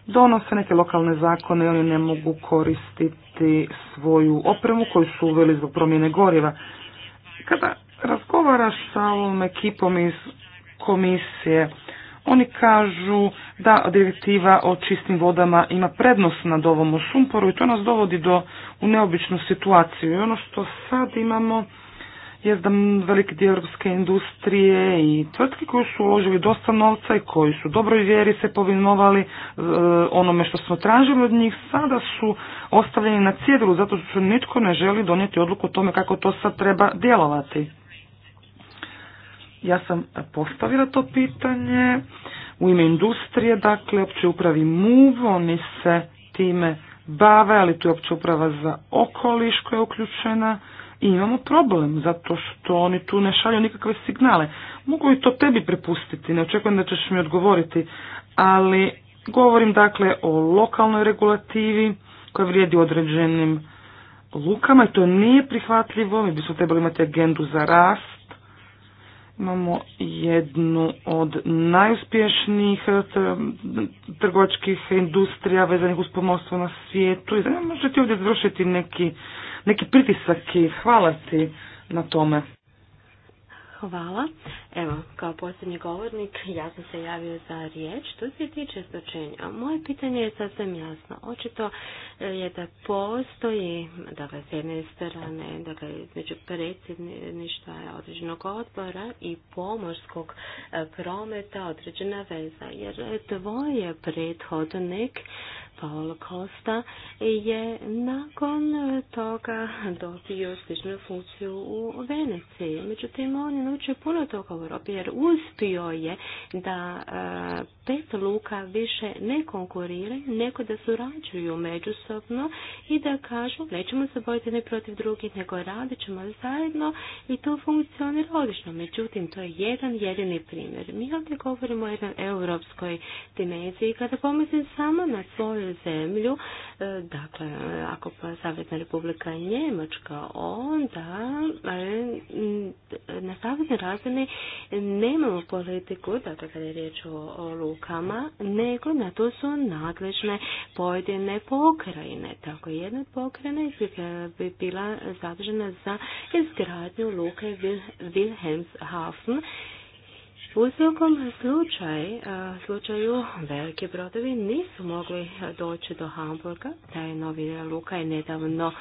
donose neke lokalne zakone i oni ne mogu koristiti svoju opremu koju su uveli zbog promjene goriva. Kada razgovaraš sa ovom ekipom iz komisije, oni kažu da direktiva o čistim vodama ima prednost nad ovom u sumporu i to nas dovodi do u neobičnu situaciju. I ono što sad imamo je da veliki dio industrije i tvrtke koji su uložili dosta novca i koji su dobroj vjeri se povinovali e, onome što smo tražili od njih, sada su ostavljeni na cjedilu zato što nitko ne želi donijeti odluku o tome kako to sad treba djelovati. Ja sam postavila to pitanje u ime industrije, dakle, opće upravi MUV, oni se time bave, ali tu je opće uprava za okoliš koja je uključena i imamo problem zato što oni tu ne šalju nikakve signale. Mogu i to tebi prepustiti, ne očekujem da ćeš mi odgovoriti, ali govorim dakle o lokalnoj regulativi koja vrijedi određenim lukama i to nije prihvatljivo, mi bismo trebali imati agendu za rast, Imamo jednu od najuspješnijih eh, trgovačkih industrija vezanih uz pomorstvo na svijetu. I možete ovdje izvršiti neki, neki pritisak i hvala ti na tome. Hvala. Evo, kao posljednji govornik, ja sam se javio za riječ. Što se tiče stočenja, moje pitanje je sasvim jasno. Očito e, je da postoji, ga dakle, s jedne strane, ga dakle, između predsjedništva određenog odbora i pomorskog e, prometa određena veza, jer e, dvoje prethodnik Costa je nakon toga dobio sličnu funkciju u Veneciji. Međutim, on je naučio puno toga u Europi jer uspio je da e, pet luka više ne konkuriraju, nego da surađuju međusobno i da kažu nećemo se bojiti ne protiv drugih, nego radit ćemo zajedno i to funkcionira odlično. Međutim, to je jedan jedini primjer. Mi ovdje govorimo o jednoj europskoj dimenziji kada pomislim samo na svoju zemlju, e, dakle, ako je pa Savjetna republika Njemačka, onda e, na savjetnoj razini nemamo politiku, dakle, kada je riječ o, lukama, nego na to su nadležne pojedine pokrajine. Tako, jedna pokrajina bi e, bila zadržena za izgradnju luke Wilhelmshafen, u slučaj, slučaju, velike brodovi nisu mogli doći do Hamburga, taj novi luka je nedavno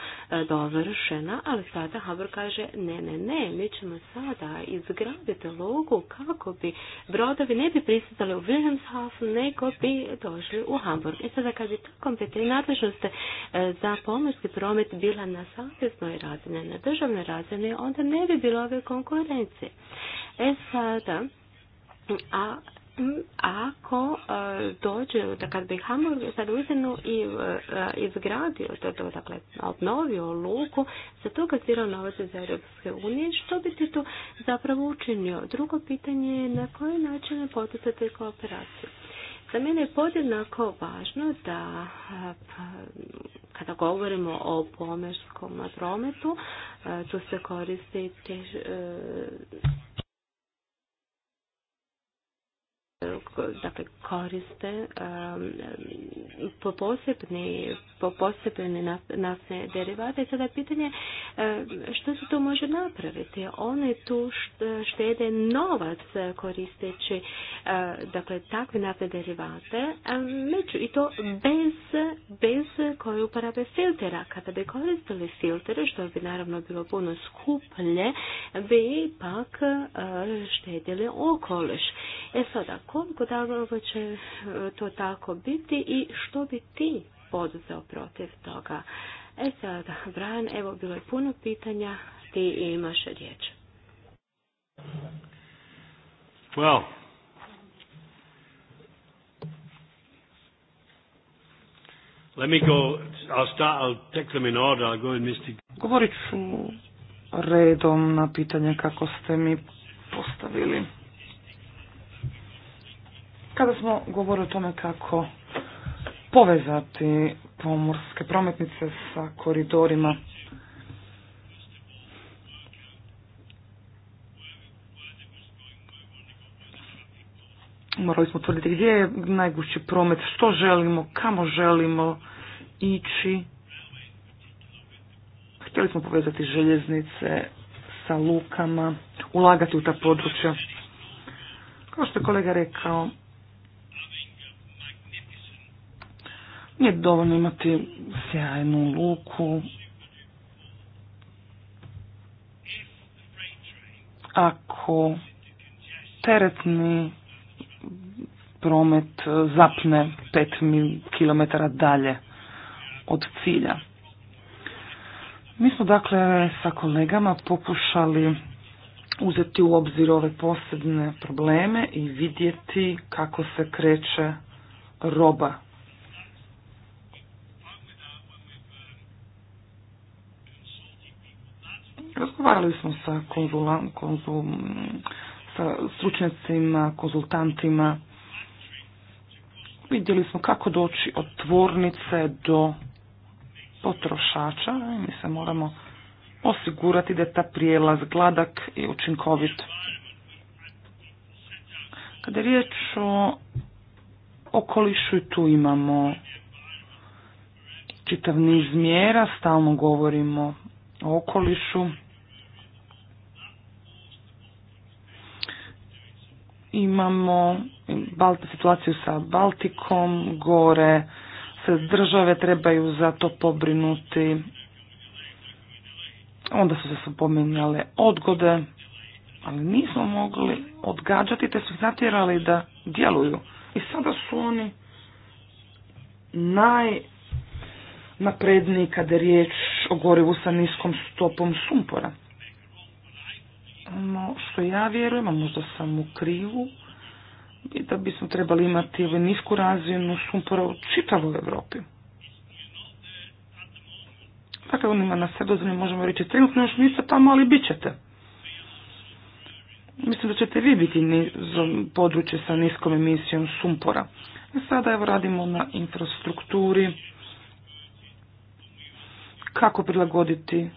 dovršena, ali sada Hamburg kaže ne, ne, ne, mi ćemo sada izgraditi luku kako bi brodovi ne bi pristali u Wilhelmshafen, nego bi došli u Hamburg. I sada kad bi ta kompetentna e, za pomorski promet bila na savjesnoj razini, na državnoj razini, onda ne bi bilo ove konkurencije. E sada, a ako e, dođe, da kad bi Hamburg sad i e, e, izgradio, to, to dakle, obnovio luku, za to kasirao novac za Europske unije, što bi ti to zapravo učinio? Drugo pitanje je na koji način poticate kooperaciju? Za mene je podjednako važno da kada govorimo o pomerskom prometu, tu se koristi dakle, koriste um, um, po posebni, po posebni derivate. Sada je pitanje um, što se to može napraviti. One tu štede novac koristeći uh, dakle, takve nafte derivate i to bez, bez koje uporabe filtera. Kada bi koristili filtere, što bi naravno bilo puno skuplje, bi ipak uh, štedili okoliš. E sada, koliko dagova će e, to tako biti i što bi ti poduzeo protiv toga? E sad, Brian, evo bilo je puno pitanja, ti imaš riječ. Well, let me go, I'll start, I'll take them in order, I'll go in Mr. Govorit ću redom na pitanje kako ste mi postavili kada smo govorili o tome kako povezati pomorske prometnice sa koridorima. Morali smo tvrditi gdje je najgušći promet, što želimo, kamo želimo ići. Htjeli smo povezati željeznice sa lukama, ulagati u ta područja. Kao što je kolega rekao, Nije dovoljno imati sjajnu luku. Ako teretni promet zapne 5 km dalje od cilja. Mi smo dakle sa kolegama pokušali uzeti u obzir ove posebne probleme i vidjeti kako se kreće roba Razgovarali smo sa, konzula, konzul, sa stručnjacima, konzultantima. Vidjeli smo kako doći od tvornice do potrošača i mi se moramo osigurati da je ta prijelaz gladak i učinkovit. Kada je riječ o okolišu tu imamo čitav niz mjera, stalno govorimo o okolišu. imamo situaciju sa Baltikom, gore se države trebaju za to pobrinuti. Onda su se spominjale odgode, ali nismo mogli odgađati te su zatjerali da djeluju. I sada su oni najnapredniji kada je riječ o gorivu sa niskom stopom sumpora. No, što ja vjerujem, a možda sam u krivu, i da bismo trebali imati ovu nisku razinu sumpora u čitavoj Europi. Dakle, onima na sredozemlju možemo reći trenutno još niste tamo, ali bit ćete. Mislim da ćete vi biti područje sa niskom emisijom sumpora. I sada evo radimo na infrastrukturi, kako prilagoditi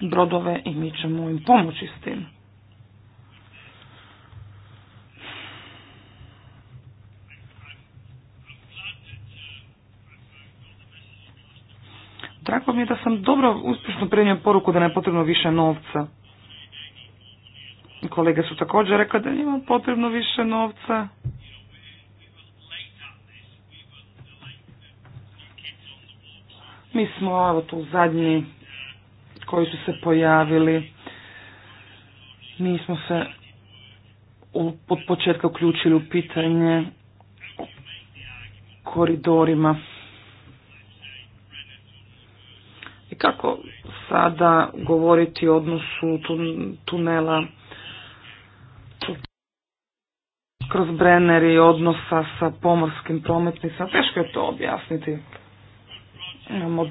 brodove i mi ćemo im pomoći s tim. Drago mi je da sam dobro uspješno prenio poruku da ne potrebno više novca. Kolege su također rekli da njima potrebno više novca. Mi smo evo tu zadnji koji su se pojavili. Mi smo se od početka uključili u pitanje koridorima. I kako sada govoriti o odnosu tunela kroz Brenner i odnosa sa pomorskim prometnicama, teško je to objasniti. Imamo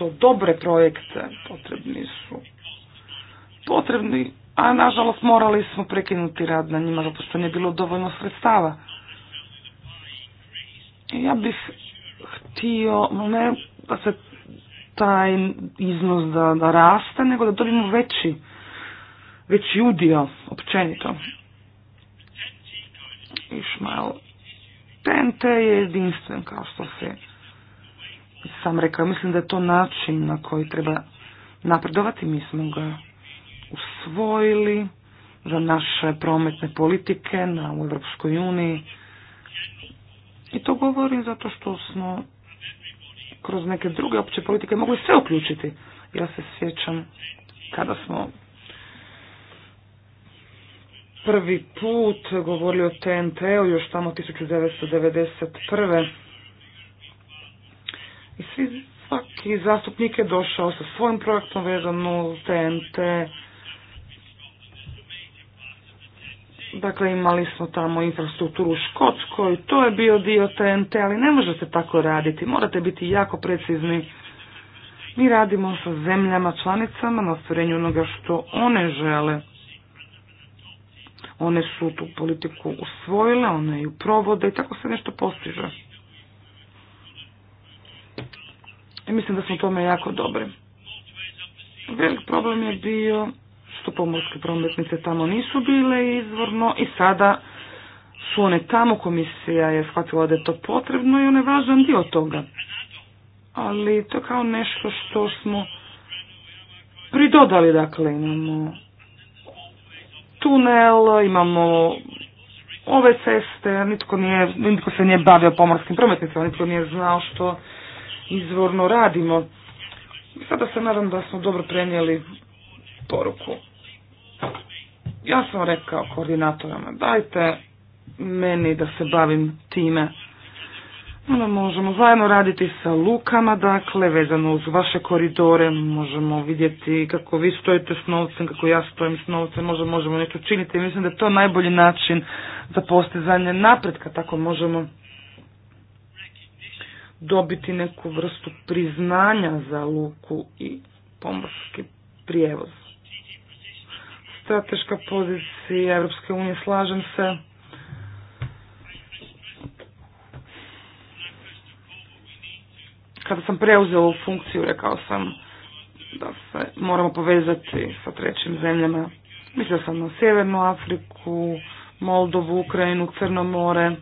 to dobre projekte, potrebni su potrebni, a nažalost morali smo prekinuti rad na njima zato što nije bilo dovoljno sredstava. Ja bih htio, ne da se taj iznos da, da raste, nego da dobimo veći, veći udio općenito. Išmael, TNT je jedinstven kao što se sam rekao, mislim da je to način na koji treba napredovati. Mi smo ga usvojili za naše prometne politike na, u Europskoj uniji. I to govorim zato što smo kroz neke druge opće politike mogli sve uključiti. Ja se sjećam kada smo prvi put govorili o TNT-u još tamo 1991. I svi, svaki zastupnik je došao sa svojim projektom vezano uz TNT. Dakle, imali smo tamo infrastrukturu u Škotskoj, to je bio dio TNT, ali ne može se tako raditi, morate biti jako precizni. Mi radimo sa zemljama članicama na ostvarenju onoga što one žele. One su tu politiku usvojile, one ju provode i tako se nešto postiže. I mislim da smo tome jako dobri. Velik problem je bio što pomorske prometnice tamo nisu bile izvorno i sada su one tamo, komisija je shvatila da je to potrebno i on je važan dio toga. Ali to je kao nešto što smo pridodali, dakle imamo tunel, imamo ove ceste, nitko, nije, nitko se nije bavio pomorskim prometnicama, nitko nije znao što izvorno radimo. I sada se nadam da smo dobro prenijeli poruku. Ja sam rekao koordinatorama, dajte meni da se bavim time. Onda možemo zajedno raditi sa lukama, dakle, vezano uz vaše koridore, možemo vidjeti kako vi stojite s novcem, kako ja stojim s novcem, možda možemo nešto činiti. Mislim da je to najbolji način za postizanje napretka, tako možemo dobiti neku vrstu priznanja za luku i pomorski prijevoz. Strateška pozicija Europske unije, slažem se. Kada sam preuzeo ovu funkciju, rekao sam da se moramo povezati sa trećim zemljama. Mislio sam na Sjevernu Afriku, Moldovu, Ukrajinu, Crno more.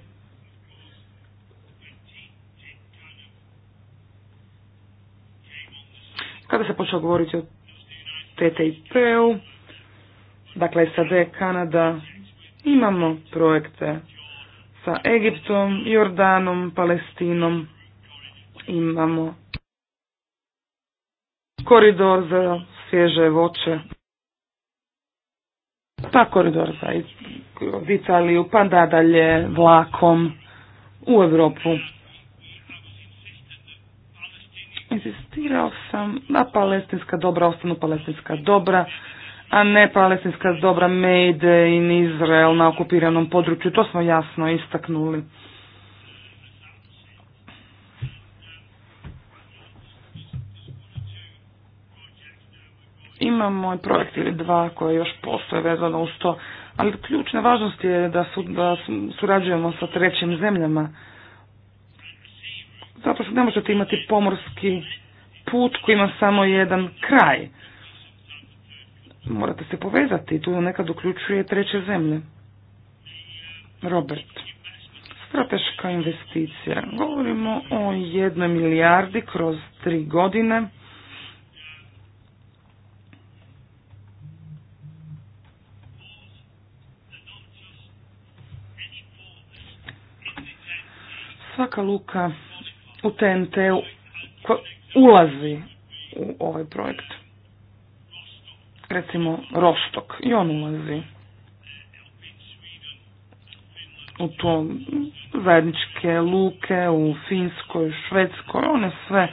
Kada se počeo govoriti o TTIP-u, dakle SAD, Kanada, imamo projekte sa Egiptom, Jordanom, Palestinom, imamo koridor za svježe voće, pa koridor za Italiju, pa nadalje vlakom u Europu. Inzistirao sam na palestinska dobra ostanu palestinska dobra, a ne palestinska dobra made in Izrael na okupiranom području. To smo jasno istaknuli. Imamo i projekt ili dva koje još postoje vezano uz to, ali ključna važnost je da, da surađujemo sa trećim zemljama. Zato što ne možete imati pomorski put koji ima samo jedan kraj. Morate se povezati i tu nekad uključuje treće zemlje. Robert. Strateška investicija. Govorimo o jednoj milijardi kroz tri godine. Svaka luka u TNT ulazi u ovaj projekt. Recimo Rostok i on ulazi u to zajedničke luke u Finskoj, Švedskoj, one sve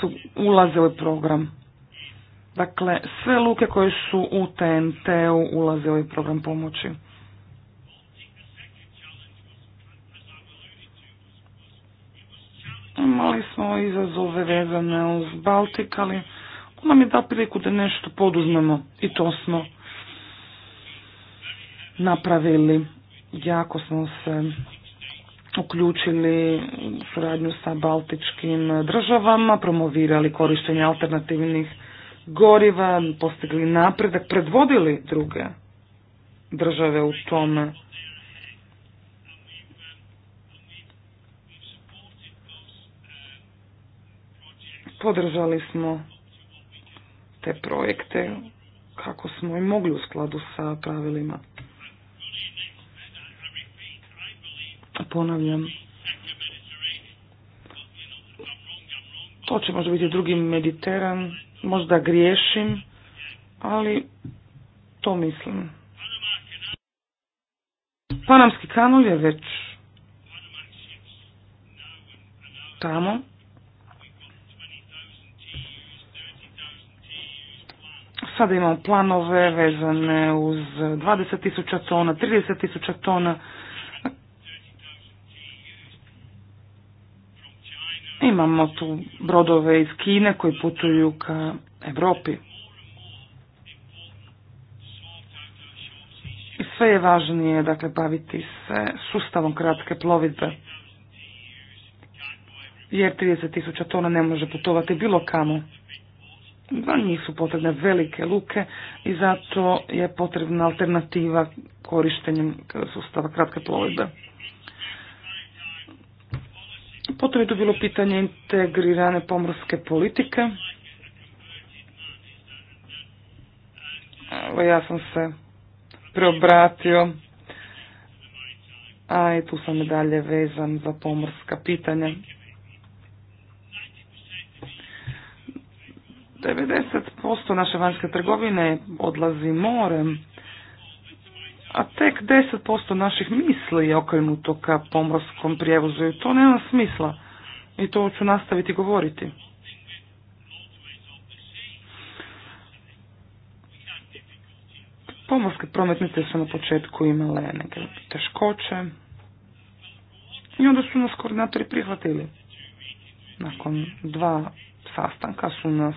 su ulazile u program. Dakle, sve luke koje su u TNT-u ulazili u program pomoći. Imali smo izazove vezane uz Baltik, ali on nam da priliku da nešto poduzmemo i to smo napravili. Jako smo se uključili u suradnju sa baltičkim državama, promovirali korištenje alternativnih goriva, postigli napredak, predvodili druge države u tome. Podržali smo te projekte kako smo i mogli u skladu sa pravilima. Ponavljam, to će možda biti drugi mediteran, možda griješim, ali to mislim. Panamski kanal je već tamo. Sada imamo planove vezane uz tisuća tona, tisuća tona. Imamo tu brodove iz Kine koji putuju ka Europi. I sve je važnije dakle, baviti se sustavom kratke plovidbe. Jer tisuća tona ne može putovati bilo kamo. Za njih su potrebne velike luke i zato je potrebna alternativa korištenjem sustava kratke plovidbe. Potom je bilo pitanje integrirane pomorske politike. ja sam se preobratio, a i tu sam i dalje vezan za pomorska pitanja. 90% naše vanjske trgovine odlazi morem, a tek 10% naših misli je okrenuto ka pomorskom prijevozu i to nema smisla i to ću nastaviti govoriti. Pomorske prometnice su na početku imale neke teškoće i onda su nas koordinatori prihvatili. Nakon dva sastanka su nas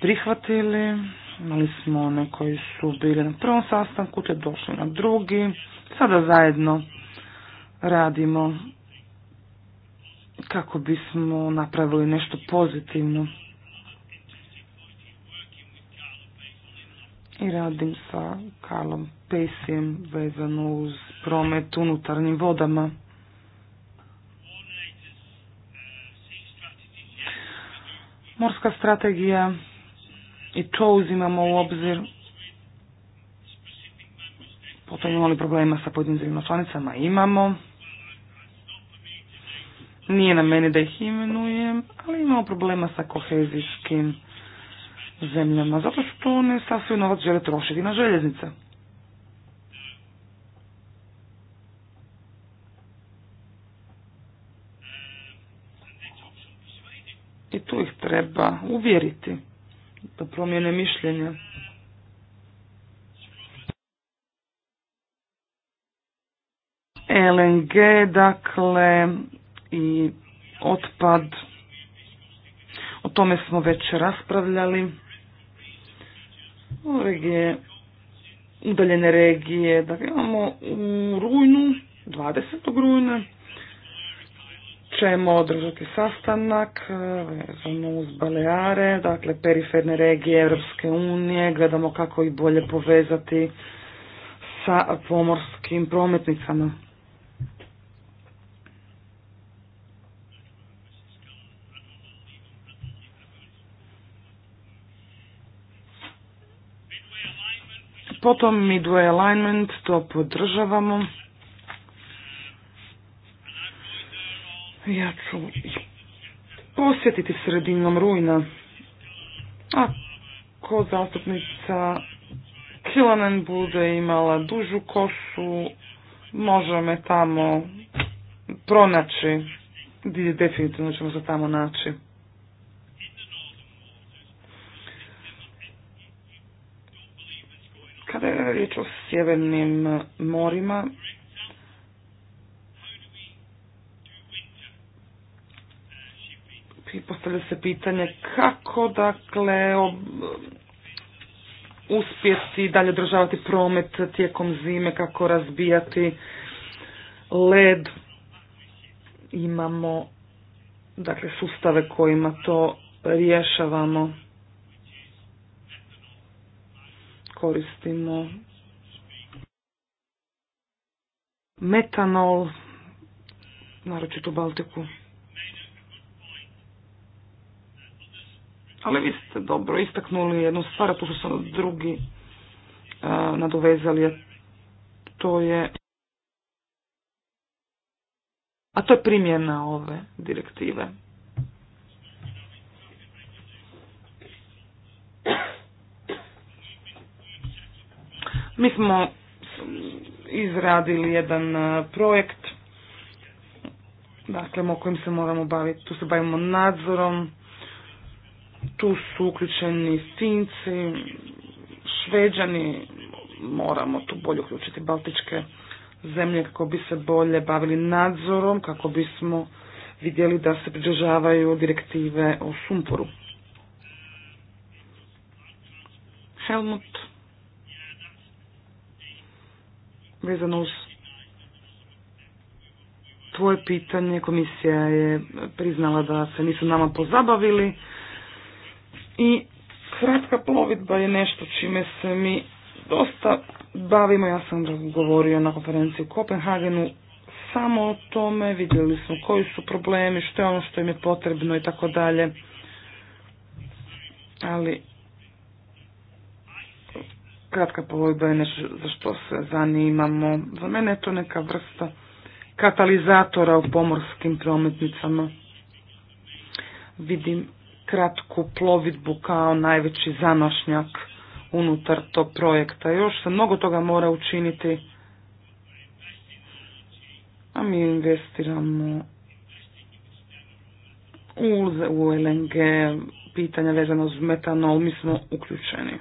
prihvatili. Imali smo one koji su bili na prvom sastanku, te došli na drugi. Sada zajedno radimo kako bismo napravili nešto pozitivno. I radim sa Karlom Pesijem vezano uz promet unutarnjim vodama. Morska strategija i to uzimamo u obzir. Potom imamo li problema sa pojedinim zemljama članicama? Imamo. Nije na meni da ih imenujem, ali imamo problema sa kohezijskim zemljama, zato što ne sasvim novac žele trošiti na željeznice. I tu ih treba uvjeriti do promjene mišljenja. LNG, dakle, i otpad. O tome smo već raspravljali. U regije, udaljene regije, dakle, imamo u rujnu, 20. rujna, ćemo održati sastanak e, vezano uz Baleare, dakle periferne regije Europske unije, gledamo kako ih bolje povezati sa pomorskim prometnicama. Potom midway alignment, to podržavamo. Ja ću posjetiti sredinom rujna. A ko zastupnica Kilanen bude imala dužu kosu, može me tamo pronaći. Definitivno ćemo se tamo naći. Kada je riječ o sjevernim morima, i postavlja se pitanje kako dakle uspjeti dalje održavati promet tijekom zime, kako razbijati led. Imamo dakle sustave kojima to rješavamo. Koristimo metanol, naročito Baltiku. Ali vi ste dobro istaknuli jednu stvar, a tu su se drugi e, nadovezali, to je a to je primjena ove direktive. Mi smo izradili jedan e, projekt dakle o kojim se moramo baviti, tu se bavimo nadzorom tu su uključeni Finci, Šveđani, moramo tu bolje uključiti Baltičke zemlje kako bi se bolje bavili nadzorom, kako bismo vidjeli da se pridržavaju direktive o sumporu. Helmut, vezano uz tvoje pitanje, komisija je priznala da se nisu nama pozabavili, i kratka plovidba je nešto čime se mi dosta bavimo. Ja sam govorio na konferenciji u Kopenhagenu samo o tome, vidjeli smo koji su problemi, što je ono što im je potrebno i tako dalje. Ali kratka plovidba je nešto za što se zanimamo. Za mene je to neka vrsta katalizatora u pomorskim prometnicama. Vidim kratku plovidbu kao najveći zanošnjak unutar tog projekta. Još se mnogo toga mora učiniti, a mi investiramo u, u LNG, pitanja vezano uz metanol, mi smo uključeni.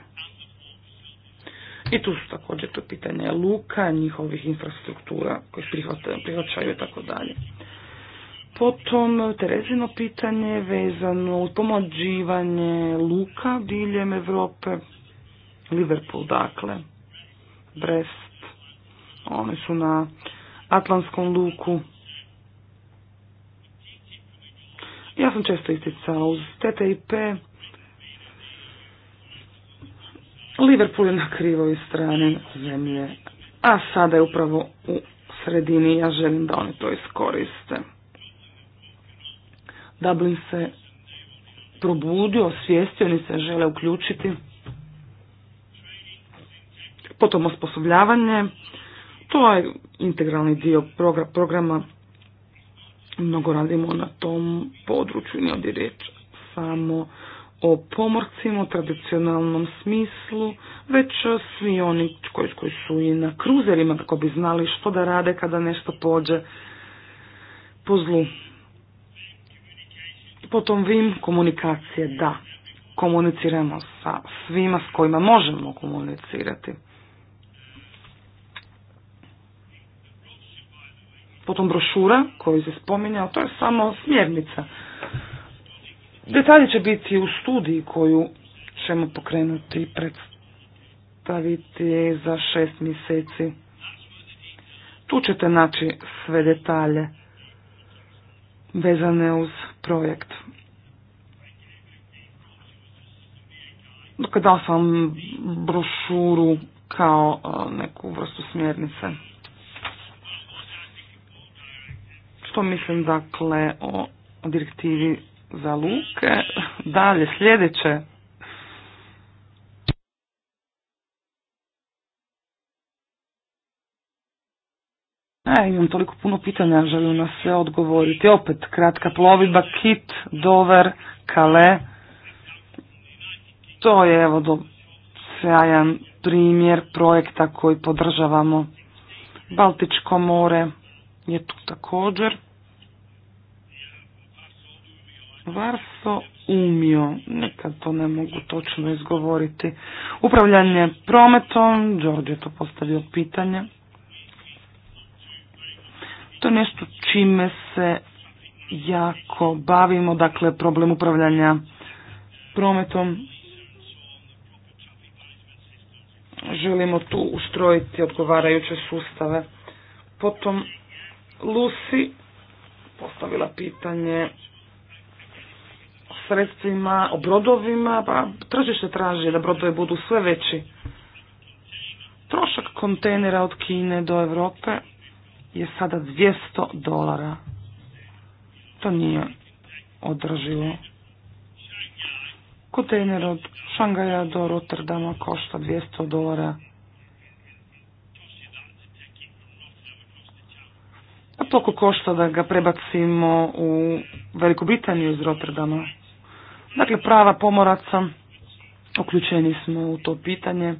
I tu su također to pitanje luka, njihovih infrastruktura koje prihvaćaju i tako dalje. Potom Terezino pitanje vezano uz pomođivanje luka diljem Europe, Liverpool dakle, Brest, oni su na Atlantskom luku. Ja sam često isticao uz TTIP, Liverpool je na krivoj strani zemlje, a sada je upravo u sredini, ja želim da oni to iskoriste. Dublin se probudio, osvijestio, oni se žele uključiti. Potom osposobljavanje, to je integralni dio programa, mnogo radimo na tom području, nije ovdje riječ samo o pomorcima u tradicionalnom smislu, već svi oni koji, koji su i na kruzerima kako bi znali što da rade kada nešto pođe po zlu. Potom vim komunikacije, da. Komuniciramo sa svima s kojima možemo komunicirati. Potom brošura koju se spominjao, to je samo smjernica. Detalje će biti u studiji koju ćemo pokrenuti i predstaviti za šest mjeseci. Tu ćete naći sve detalje vezane uz projekt. Dakle, dao sam brošuru kao e, neku vrstu smjernice. Što mislim, dakle, o direktivi za luke? Dalje, sljedeće E, imam toliko puno pitanja, želim na sve odgovoriti. Opet, kratka plovidba, Kit, Dover, Kale. To je, evo, do, sjajan primjer projekta koji podržavamo. Baltičko more je tu također. Varso umio, nekad to ne mogu točno izgovoriti. Upravljanje prometom, Đorđe je to postavio pitanje. To je nešto čime se jako bavimo, dakle problem upravljanja prometom. Želimo tu ustrojiti odgovarajuće sustave. Potom Lucy postavila pitanje o sredstvima, o brodovima, pa tržište traži da brodovi budu sve veći. Trošak kontejnera od Kine do Europe je sada 200 dolara. To nije održivo. Kontejner od Šangaja do Rotterdama košta 200 dolara. A toliko košta da ga prebacimo u Veliku Britaniju iz Rotterdama. Dakle, prava pomoraca, uključeni smo u to pitanje.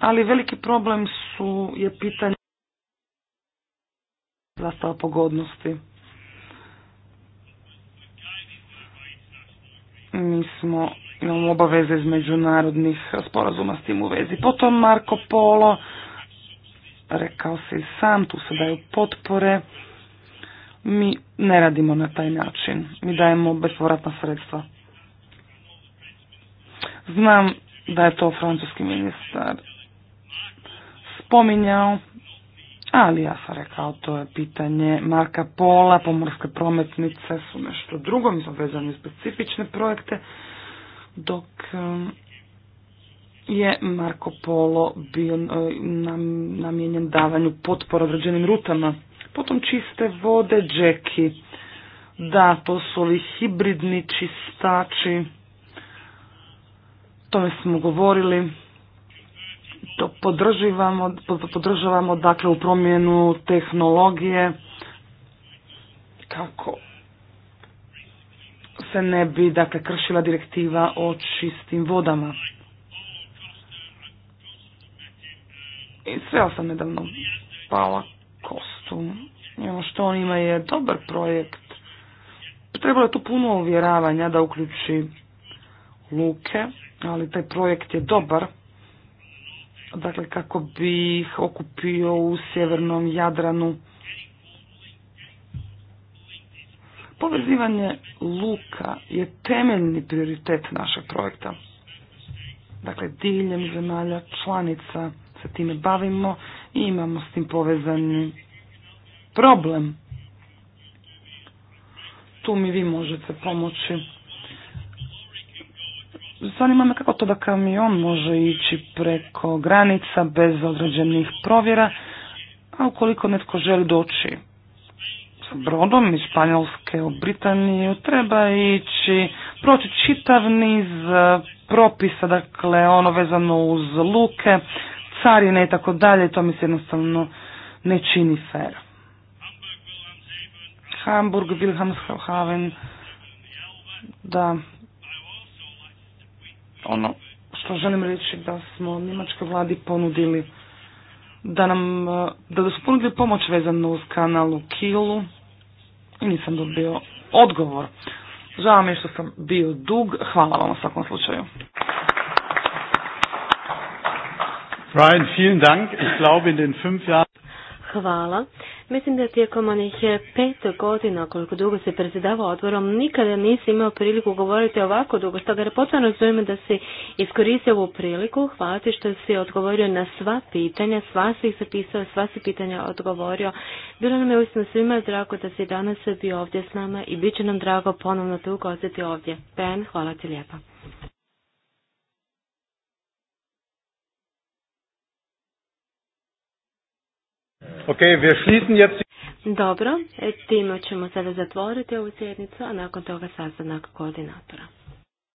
ali veliki problem su je pitanje zastava pogodnosti. Mi smo, imamo obaveze iz međunarodnih sporazuma s tim u vezi. Potom Marko Polo, rekao se i sam, tu se daju potpore. Mi ne radimo na taj način. Mi dajemo bespovratna sredstva. Znam da je to francuski ministar spominjao, ali ja sam rekao to je pitanje Marka Pola, pomorske prometnice su nešto drugo, mi smo vezani specifične projekte, dok um, je Marko Polo bio uh, namijenjen davanju potpora određenim rutama. Potom čiste vode, džeki. Da, to su ovi hibridni čistači. O tome smo govorili to podržavamo dakle u promjenu tehnologije kako se ne bi dakle kršila direktiva o čistim vodama. I sve sam nedavno pala kostu. što on ima je dobar projekt. Trebalo je tu puno uvjeravanja da uključi luke, ali taj projekt je dobar dakle kako bi ih okupio u sjevernom Jadranu. Povezivanje luka je temeljni prioritet našeg projekta. Dakle, diljem zemalja članica se time bavimo i imamo s tim povezani problem. Tu mi vi možete pomoći. Zanima me kako to da kamion može ići preko granica bez određenih provjera, a ukoliko netko želi doći sa brodom iz Španjolske u Britaniju, treba ići proći čitav niz e, propisa, dakle ono vezano uz luke, carine i tako dalje, to mi se jednostavno ne čini fair. Hamburg, Wilhelmshaven, da, ono što želim reći da smo njemačkoj vladi ponudili da nam, eh, da su ponudili pomoć vezano uz kanalu Kilu i nisam dobio odgovor. Žao mi je što sam bio dug, hvala vam u svakom slučaju. Brian, vielen Dank. Ich glaube, in den Jahren Hvala. Mislim da tijekom onih pet godina koliko dugo se predsjedavao odvorom, nikada nisi imao priliku govoriti ovako dugo, što ga potpuno razumijem da si iskoristio ovu priliku. Hvala ti što si odgovorio na sva pitanja, sva si ih zapisao, sva si pitanja odgovorio. Bilo nam je uistinu svima drago da si danas bio ovdje s nama i bit će nam drago ponovno te ugostiti ovdje. Ben, hvala ti lijepa. Okay, wir schließen jetzt. Dobro, e, time ćemo sada zatvoriti ovu sjednicu, a nakon toga sastanak koordinatora.